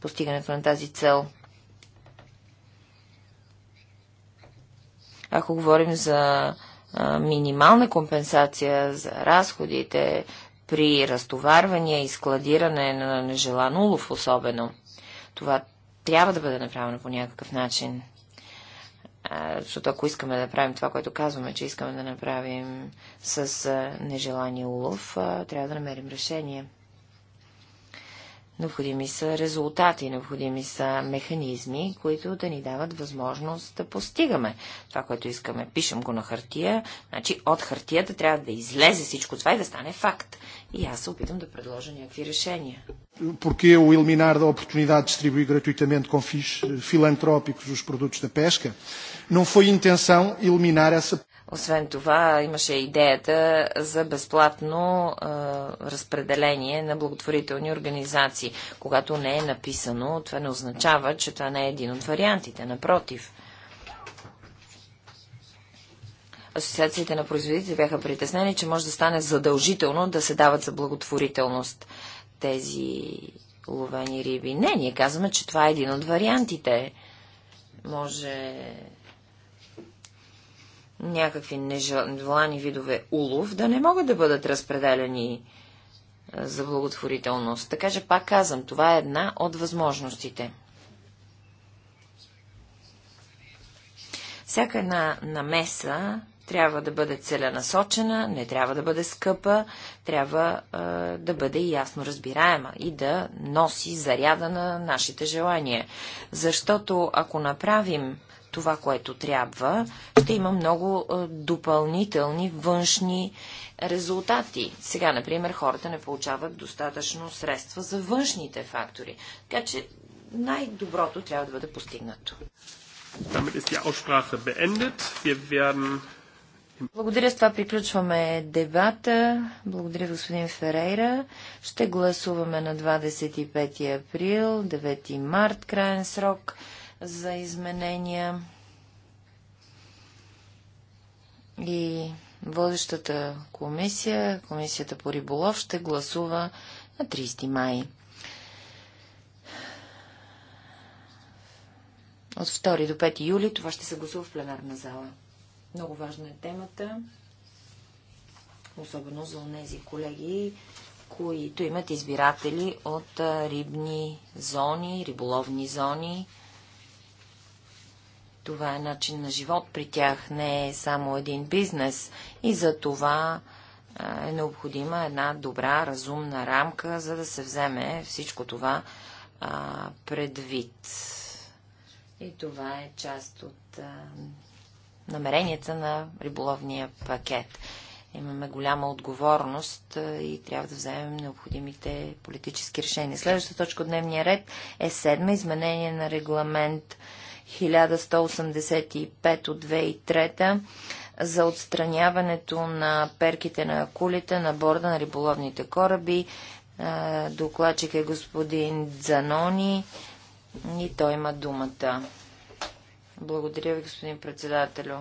постигането на тази цел. Ако говорим за а, минимална компенсация за разходите при разтоварване и складиране на нежелан улов особено, това трябва да бъде направено по някакъв начин. А, защото ако искаме да правим това, което казваме, че искаме да направим с нежелания улов, а, трябва да намерим решение. Необходими са резултати, необходими са механизми, които да ни дават възможност да постигаме това, което искаме. Пишем го на хартия, значи от хартията трябва да излезе всичко това и да стане факт. И аз се опитам да предложа някакви решения. Porque o eliminar da oportunidade de distribuir gratuitamente com fins eh, filantrópicos os produtos da pesca não foi intenção eliminar essa освен това, имаше идеята за безплатно а, разпределение на благотворителни организации. Когато не е написано, това не означава, че това не е един от вариантите. Напротив. Асоциациите на производители бяха притеснени, че може да стане задължително да се дават за благотворителност тези ловени риби. Не, ние казваме, че това е един от вариантите. Може някакви нежелани видове улов, да не могат да бъдат разпределени е, за благотворителност. Така че пак казвам, това е една от възможностите. Всяка една намеса трябва да бъде целенасочена, не трябва да бъде скъпа, трябва е, да бъде ясно разбираема и да носи заряда на нашите желания. Защото ако направим това, което трябва, ще има много е, допълнителни външни резултати. Сега, например, хората не получават достатъчно средства за външните фактори. Така че най-доброто трябва да бъде постигнато. Благодаря, с това приключваме дебата. Благодаря, господин Ферейра. Ще гласуваме на 25 април, 9 март, крайен срок за изменения и водещата комисия, комисията по риболов, ще гласува на 30 май. От 2 до 5 юли това ще се гласува в пленарна зала. Много важна е темата, особено за тези колеги, които имат избиратели от рибни зони, риболовни зони, това е начин на живот при тях, не е само един бизнес. И за това е необходима една добра, разумна рамка, за да се вземе всичко това а, предвид. И това е част от а, намеренията на риболовния пакет. Имаме голяма отговорност и трябва да вземем необходимите политически решения. Следващата точка от дневния ред е седма изменение на регламент 1185 от 2003 за отстраняването на перките на кулите на борда на риболовните кораби. Е, докладчик е господин Дзанони и той има думата. Благодаря ви, господин председателю.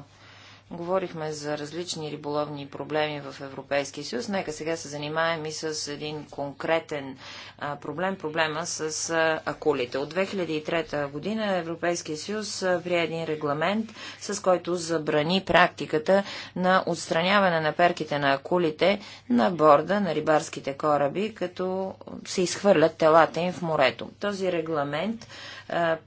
Говорихме за различни риболовни проблеми в Европейския съюз. Нека сега се занимаем и с един конкретен проблем, проблема с акулите. От 2003 година Европейския съюз прие един регламент, с който забрани практиката на отстраняване на перките на акулите на борда на рибарските кораби, като се изхвърлят телата им в морето. Този регламент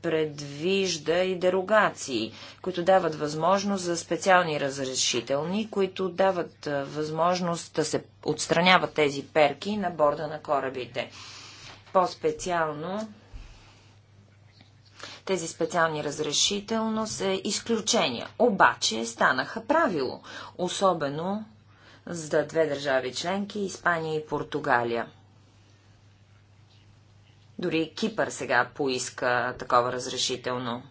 предвижда и дерогации, които дават възможност за специални разрешителни, които дават възможност да се отстраняват тези перки на борда на корабите. По-специално тези специални разрешително са изключения. Обаче станаха правило, особено за две държави членки Испания и Португалия. Дори Кипър сега поиска такова разрешително.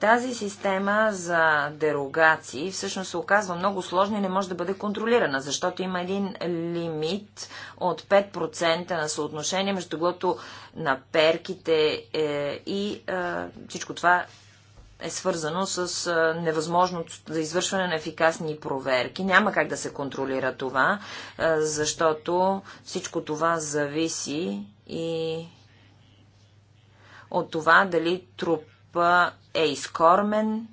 Тази система за дерогации всъщност се оказва много сложна и не може да бъде контролирана, защото има един лимит от 5% на съотношение между глото на перките е, и е, всичко това е свързано с е, невъзможност за извършване на ефикасни проверки. Няма как да се контролира това, защото всичко това зависи и от това дали трупа е изкормен,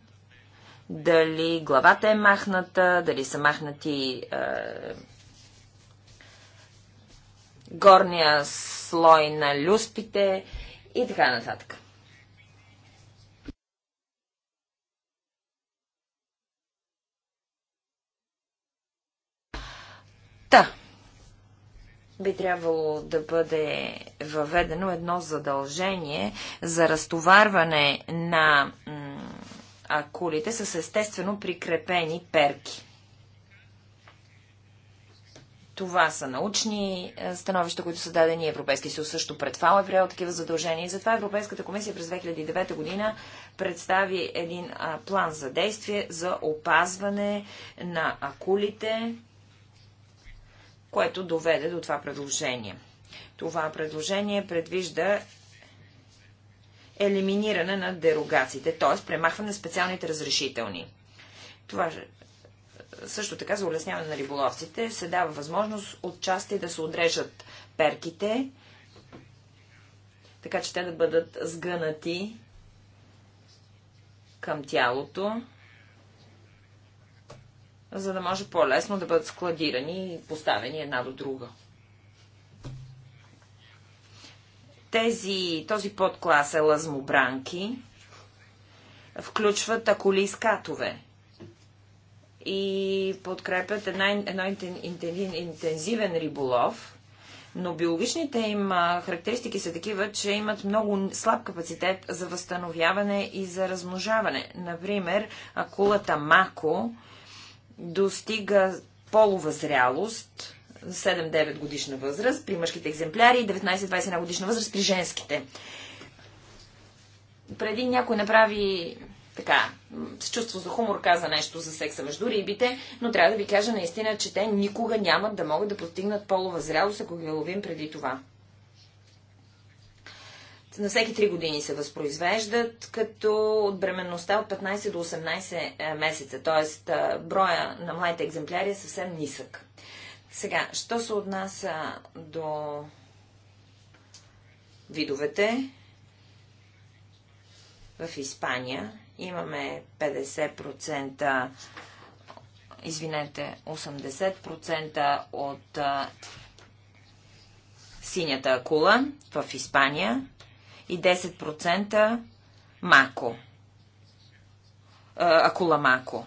дали главата е махната, дали са махнати е, горния слой на люспите и така нататък. Та. Да би трябвало да бъде въведено едно задължение за разтоварване на акулите с естествено прикрепени перки. Това са научни е, становища, които са дадени. Европейския съюз също пред ФАО е приел такива задължения. И затова Европейската комисия през 2009 година представи един план за действие за опазване на акулите което доведе до това предложение. Това предложение предвижда елиминиране на дерогациите, т.е. премахване на специалните разрешителни. Това също така за улесняване на риболовците се дава възможност от части да се отрежат перките, така че те да бъдат сгънати към тялото за да може по-лесно да бъдат складирани и поставени една до друга. Тези, този подклас е лазмобранки, включват акулийскатове и подкрепят една, едно интензивен риболов, но биологичните им характеристики са такива, че имат много слаб капацитет за възстановяване и за размножаване. Например, акулата Мако достига полова зрялост, 7-9 годишна възраст при мъжките екземпляри и 19-21 годишна възраст при женските. Преди някой направи така, с чувство за хумор каза нещо за секса между рибите, но трябва да ви кажа наистина, че те никога нямат да могат да постигнат полова зрялост, ако ги ловим преди това на всеки 3 години се възпроизвеждат, като от бременността от 15 до 18 е, месеца, т.е. броя на младите екземпляри е съвсем нисък. Сега, що се отнася до видовете в Испания, имаме 50%, извинете, 80% от е, синята акула в Испания, и 10% мако. акула мако.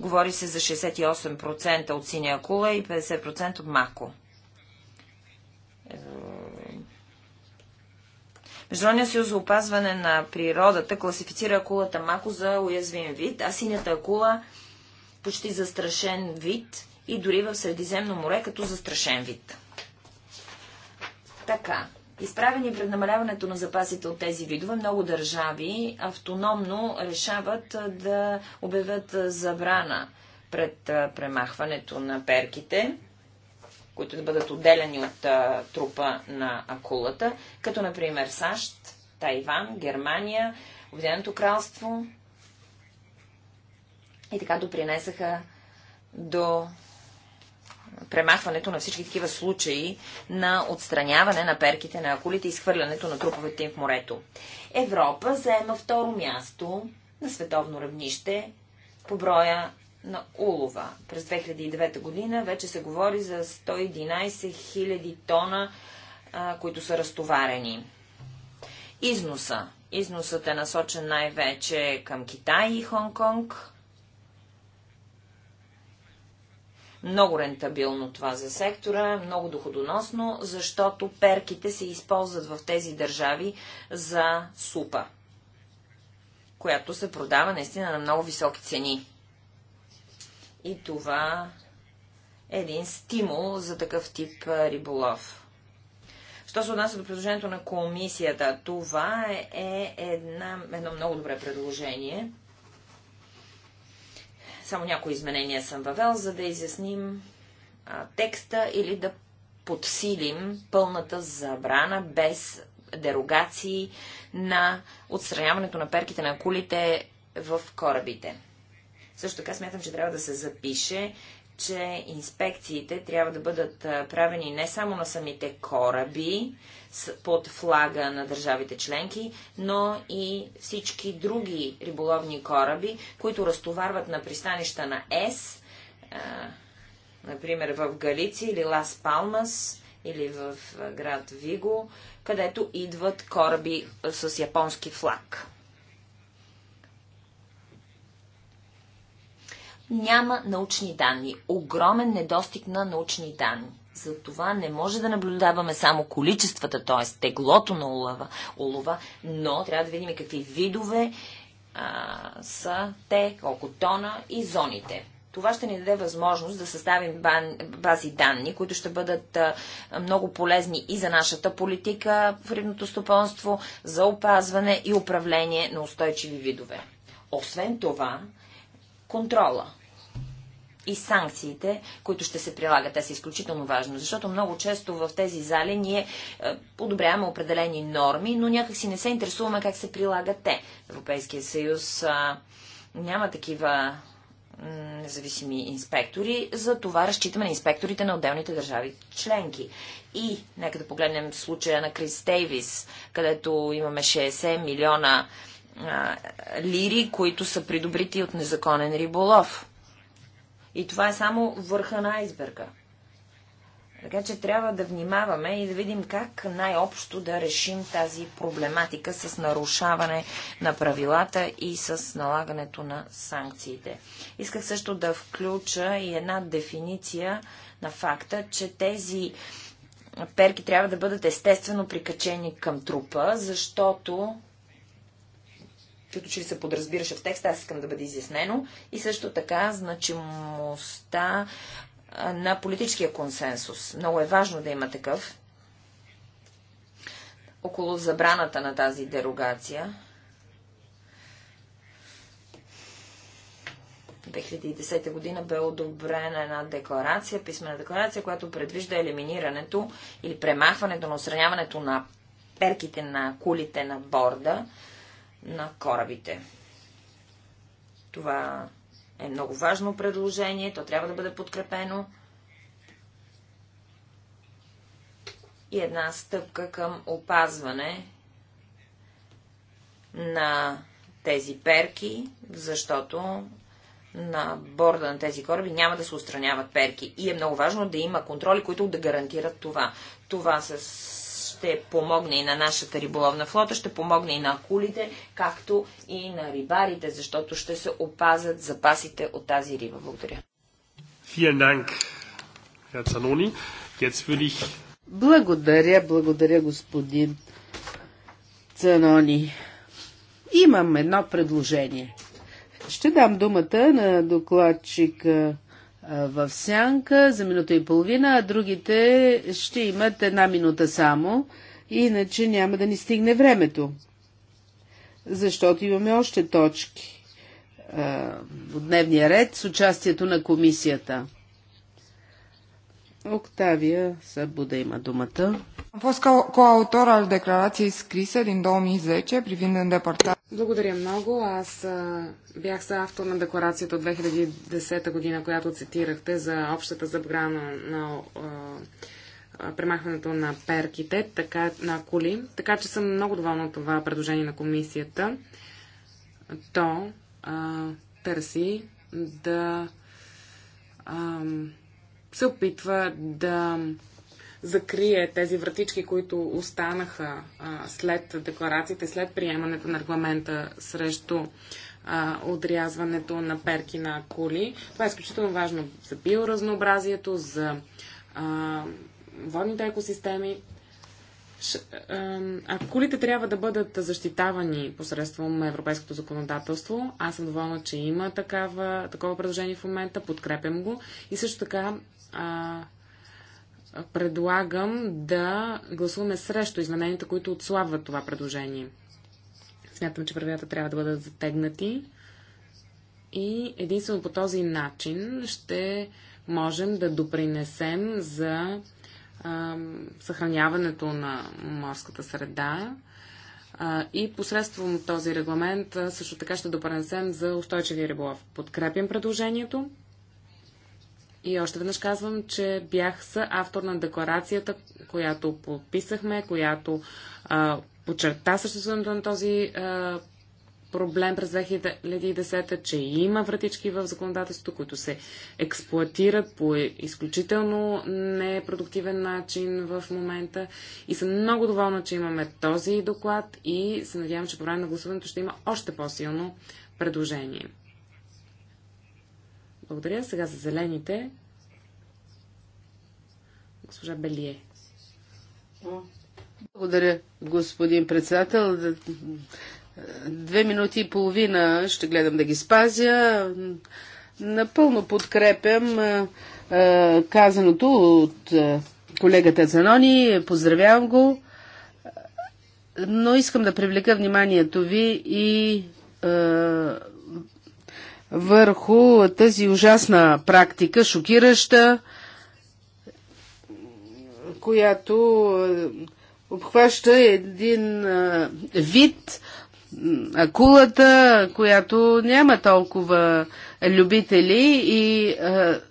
Говори се за 68% от синя акула и 50% от мако. Е, Международният съюз за опазване на природата класифицира акулата мако за уязвим вид, а синята акула почти застрашен вид и дори в Средиземно море като застрашен вид. Така, Изправени пред намаляването на запасите от тези видове, много държави автономно решават да обявят забрана пред премахването на перките, които да бъдат отделени от трупа на акулата, като например САЩ, Тайван, Германия, Обединеното кралство и така допринесаха до премахването на всички такива случаи на отстраняване на перките на акулите и схвърлянето на труповете им в морето. Европа заема второ място на световно равнище по броя на улова. През 2009 година вече се говори за 111 000 тона, а, които са разтоварени. Износа. Износът е насочен най-вече към Китай и Хонг-Конг Много рентабилно това за сектора, много доходоносно, защото перките се използват в тези държави за супа, която се продава наистина на много високи цени. И това е един стимул за такъв тип риболов. Що се отнася до предложението на комисията, това е, е една, едно много добре предложение. Само някои изменения съм въвел, за да изясним а, текста или да подсилим пълната забрана без дерогации на отстраняването на перките на кулите в корабите. Също така смятам, че трябва да се запише, че инспекциите трябва да бъдат правени не само на самите кораби под флага на държавите членки, но и всички други риболовни кораби, които разтоварват на пристанища на ЕС, например в Галиция или Лас Палмас или в град Виго, където идват кораби с японски флаг. няма научни данни. Огромен недостиг на научни данни. Затова не може да наблюдаваме само количествата, т.е. теглото на улова, улова, но трябва да видим какви видове а, са те, колко тона и зоните. Това ще ни даде възможност да съставим бази данни, които ще бъдат много полезни и за нашата политика в рибното стопонство, за опазване и управление на устойчиви видове. Освен това, контрола и санкциите, които ще се прилагат. Те са изключително важно, защото много често в тези зали ние е, подобряваме определени норми, но някакси не се интересуваме как се прилагат те. Европейския съюз а, няма такива независими инспектори, за това разчитаме на инспекторите на отделните държави членки. И нека да погледнем случая на Крис Тейвис, където имаме 60 милиона а, лири, които са придобрити от незаконен риболов. И това е само върха на айсберга. Така че трябва да внимаваме и да видим как най-общо да решим тази проблематика с нарушаване на правилата и с налагането на санкциите. Исках също да включа и една дефиниция на факта, че тези перки трябва да бъдат естествено прикачени към трупа, защото като че ли се подразбираше в текста, аз искам да бъде изяснено. И също така значимостта на политическия консенсус. Много е важно да има такъв около забраната на тази дерогация. 2010 година бе одобрена една декларация, писмена декларация, която предвижда елиминирането или премахването на осраняването на перките на кулите на борда на корабите. Това е много важно предложение, то трябва да бъде подкрепено. И една стъпка към опазване на тези перки, защото на борда на тези кораби няма да се устраняват перки. И е много важно да има контроли, които да гарантират това. Това с ще помогне и на нашата риболовна флота, ще помогне и на акулите, както и на рибарите, защото ще се опазят запасите от тази риба. Благодаря. Благодаря, благодаря господин Цанони. Имам едно предложение. Ще дам думата на докладчика в сянка за минута и половина, а другите ще имат една минута само, иначе няма да ни стигне времето. Защото имаме още точки а, от дневния ред с участието на комисията. Октавия Сабуда има думата. Am fost coautor al declarației scrise din 2010 privind îndepărtarea благодаря много. Аз а, бях автор на декларацията от 2010 година, която цитирахте за общата забрана на а, премахването на перките така, на коли. Така че съм много доволна от това предложение на комисията. То а, търси да а, се опитва да закрие тези вратички, които останаха след декларациите, след приемането на регламента срещу отрязването на перки на коли. Това е изключително важно за биоразнообразието, за водните екосистеми. Ако а, колите трябва да бъдат защитавани посредством европейското законодателство. Аз съм доволна, че има такава, такова предложение в момента, подкрепям го. И също така предлагам да гласуваме срещу измененията, които отслабват това предложение. Смятам, че правилата трябва да бъдат затегнати и единствено по този начин ще можем да допринесем за а, съхраняването на морската среда а, и посредством този регламент а, също така ще допринесем за устойчивия риболов. Подкрепям предложението и още веднъж казвам, че бях съавтор на декларацията, която подписахме, която а, подчерта съществуването на този а, проблем през 2010, че има вратички в законодателството, които се експлуатират по изключително непродуктивен начин в момента. И съм много доволна, че имаме този доклад и се надявам, че по време на гласуването ще има още по-силно предложение. Благодаря. Сега за зелените. Госпожа Белие. Благодаря, господин председател. Две минути и половина ще гледам да ги спазя. Напълно подкрепям казаното от колегата Занони. Поздравявам го. Но искам да привлека вниманието ви и върху тази ужасна практика, шокираща, която е, обхваща един е, вид акулата, която няма толкова любители и е,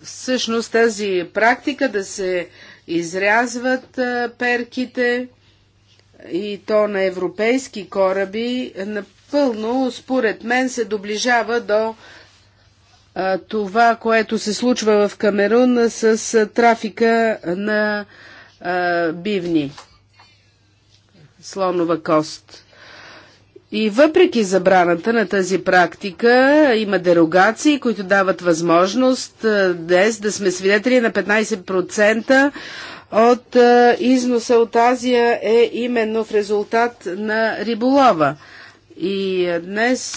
всъщност тази практика да се изрязват перките и то на европейски кораби напълно, според мен, се доближава до това, което се случва в Камерун с трафика на бивни, слонова кост. И въпреки забраната на тази практика, има дерогации, които дават възможност днес да сме свидетели на 15% от износа от Азия е именно в резултат на риболова. И днес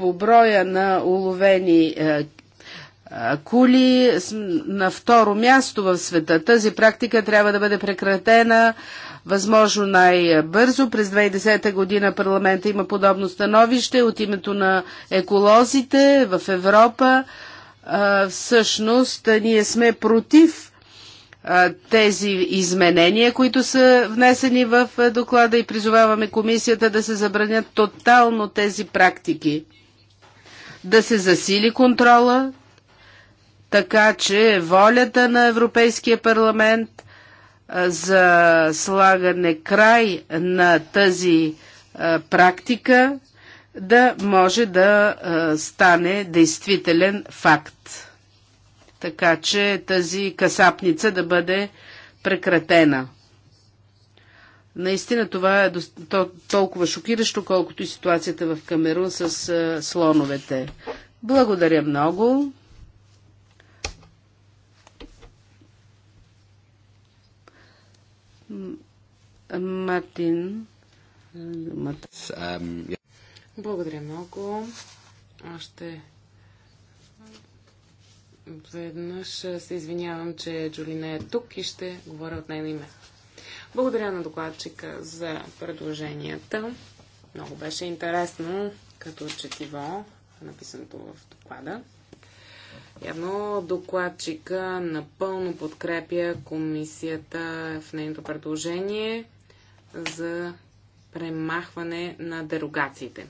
по броя на уловени е, е, кули на второ място в света. Тази практика трябва да бъде прекратена възможно най-бързо. През 2010 година парламента има подобно становище от името на еколозите в Европа. Е, всъщност ние сме против тези изменения, които са внесени в доклада и призоваваме комисията да се забранят тотално тези практики да се засили контрола, така че волята на Европейския парламент за слагане край на тази практика да може да стане действителен факт. Така че тази касапница да бъде прекратена. Наистина това е толкова шокиращо, колкото и ситуацията в Камерун с слоновете. Благодаря много. Мартин. Благодаря много. Още веднъж се извинявам, че Джулина е тук и ще говоря от нейно име. Благодаря на докладчика за предложенията. Много беше интересно като четиво, написаното в доклада. Явно докладчика напълно подкрепя комисията в нейното предложение за премахване на дерогациите.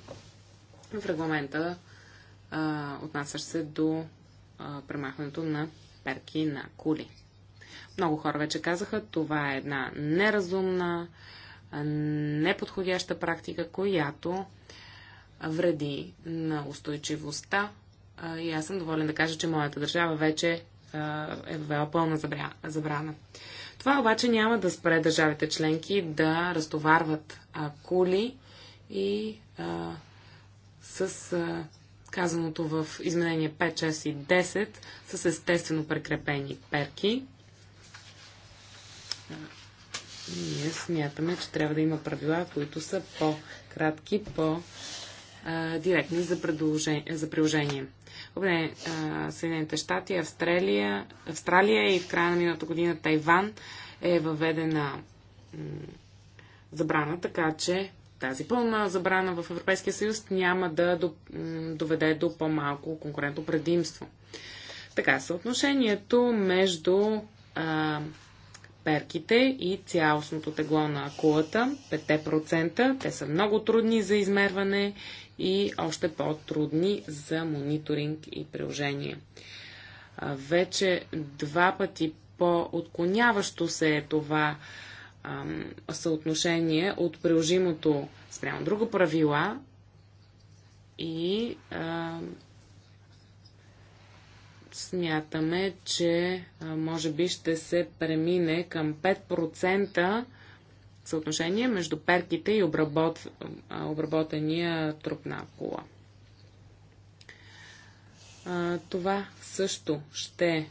В регламента отнасящ се до премахването на перки на кули. Много хора вече казаха, това е една неразумна, неподходяща практика, която вреди на устойчивостта. И аз съм доволен да кажа, че моята държава вече е въвела пълна забрана. Това обаче няма да спре държавите членки да разтоварват кули и а, с а, казаното в изменение 5, 6 и 10 с естествено прекрепени перки. Ние смятаме, че трябва да има правила, които са по-кратки, по-директни за, за приложение. Добре, Съединените щати, Австралия, Австралия и в края на миналата година Тайван е въведена забрана, така че тази пълна забрана в Европейския съюз няма да доведе до по-малко конкурентно предимство. Така, съотношението между а, перките и цялостното тегло на кулата, 5%. Те са много трудни за измерване и още по-трудни за мониторинг и приложение. Вече два пъти по-отклоняващо се е това ам, съотношение от приложимото спрямо друго правила и ам, смятаме, че може би ще се премине към 5% съотношение между перките и обработ... обработения труп на акула. Това също ще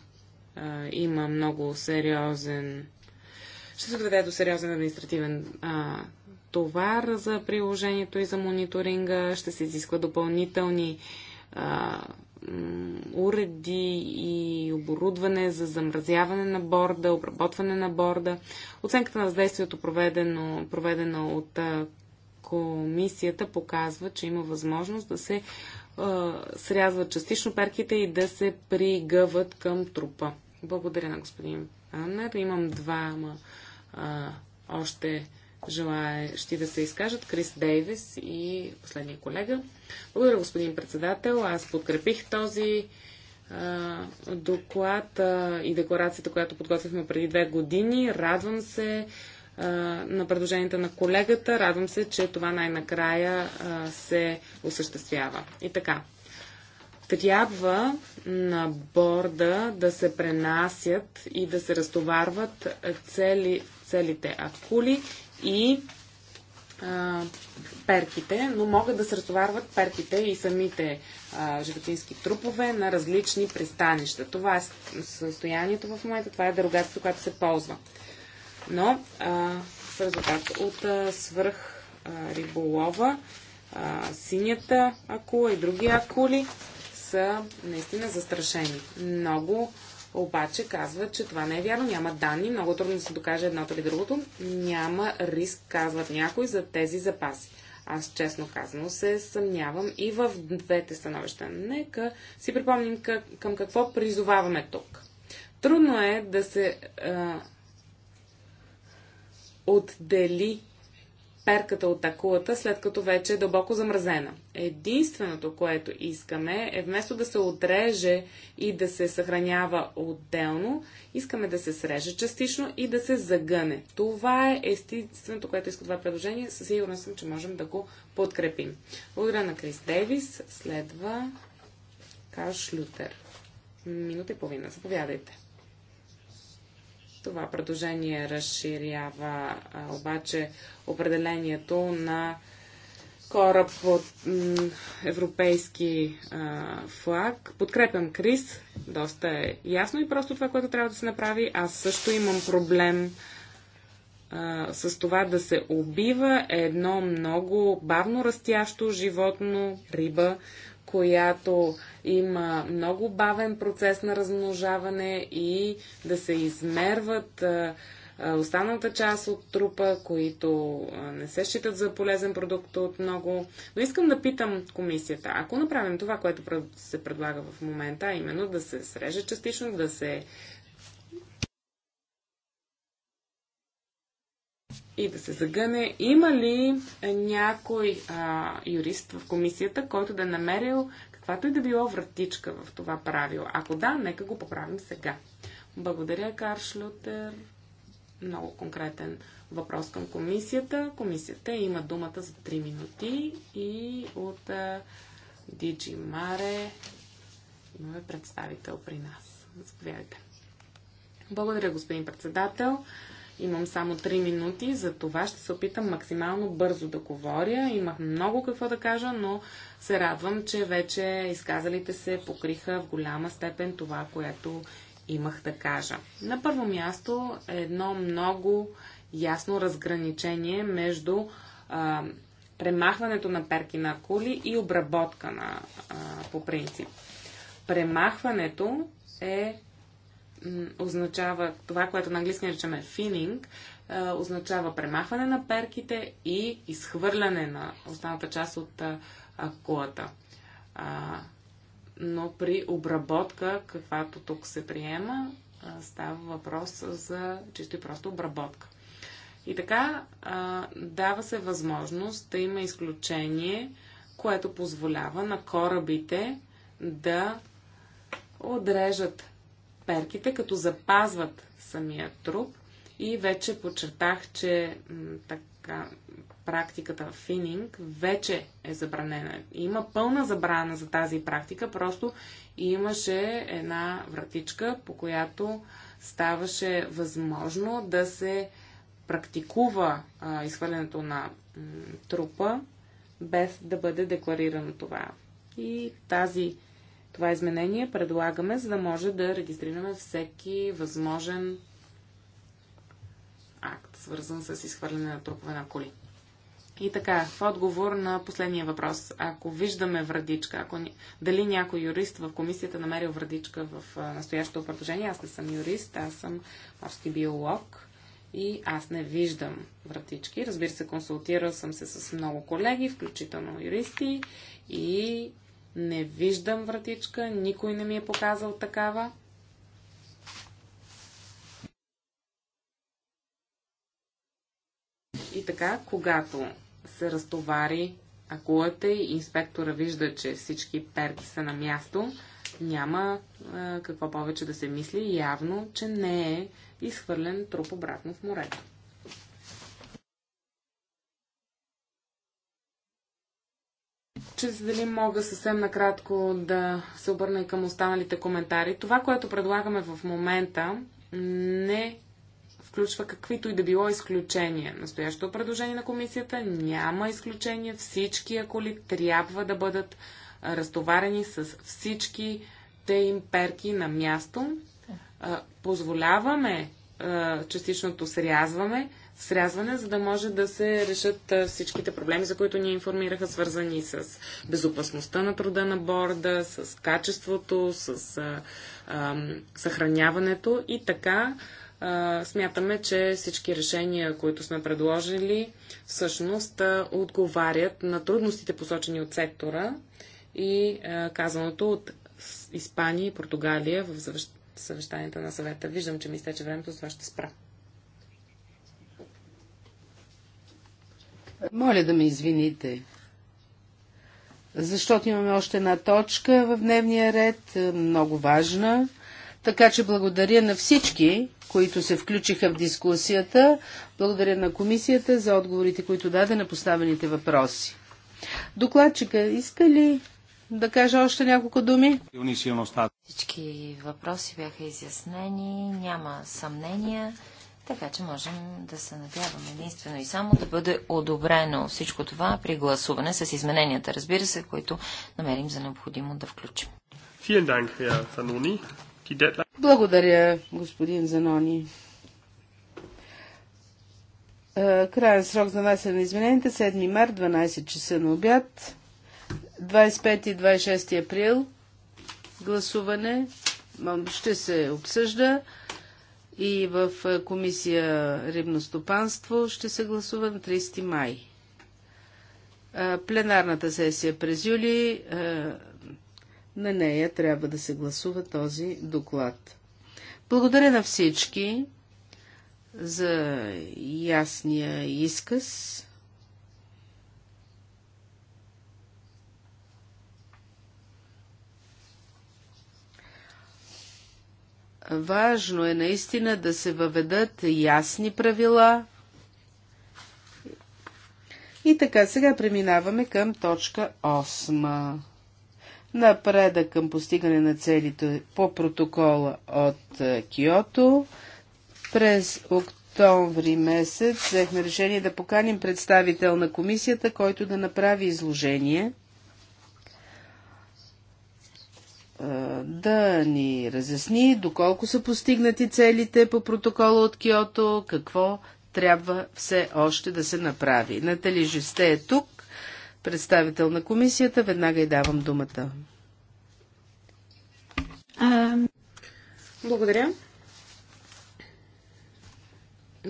има много сериозен. Ще се доведе до сериозен административен а, товар за приложението и за мониторинга. Ще се изисква допълнителни а, уреди и оборудване за замразяване на борда, обработване на борда. Оценката на въздействието, проведено, проведено от комисията, показва, че има възможност да се а, срязват частично перките и да се пригъват към трупа. Благодаря на господин Анер. Имам двама още желаещи да се изкажат. Крис Дейвис и последния колега. Благодаря, господин председател. Аз подкрепих този а, доклад а, и декларацията, която подготвихме преди две години. Радвам се а, на предложенията на колегата. Радвам се, че това най-накрая се осъществява. И така. Трябва на борда да се пренасят и да се разтоварват цели, целите акули и а, перките, но могат да се разтоварват перките и самите а, животински трупове на различни пристанища. Това е състоянието в момента, това е дерогацията, която се ползва. Но а, в резултат от а, свръх а, риболова, а, синята акула и други акули са наистина застрашени. Много обаче казват, че това не е вярно, няма данни, много трудно да се докаже едното или другото, няма риск, казват някои, за тези запаси. Аз честно казано се съмнявам и в двете становища. Нека си припомним към, към какво призоваваме тук. Трудно е да се а, отдели перката от акулата, след като вече е дълбоко замразена. Единственото, което искаме е вместо да се отреже и да се съхранява отделно, искаме да се среже частично и да се загъне. Това е единственото, което иска това предложение. Със сигурност съм, че можем да го подкрепим. Благодаря на Крис Дейвис. Следва Карл Лютер. Минута и половина. Заповядайте. Това предложение разширява а, обаче определението на кораб под европейски а, флаг. Подкрепям Крис, доста е ясно и просто това, което трябва да се направи. Аз също имам проблем а, с това да се убива едно много бавно растящо животно, риба, която има много бавен процес на размножаване и да се измерват останалата част от трупа, които не се считат за полезен продукт от много. Но искам да питам комисията, ако направим това, което се предлага в момента, а именно да се среже частично, да се и да се загъне. Има ли е, някой а, юрист в комисията, който да е намерил каквато и да било вратичка в това правило? Ако да, нека го поправим сега. Благодаря, Каршлютер. Много конкретен въпрос към комисията. Комисията има думата за 3 минути и от Диджи Маре имаме представител при нас. Заповядайте. Благодаря, господин председател. Имам само 3 минути, за това ще се опитам максимално бързо да говоря. Имах много какво да кажа, но се радвам, че вече изказалите се покриха в голяма степен това, което имах да кажа. На първо място е едно много ясно разграничение между а, премахването на перки на кули и обработка на, а, по принцип. Премахването е означава това, което на английски наричаме фининг, означава премахване на перките и изхвърляне на останата част от кулата. Но при обработка, каквато тук се приема, става въпрос за чисто и просто обработка. И така дава се възможност да има изключение, което позволява на корабите да отрежат перките, като запазват самия труп. И вече подчертах, че така, практиката фининг вече е забранена. Има пълна забрана за тази практика, просто имаше една вратичка, по която ставаше възможно да се практикува а, изхвърлянето на м, трупа, без да бъде декларирано това. И тази това изменение предлагаме, за да може да регистрираме всеки възможен акт, свързан с изхвърляне на трупове на коли. И така, в отговор на последния въпрос, ако виждаме врадичка, ако дали някой юрист в комисията намерил врадичка в настоящото предложение, аз не съм юрист, аз съм морски биолог и аз не виждам вратички. Разбира се, консултирал съм се с много колеги, включително юристи и не виждам вратичка, никой не ми е показал такава. И така, когато се разтовари акулата е, и инспектора вижда, че всички перки са на място, няма е, какво повече да се мисли. Явно, че не е изхвърлен труп обратно в морето. че дали мога съвсем накратко да се обърна и към останалите коментари. Това, което предлагаме в момента, не включва каквито и да било изключения. Настоящото предложение на комисията няма изключения. Всички, ако трябва да бъдат разтоварени с всички те им перки на място, позволяваме частичното срязване, срязване, за да може да се решат всичките проблеми, за които ни информираха, свързани с безопасността на труда на борда, с качеството, с а, а, съхраняването и така а, смятаме, че всички решения, които сме предложили, всъщност отговарят на трудностите посочени от сектора и казаното от Испания и Португалия в съвещанията на съвета. Виждам, че ми изтече времето, с това ще спра. Моля да ме извините, защото имаме още една точка в дневния ред, е, много важна. Така че благодаря на всички, които се включиха в дискусията. Благодаря на комисията за отговорите, които даде на поставените въпроси. Докладчика, иска ли да кажа още няколко думи? Всички въпроси бяха изяснени, няма съмнения. Така че можем да се надяваме единствено и само да бъде одобрено всичко това при гласуване с измененията, разбира се, които намерим за необходимо да включим. Благодаря, господин Занони. Е, крайен срок за внасяне на измененията 7 март, 12 часа на обяд, 25 и 26 април. Гласуване ще се обсъжда и в е, комисия Рибностопанство ще се гласува на 30 май. Пленарната сесия през юли, на нея трябва да се гласува този доклад. Благодаря на всички за ясния изказ. Важно е наистина да се въведат ясни правила. И така, сега преминаваме към точка 8. Напредък към постигане на целите по протокола от е, Киото. През октомври месец взехме решение да поканим представител на комисията, който да направи изложение – Е, да ни разясни доколко са постигнати целите по протокола от Киото, какво трябва все още да се направи. Натали Жесте е тук, представител на комисията. Веднага й давам думата. А, благодаря.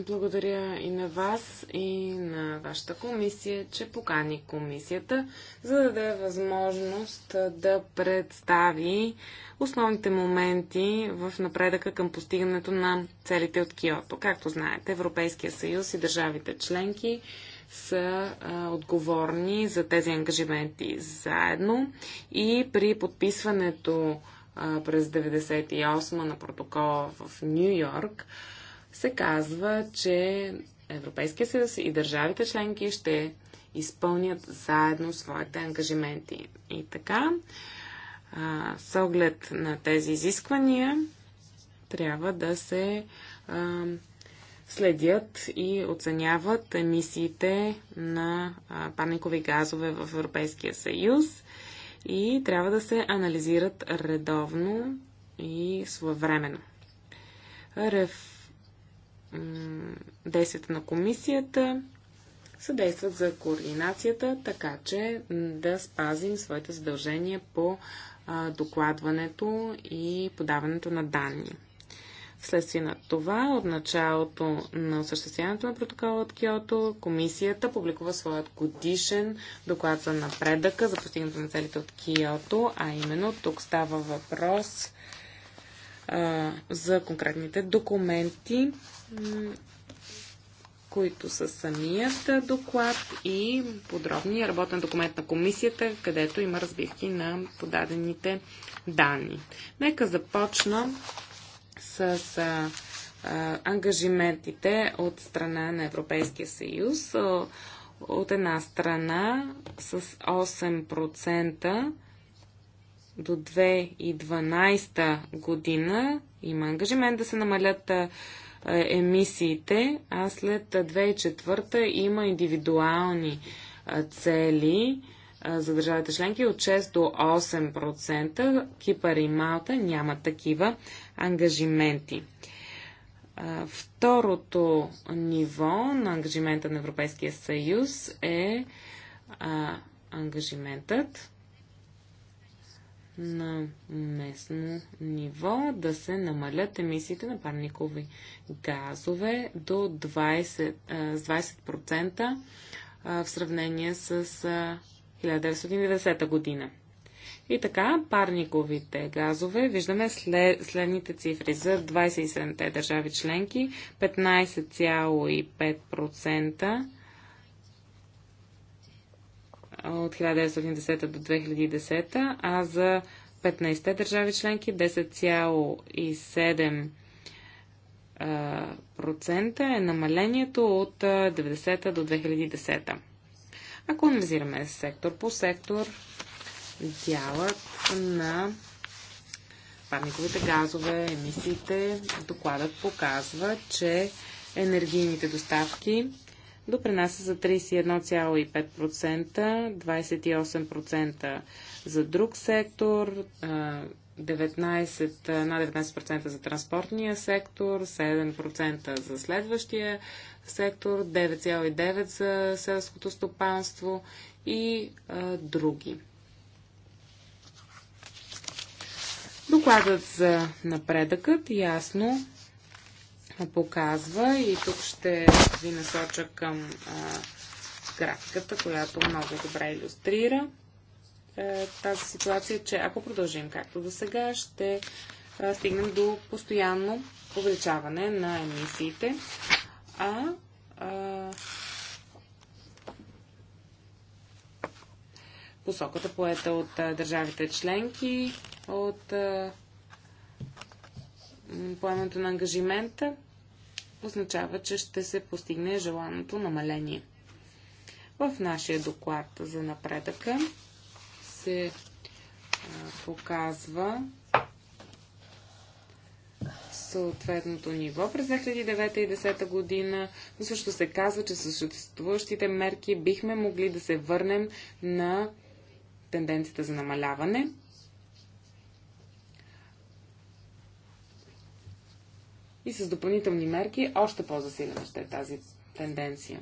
Благодаря и на вас, и на вашата комисия, че покани комисията, за да даде възможност да представи основните моменти в напредъка към постигането на целите от Киото. Както знаете, Европейския съюз и държавите членки са а, отговорни за тези ангажименти заедно и при подписването а, през 1998 на протокола в Нью Йорк, се казва, че Европейския съюз и държавите членки ще изпълнят заедно своите ангажименти. И така, с оглед на тези изисквания, трябва да се следят и оценяват емисиите на парникови газове в Европейския съюз и трябва да се анализират редовно и своевременно действията на комисията съдействат за координацията, така че да спазим своите задължения по докладването и подаването на данни. Вследствие на това, от началото на осъществяването на протокола от Киото, комисията публикува своят годишен доклад за напредъка за постигането на целите от Киото, а именно тук става въпрос за конкретните документи, които са самият доклад и подробния работен документ на комисията, където има разбивки на подадените данни. Нека започна с а, а, ангажиментите от страна на Европейския съюз. От една страна с 8% до 2012 година има ангажимент да се намалят емисиите, а след 2004 има индивидуални цели за държавите членки от 6 до 8%. Кипър и Малта няма такива ангажименти. Второто ниво на ангажимента на Европейския съюз е ангажиментът на местно ниво да се намалят емисиите на парникови газове до 20, с 20% в сравнение с 1990 година. И така, парниковите газове, виждаме след, следните цифри. За 27-те държави членки 15,5% от 1910 до 2010, а за 15-те държави членки 10,7% е намалението от 90-та до 2010. Ако анализираме сектор по сектор, дялът на парниковите газове, емисиите, докладът показва, че енергийните доставки допринася за 31,5%, 28% за друг сектор, 19, на 19% за транспортния сектор, 7% за следващия сектор, 9,9% за селското стопанство и а, други. Докладът за напредъкът ясно показва и тук ще ви насоча към а, графиката, която много добре иллюстрира а, тази ситуация, че ако продължим както до сега, ще а, стигнем до постоянно увеличаване на емисиите, а, а посоката поета от а, държавите членки, от поемането на ангажимента означава, че ще се постигне желаното намаление. В нашия доклад за напредъка се показва съответното ниво през 2009 и 2010 година, но също се казва, че с съществуващите мерки бихме могли да се върнем на тенденцията за намаляване. и с допълнителни мерки още по-засилена ще е тази тенденция.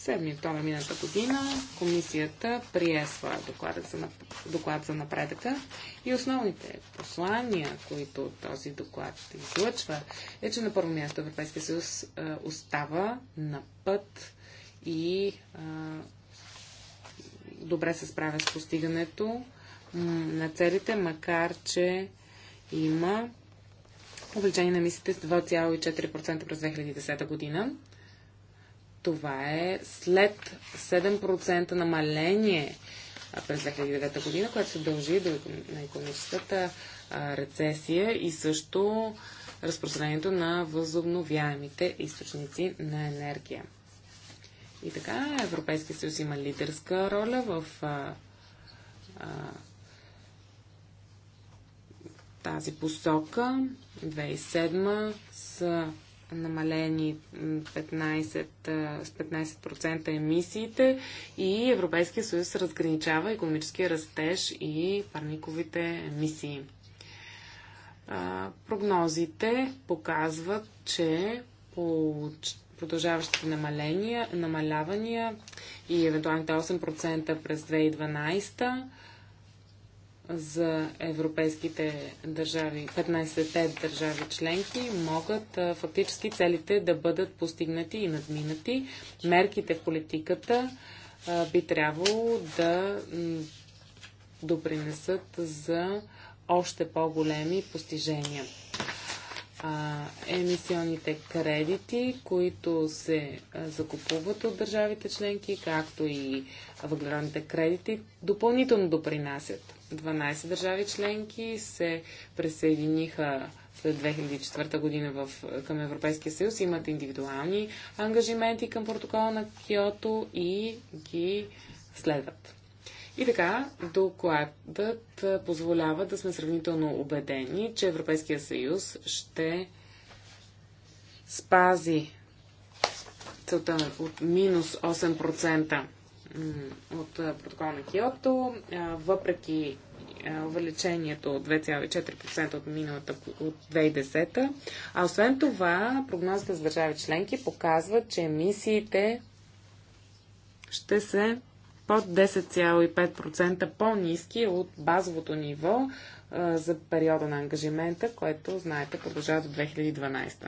7 октомври миналата година комисията прие своя доклад за, доклад за напредъка и основните послания, които този доклад излъчва, е, че на първо място Европейския съюз остава на път и а, добре се справя с постигането на целите, макар че има увеличение на емисиите с 2,4% през 2010 година. Това е след 7% намаление през 2009 година, което се дължи до, на економическата рецесия и също разпространението на възобновяемите източници на енергия. И така, Европейския съюз има лидерска роля в а, а, тази посока. 2007 са намалени 15, с 15% емисиите и Европейския съюз разграничава економическия растеж и парниковите емисии. Прогнозите показват, че продължаващите намаления, намалявания и евентуалните 8% през 2012 за европейските държави, 15-те държави членки, могат фактически целите да бъдат постигнати и надминати. Мерките в политиката би трябвало да допринесат за още по-големи постижения. А, емисионните кредити, които се закупуват от държавите членки, както и въглеродните кредити, допълнително допринасят 12 държави членки се присъединиха след 2004 година в, към Европейския съюз, имат индивидуални ангажименти към протокола на Киото и ги следват. И така, докладът позволява да сме сравнително убедени, че Европейския съюз ще спази целта от минус 8% от протокол на Киото, въпреки увеличението от 2,4% от миналата от 2010. А освен това, прогнозите за държави членки показват, че емисиите ще се под 10,5% по-низки от базовото ниво за периода на ангажимента, което, знаете, продължава до 2012.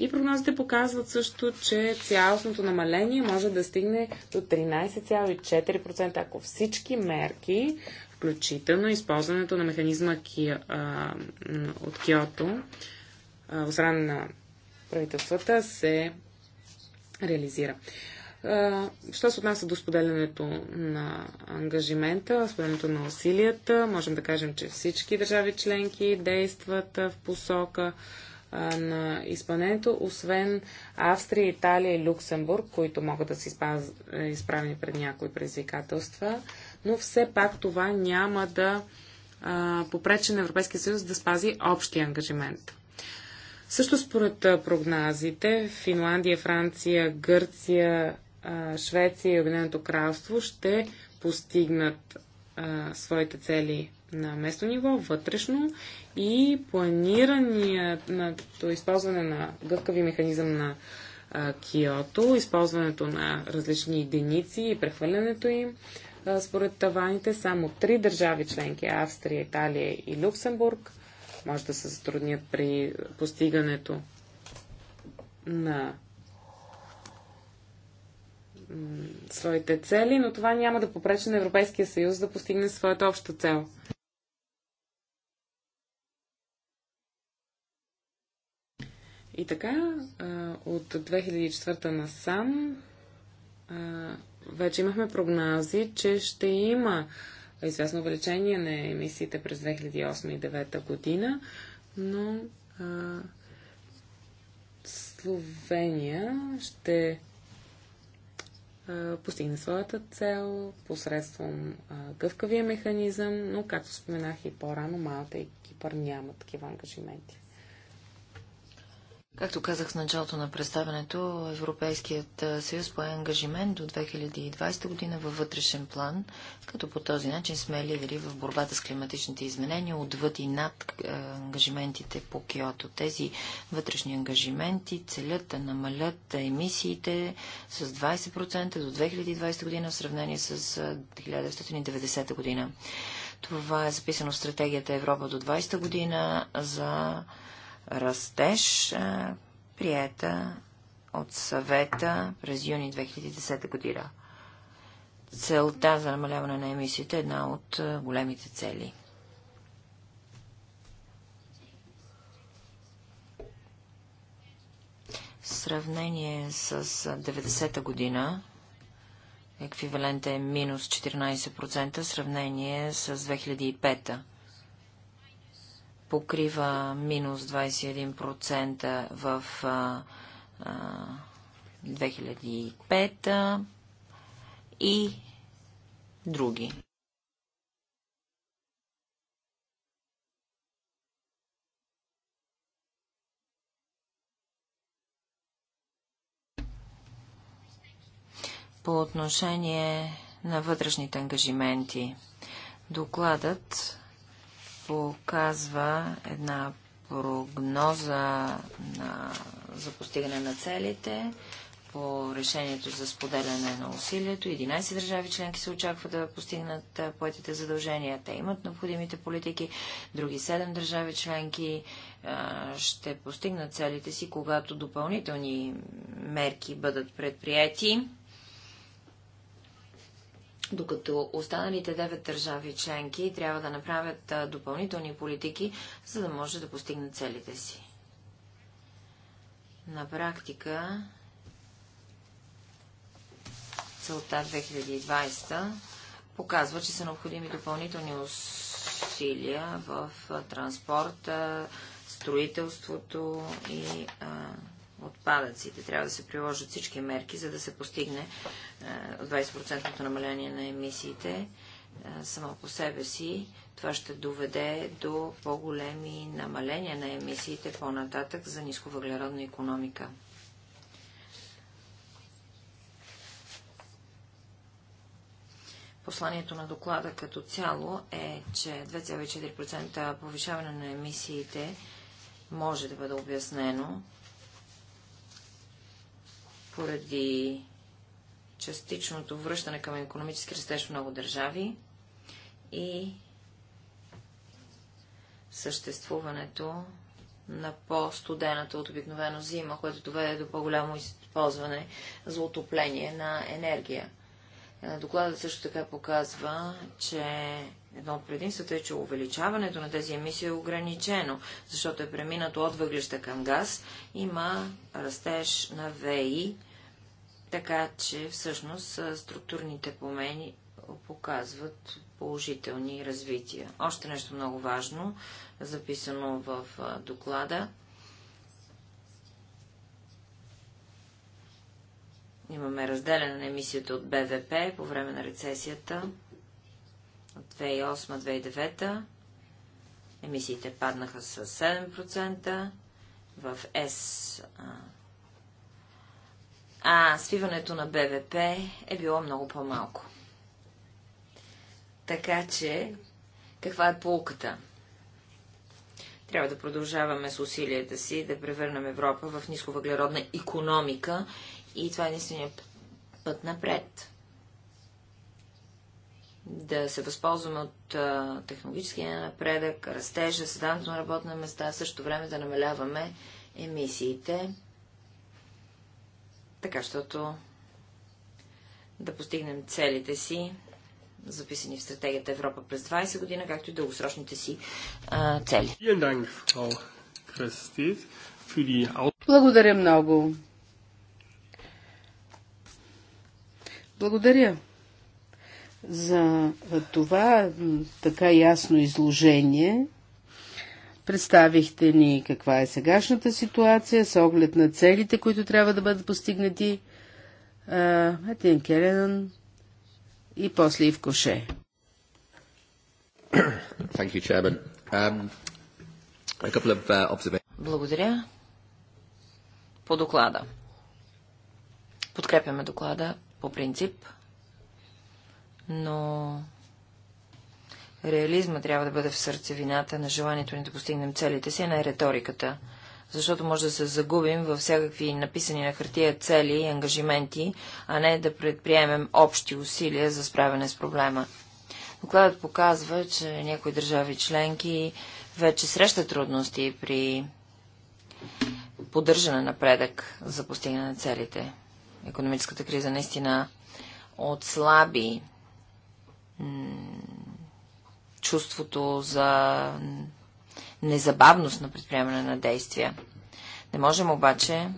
И прогнозите показват също, че цялостното намаление може да стигне до 13,4%, ако всички мерки, включително използването на механизма от Киото, от страна на правителствата, се реализира. Що се отнася до споделянето на ангажимента, споделянето на усилията, можем да кажем, че всички държави членки действат в посока на изпълнението, освен Австрия, Италия и Люксембург, които могат да се е, изправени пред някои предизвикателства, но все пак това няма да попречи на Европейския съюз да спази общия ангажимент. Също според прогнозите, Финландия, Франция, Гърция, Швеция и Обединеното кралство ще постигнат своите цели на местно ниво, вътрешно и планирането използване на гъвкави механизъм на а, Киото, използването на различни единици и прехвърлянето им а, според таваните. Само три държави членки Австрия, Италия и Люксембург може да се затруднят при постигането на своите цели, но това няма да попречи на Европейския съюз да постигне своята обща цел. И така, от 2004 насам вече имахме прогнози, че ще има известно увеличение на емисиите през 2008 и 2009 година, но Словения ще постигне своята цел посредством гъвкавия механизъм, но както споменах и по-рано, Малта и Кипър нямат такива ангажименти. Както казах в началото на представенето, Европейският съюз пое ангажимент до 2020 година във вътрешен план, като по този начин сме лидери в борбата с климатичните изменения отвъд и над ангажиментите по Киото. Тези вътрешни ангажименти целят да намалят емисиите с 20% до 2020 година в сравнение с 1990 година. Това е записано в стратегията Европа до 2020 година за растеж, приета от съвета през юни 2010 година. Целта за намаляване на емисиите е една от големите цели. В сравнение с 90-та година, еквивалент е минус 14%, в сравнение с 2005-та покрива минус 21% в а, а, 2005 и други. По отношение на вътрешните ангажименти, докладът показва една прогноза на, за постигане на целите по решението за споделяне на усилието. 11 държави членки се очаква да постигнат поетите задължения. Те имат необходимите политики. Други 7 държави членки ще постигнат целите си, когато допълнителни мерки бъдат предприяти докато останалите девет държави членки трябва да направят допълнителни политики, за да може да постигнат целите си. На практика целта 2020 показва, че са необходими допълнителни усилия в транспорта, строителството и а, отпадъците. Трябва да се приложат всички мерки, за да се постигне 20% намаление на емисиите само по себе си. Това ще доведе до по-големи намаления на емисиите по-нататък за нисковъглеродна економика. Посланието на доклада като цяло е, че 2,4% повишаване на емисиите може да бъде обяснено поради частичното връщане към економически растеж в много държави и съществуването на по-студената от обикновено зима, което доведе до по-голямо използване за отопление на енергия. Е, докладът също така показва, че едно от предимствата е, че увеличаването на тези емисии е ограничено, защото е преминато от въглища към газ, има растеж на ВИ така че всъщност структурните промени показват положителни развития. Още нещо много важно, записано в доклада. Имаме разделяне на емисията от БВП по време на рецесията от 2008-2009. Емисиите паднаха с 7%. В ЕС а свиването на БВП е било много по-малко. Така че, каква е полката? Трябва да продължаваме с усилията си да превърнем Европа в нисковъглеродна економика и това е единствения път напред. Да се възползваме от технологическия напредък, растежа, създаването на работна места, в същото време да намаляваме емисиите така, защото да постигнем целите си, записани в стратегията Европа през 20 година, както и дългосрочните си а, цели. Благодаря много. Благодаря за това така ясно изложение. Представихте ни каква е сегашната ситуация с оглед на целите, които трябва да бъдат постигнати. Етиен Келенън и после и в Коше. Благодаря. По доклада. Подкрепяме доклада по принцип, но Реализма трябва да бъде в сърцевината на желанието ни да постигнем целите си, а не риториката. Защото може да се загубим във всякакви написани на хартия цели и ангажименти, а не да предприемем общи усилия за справяне с проблема. Докладът показва, че някои държави членки вече срещат трудности при поддържане напредък за постигане на целите. Економическата криза наистина отслаби чувството за незабавност на предприемане на действия. Не можем обаче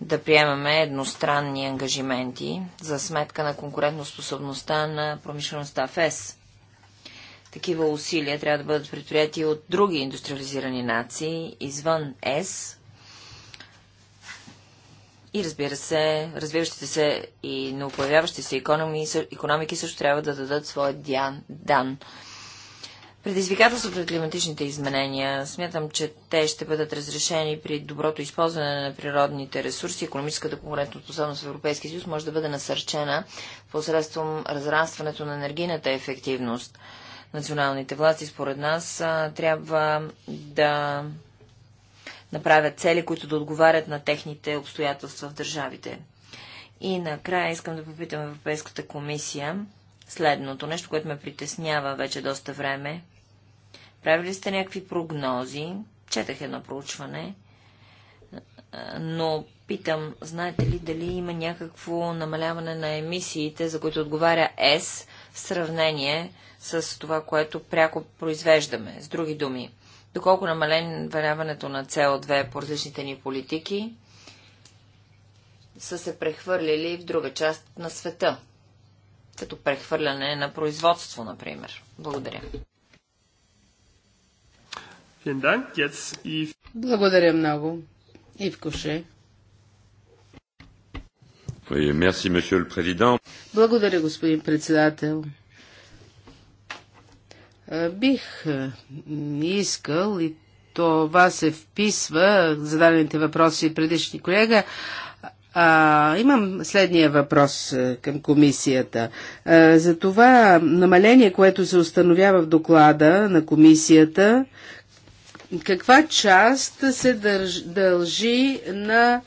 да приемаме едностранни ангажименти за сметка на конкурентоспособността на промишлеността в ЕС. Такива усилия трябва да бъдат предприяти от други индустриализирани нации извън ЕС и разбира се, развиващите се и новопоявяващи се економики, економики също трябва да дадат своят дан Предизвикателство пред климатичните изменения. Смятам, че те ще бъдат разрешени при доброто използване на природните ресурси. Економическата конкурентоспособност в Европейския съюз може да бъде насърчена посредством разрастването на енергийната ефективност. Националните власти, според нас, трябва да направят цели, които да отговарят на техните обстоятелства в държавите. И накрая искам да попитам Европейската комисия следното, нещо, което ме притеснява вече доста време. Правили сте някакви прогнози, четах едно проучване, но питам, знаете ли дали има някакво намаляване на емисиите, за които отговаря С, в сравнение с това, което пряко произвеждаме. С други думи, доколко намаляването на CO2 по различните ни политики са се прехвърлили в друга част на света като прехвърляне на производство, например. Благодаря. Благодаря много. И вкуше. Благодаря, господин председател. Бих искал, и това се вписва, зададените въпроси предишни колега, а, имам следния въпрос е, към комисията. А, за това намаление, което се установява в доклада на комисията, каква част се дълж, дължи на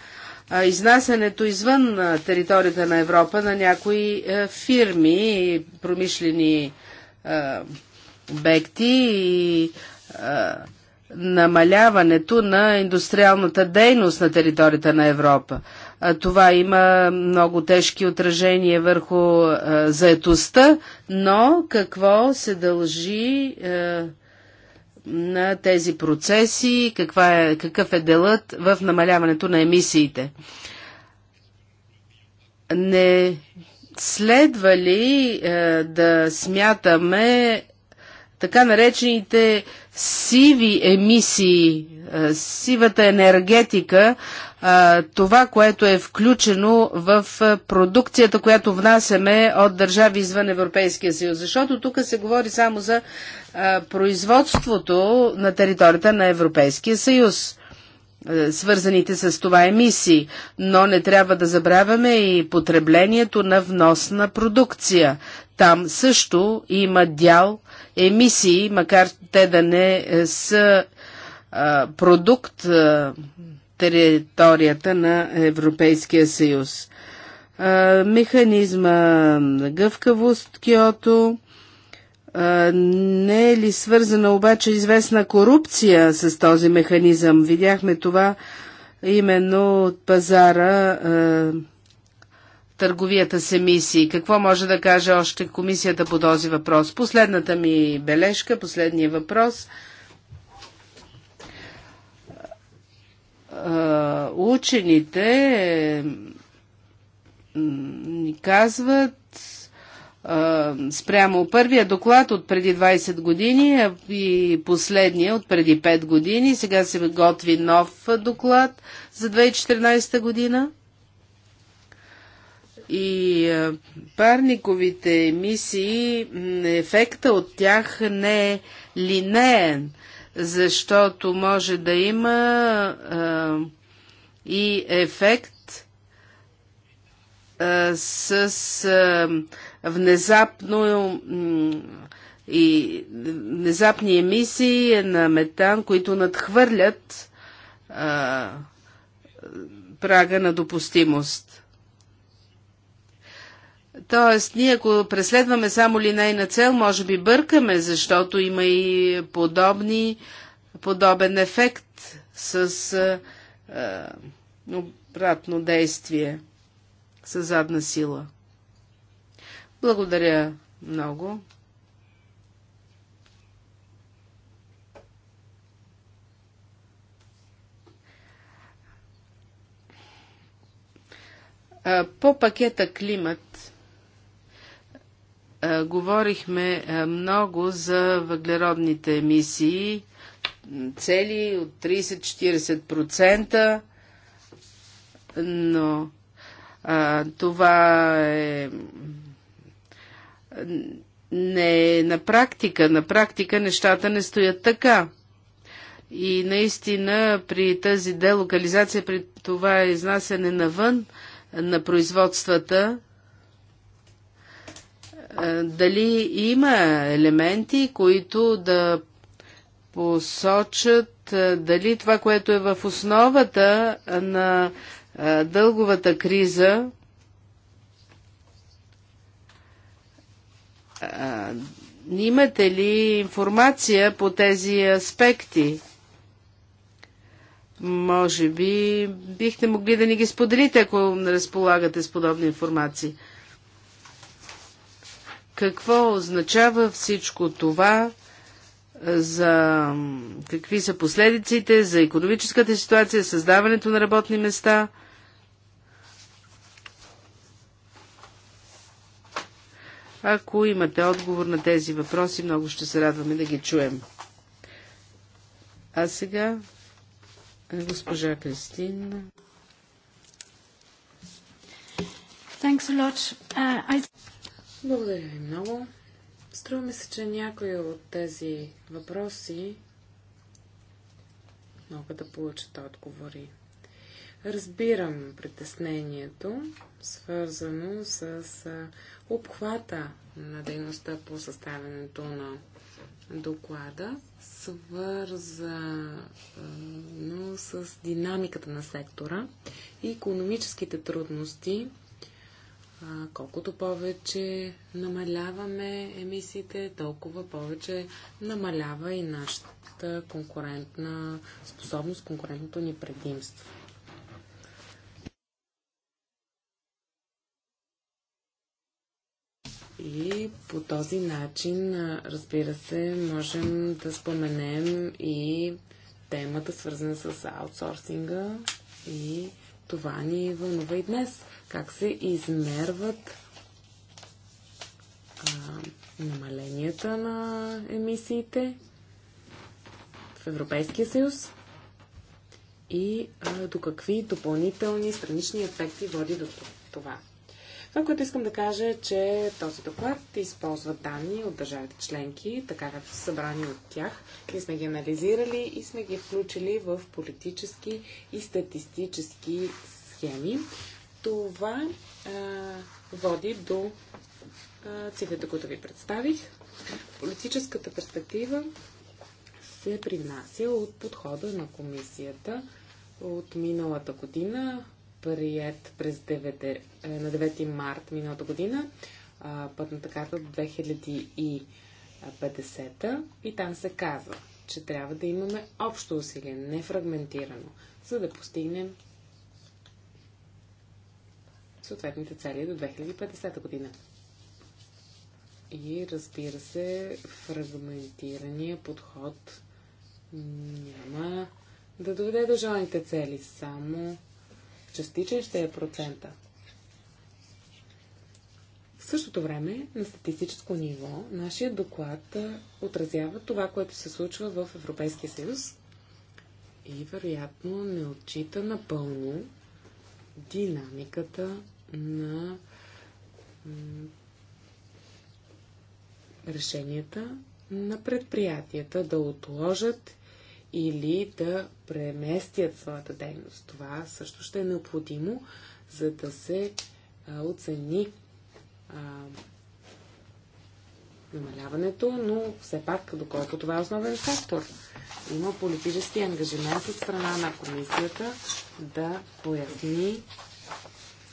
а, изнасянето извън територията на Европа на някои а, е, фирми и промишлени а, обекти и а, намаляването на индустриалната дейност на територията на Европа. Това има много тежки отражения върху заетостта, но какво се дължи на тези процеси, каква е, какъв е делът в намаляването на емисиите. Не следва ли е, да смятаме така наречените сиви емисии, сивата енергетика, това, което е включено в продукцията, която внасяме от държави извън Европейския съюз. Защото тук се говори само за производството на територията на Европейския съюз свързаните с това емисии, но не трябва да забравяме и потреблението на вносна продукция. Там също има дял емисии, макар те да не е, са а, продукт а, територията на Европейския съюз. А, механизма на гъвкавост Киото не е ли свързана обаче известна корупция с този механизъм? Видяхме това именно от пазара търговията с емисии. Какво може да каже още комисията по този въпрос? Последната ми бележка, последния въпрос. Учените ни казват спрямо първия доклад от преди 20 години и последния от преди 5 години. Сега се готви нов доклад за 2014 година и е, парниковите емисии, ефекта от тях не е линеен, защото може да има а, е, и ефект а, е, с а, внезапно и внезапни емисии на метан, които надхвърлят а, прага на допустимост. Тоест, ние ако преследваме само линейна цел, може би бъркаме, защото има и подобни, подобен ефект с а, а, обратно действие, с задна сила. Благодаря много. По пакета климат е, говорихме е, много за въглеродните емисии, цели от 30-40%, но а, е, това е не на практика. На практика нещата не стоят така. И наистина при тази делокализация, при това изнасяне навън на производствата, е, дали има елементи, които да посочат е, дали това, което е в основата на е, дълговата криза, имате ли информация по тези аспекти? Може би бихте могли да ни ги споделите, ако разполагате с подобни информации. Какво означава всичко това? за какви са последиците за економическата ситуация, създаването на работни места. Ако имате отговор на тези въпроси, много ще се радваме да ги чуем. А сега е, госпожа Кристин. Thanks a lot. Uh, I... Благодаря ви много. Струва ми се, че някои от тези въпроси могат да получат отговори. Разбирам притеснението, свързано с обхвата на дейността по съставянето на доклада, свързано с динамиката на сектора и економическите трудности, колкото повече намаляваме емисиите, толкова повече намалява и нашата конкурентна способност, конкурентното ни предимство. И по този начин, разбира се, можем да споменем и темата, свързана с аутсорсинга и това ни вълнува и днес. Как се измерват а, намаленията на емисиите в Европейския съюз и а, до какви допълнителни странични ефекти води до това. Това, което искам да кажа е, че този доклад използва данни от държавите членки, така както са събрани от тях. Ние сме ги анализирали и сме ги включили в политически и статистически схеми. Това а, води до цифрите, които ви представих. Политическата перспектива се принася от подхода на комисията от миналата година прият през 9, е, на 9 март миналата година, пътната карта до 2050 и там се казва, че трябва да имаме общо усилие, не фрагментирано, за да постигнем съответните цели до 2050 година. И разбира се, фрагментирания подход няма да доведе до желаните цели, само частичен ще е процента. В същото време, на статистическо ниво, нашия доклад отразява това, което се случва в Европейския съюз и вероятно не отчита напълно динамиката на решенията на предприятията да отложат или да преместят своята дейност. Това също ще е необходимо, за да се а, оцени а, намаляването, но все пак, доколко това е основен фактор, има политически ангажимент от страна на комисията да поясни,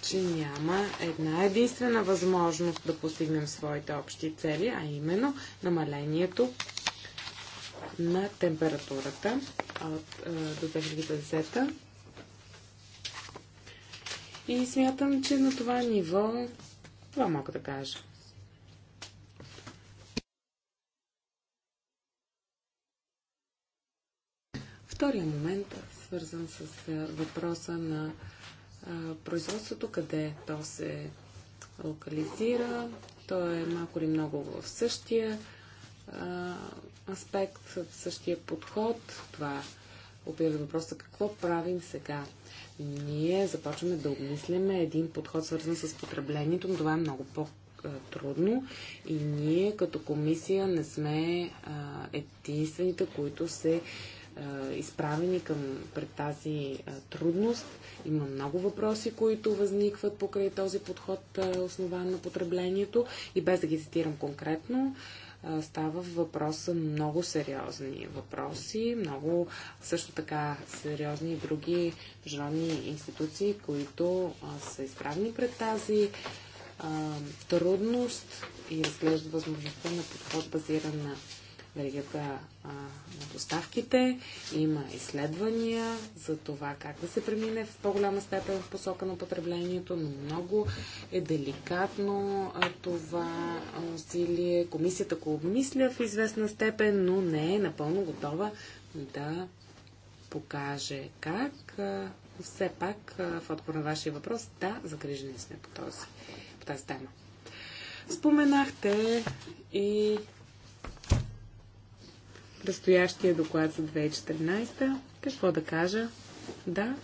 че няма една единствена възможност да постигнем своите общи цели, а именно намалението на температурата от, е, до 2050. И смятам, че на това ниво това мога да кажа. Втория момент, е свързан с е, въпроса на производството, къде то се локализира, то е малко или много в същия аспект, същия подход. Това опира въпроса какво правим сега. Ние започваме да обмисляме един подход, свързан с потреблението, но това е много по- трудно и ние като комисия не сме единствените, които се изправени към пред тази а, трудност. Има много въпроси, които възникват покрай този подход, а, основан на потреблението. И без да ги цитирам конкретно, става въпрос за много сериозни въпроси, много също така сериозни и други международни институции, които са изправени пред тази трудност и разглеждат възможността на подход базиран на веригата на доставките. Има изследвания за това как да се премине в по-голяма степен в посока на потреблението, но много е деликатно това усилие. Комисията го обмисля в известна степен, но не е напълно готова да покаже как. Все пак, в отговор на вашия въпрос, да, загрижени сме по, този, по тази тема. Споменахте и Предстоящия доклад за 2014. Какво да кажа? Да,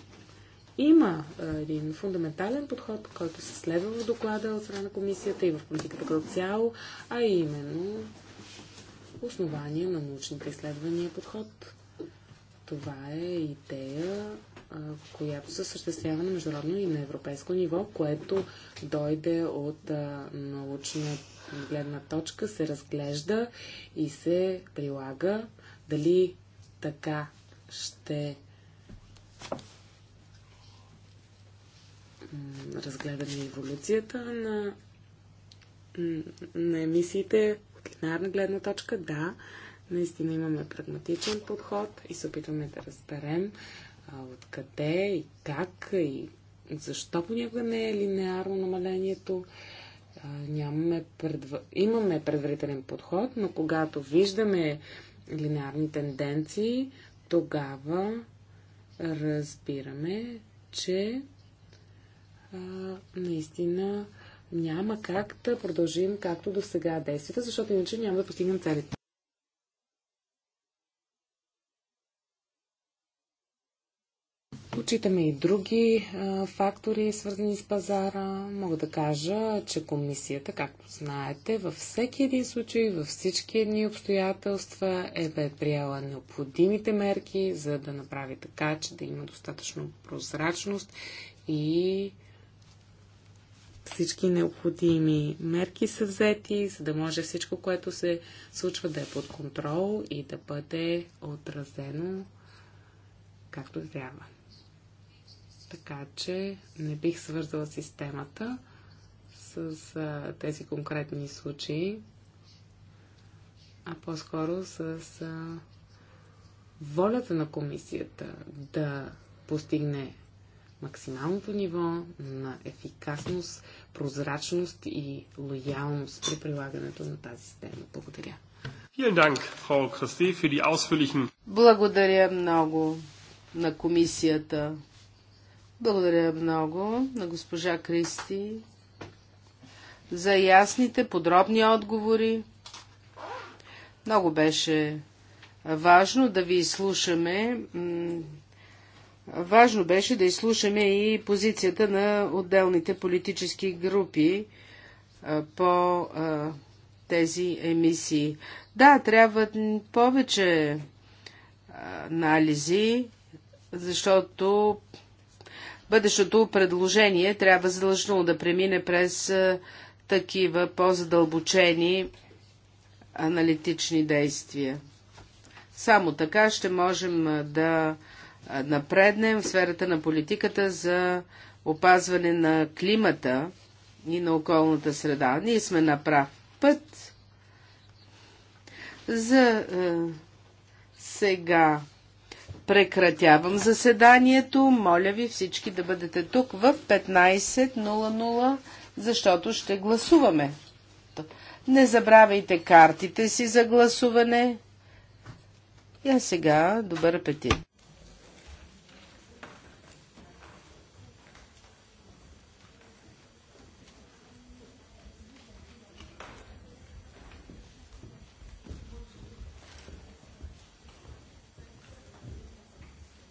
има един фундаментален подход, който се следва в доклада от страна на комисията и в политиката като цяло, а именно основание на научните изследвания подход. Това е идея която се съществява на международно и на европейско ниво, което дойде от научна гледна точка, се разглежда и се прилага. Дали така ще разгледаме еволюцията на, на емисиите от линарна гледна точка, да, наистина имаме прагматичен подход и се опитваме да разберем а, откъде и как и защо понякога не е линеарно намалението. А, нямаме предв... Имаме предварителен подход, но когато виждаме линеарни тенденции, тогава разбираме, че а, наистина няма как да продължим както до сега действията, защото иначе няма да постигнем целите. Отчитаме и други а, фактори, свързани с пазара. Мога да кажа, че комисията, както знаете, във всеки един случай, във всички едни обстоятелства е бе приела необходимите мерки, за да направи така, че да има достатъчно прозрачност и всички необходими мерки са взети, за да може всичко, което се случва да е под контрол и да бъде отразено както трябва. Така че не бих свързала системата с а, тези конкретни случаи, а по-скоро с а, волята на комисията да постигне максималното ниво на ефикасност, прозрачност и лоялност при прилагането на тази система. Благодаря. Благодаря много на комисията благодаря много на госпожа Кристи за ясните, подробни отговори. Много беше важно да ви изслушаме. Важно беше да изслушаме и позицията на отделните политически групи по тези емисии. Да, трябват повече анализи, защото бъдещото предложение трябва задължително да премине през е, такива по-задълбочени аналитични действия. Само така ще можем е, да е, напреднем в сферата на политиката за опазване на климата и на околната среда. Ние сме на прав път. За е, сега Прекратявам заседанието. Моля ви всички да бъдете тук в 15.00, защото ще гласуваме. Не забравяйте картите си за гласуване. И сега добър апетит!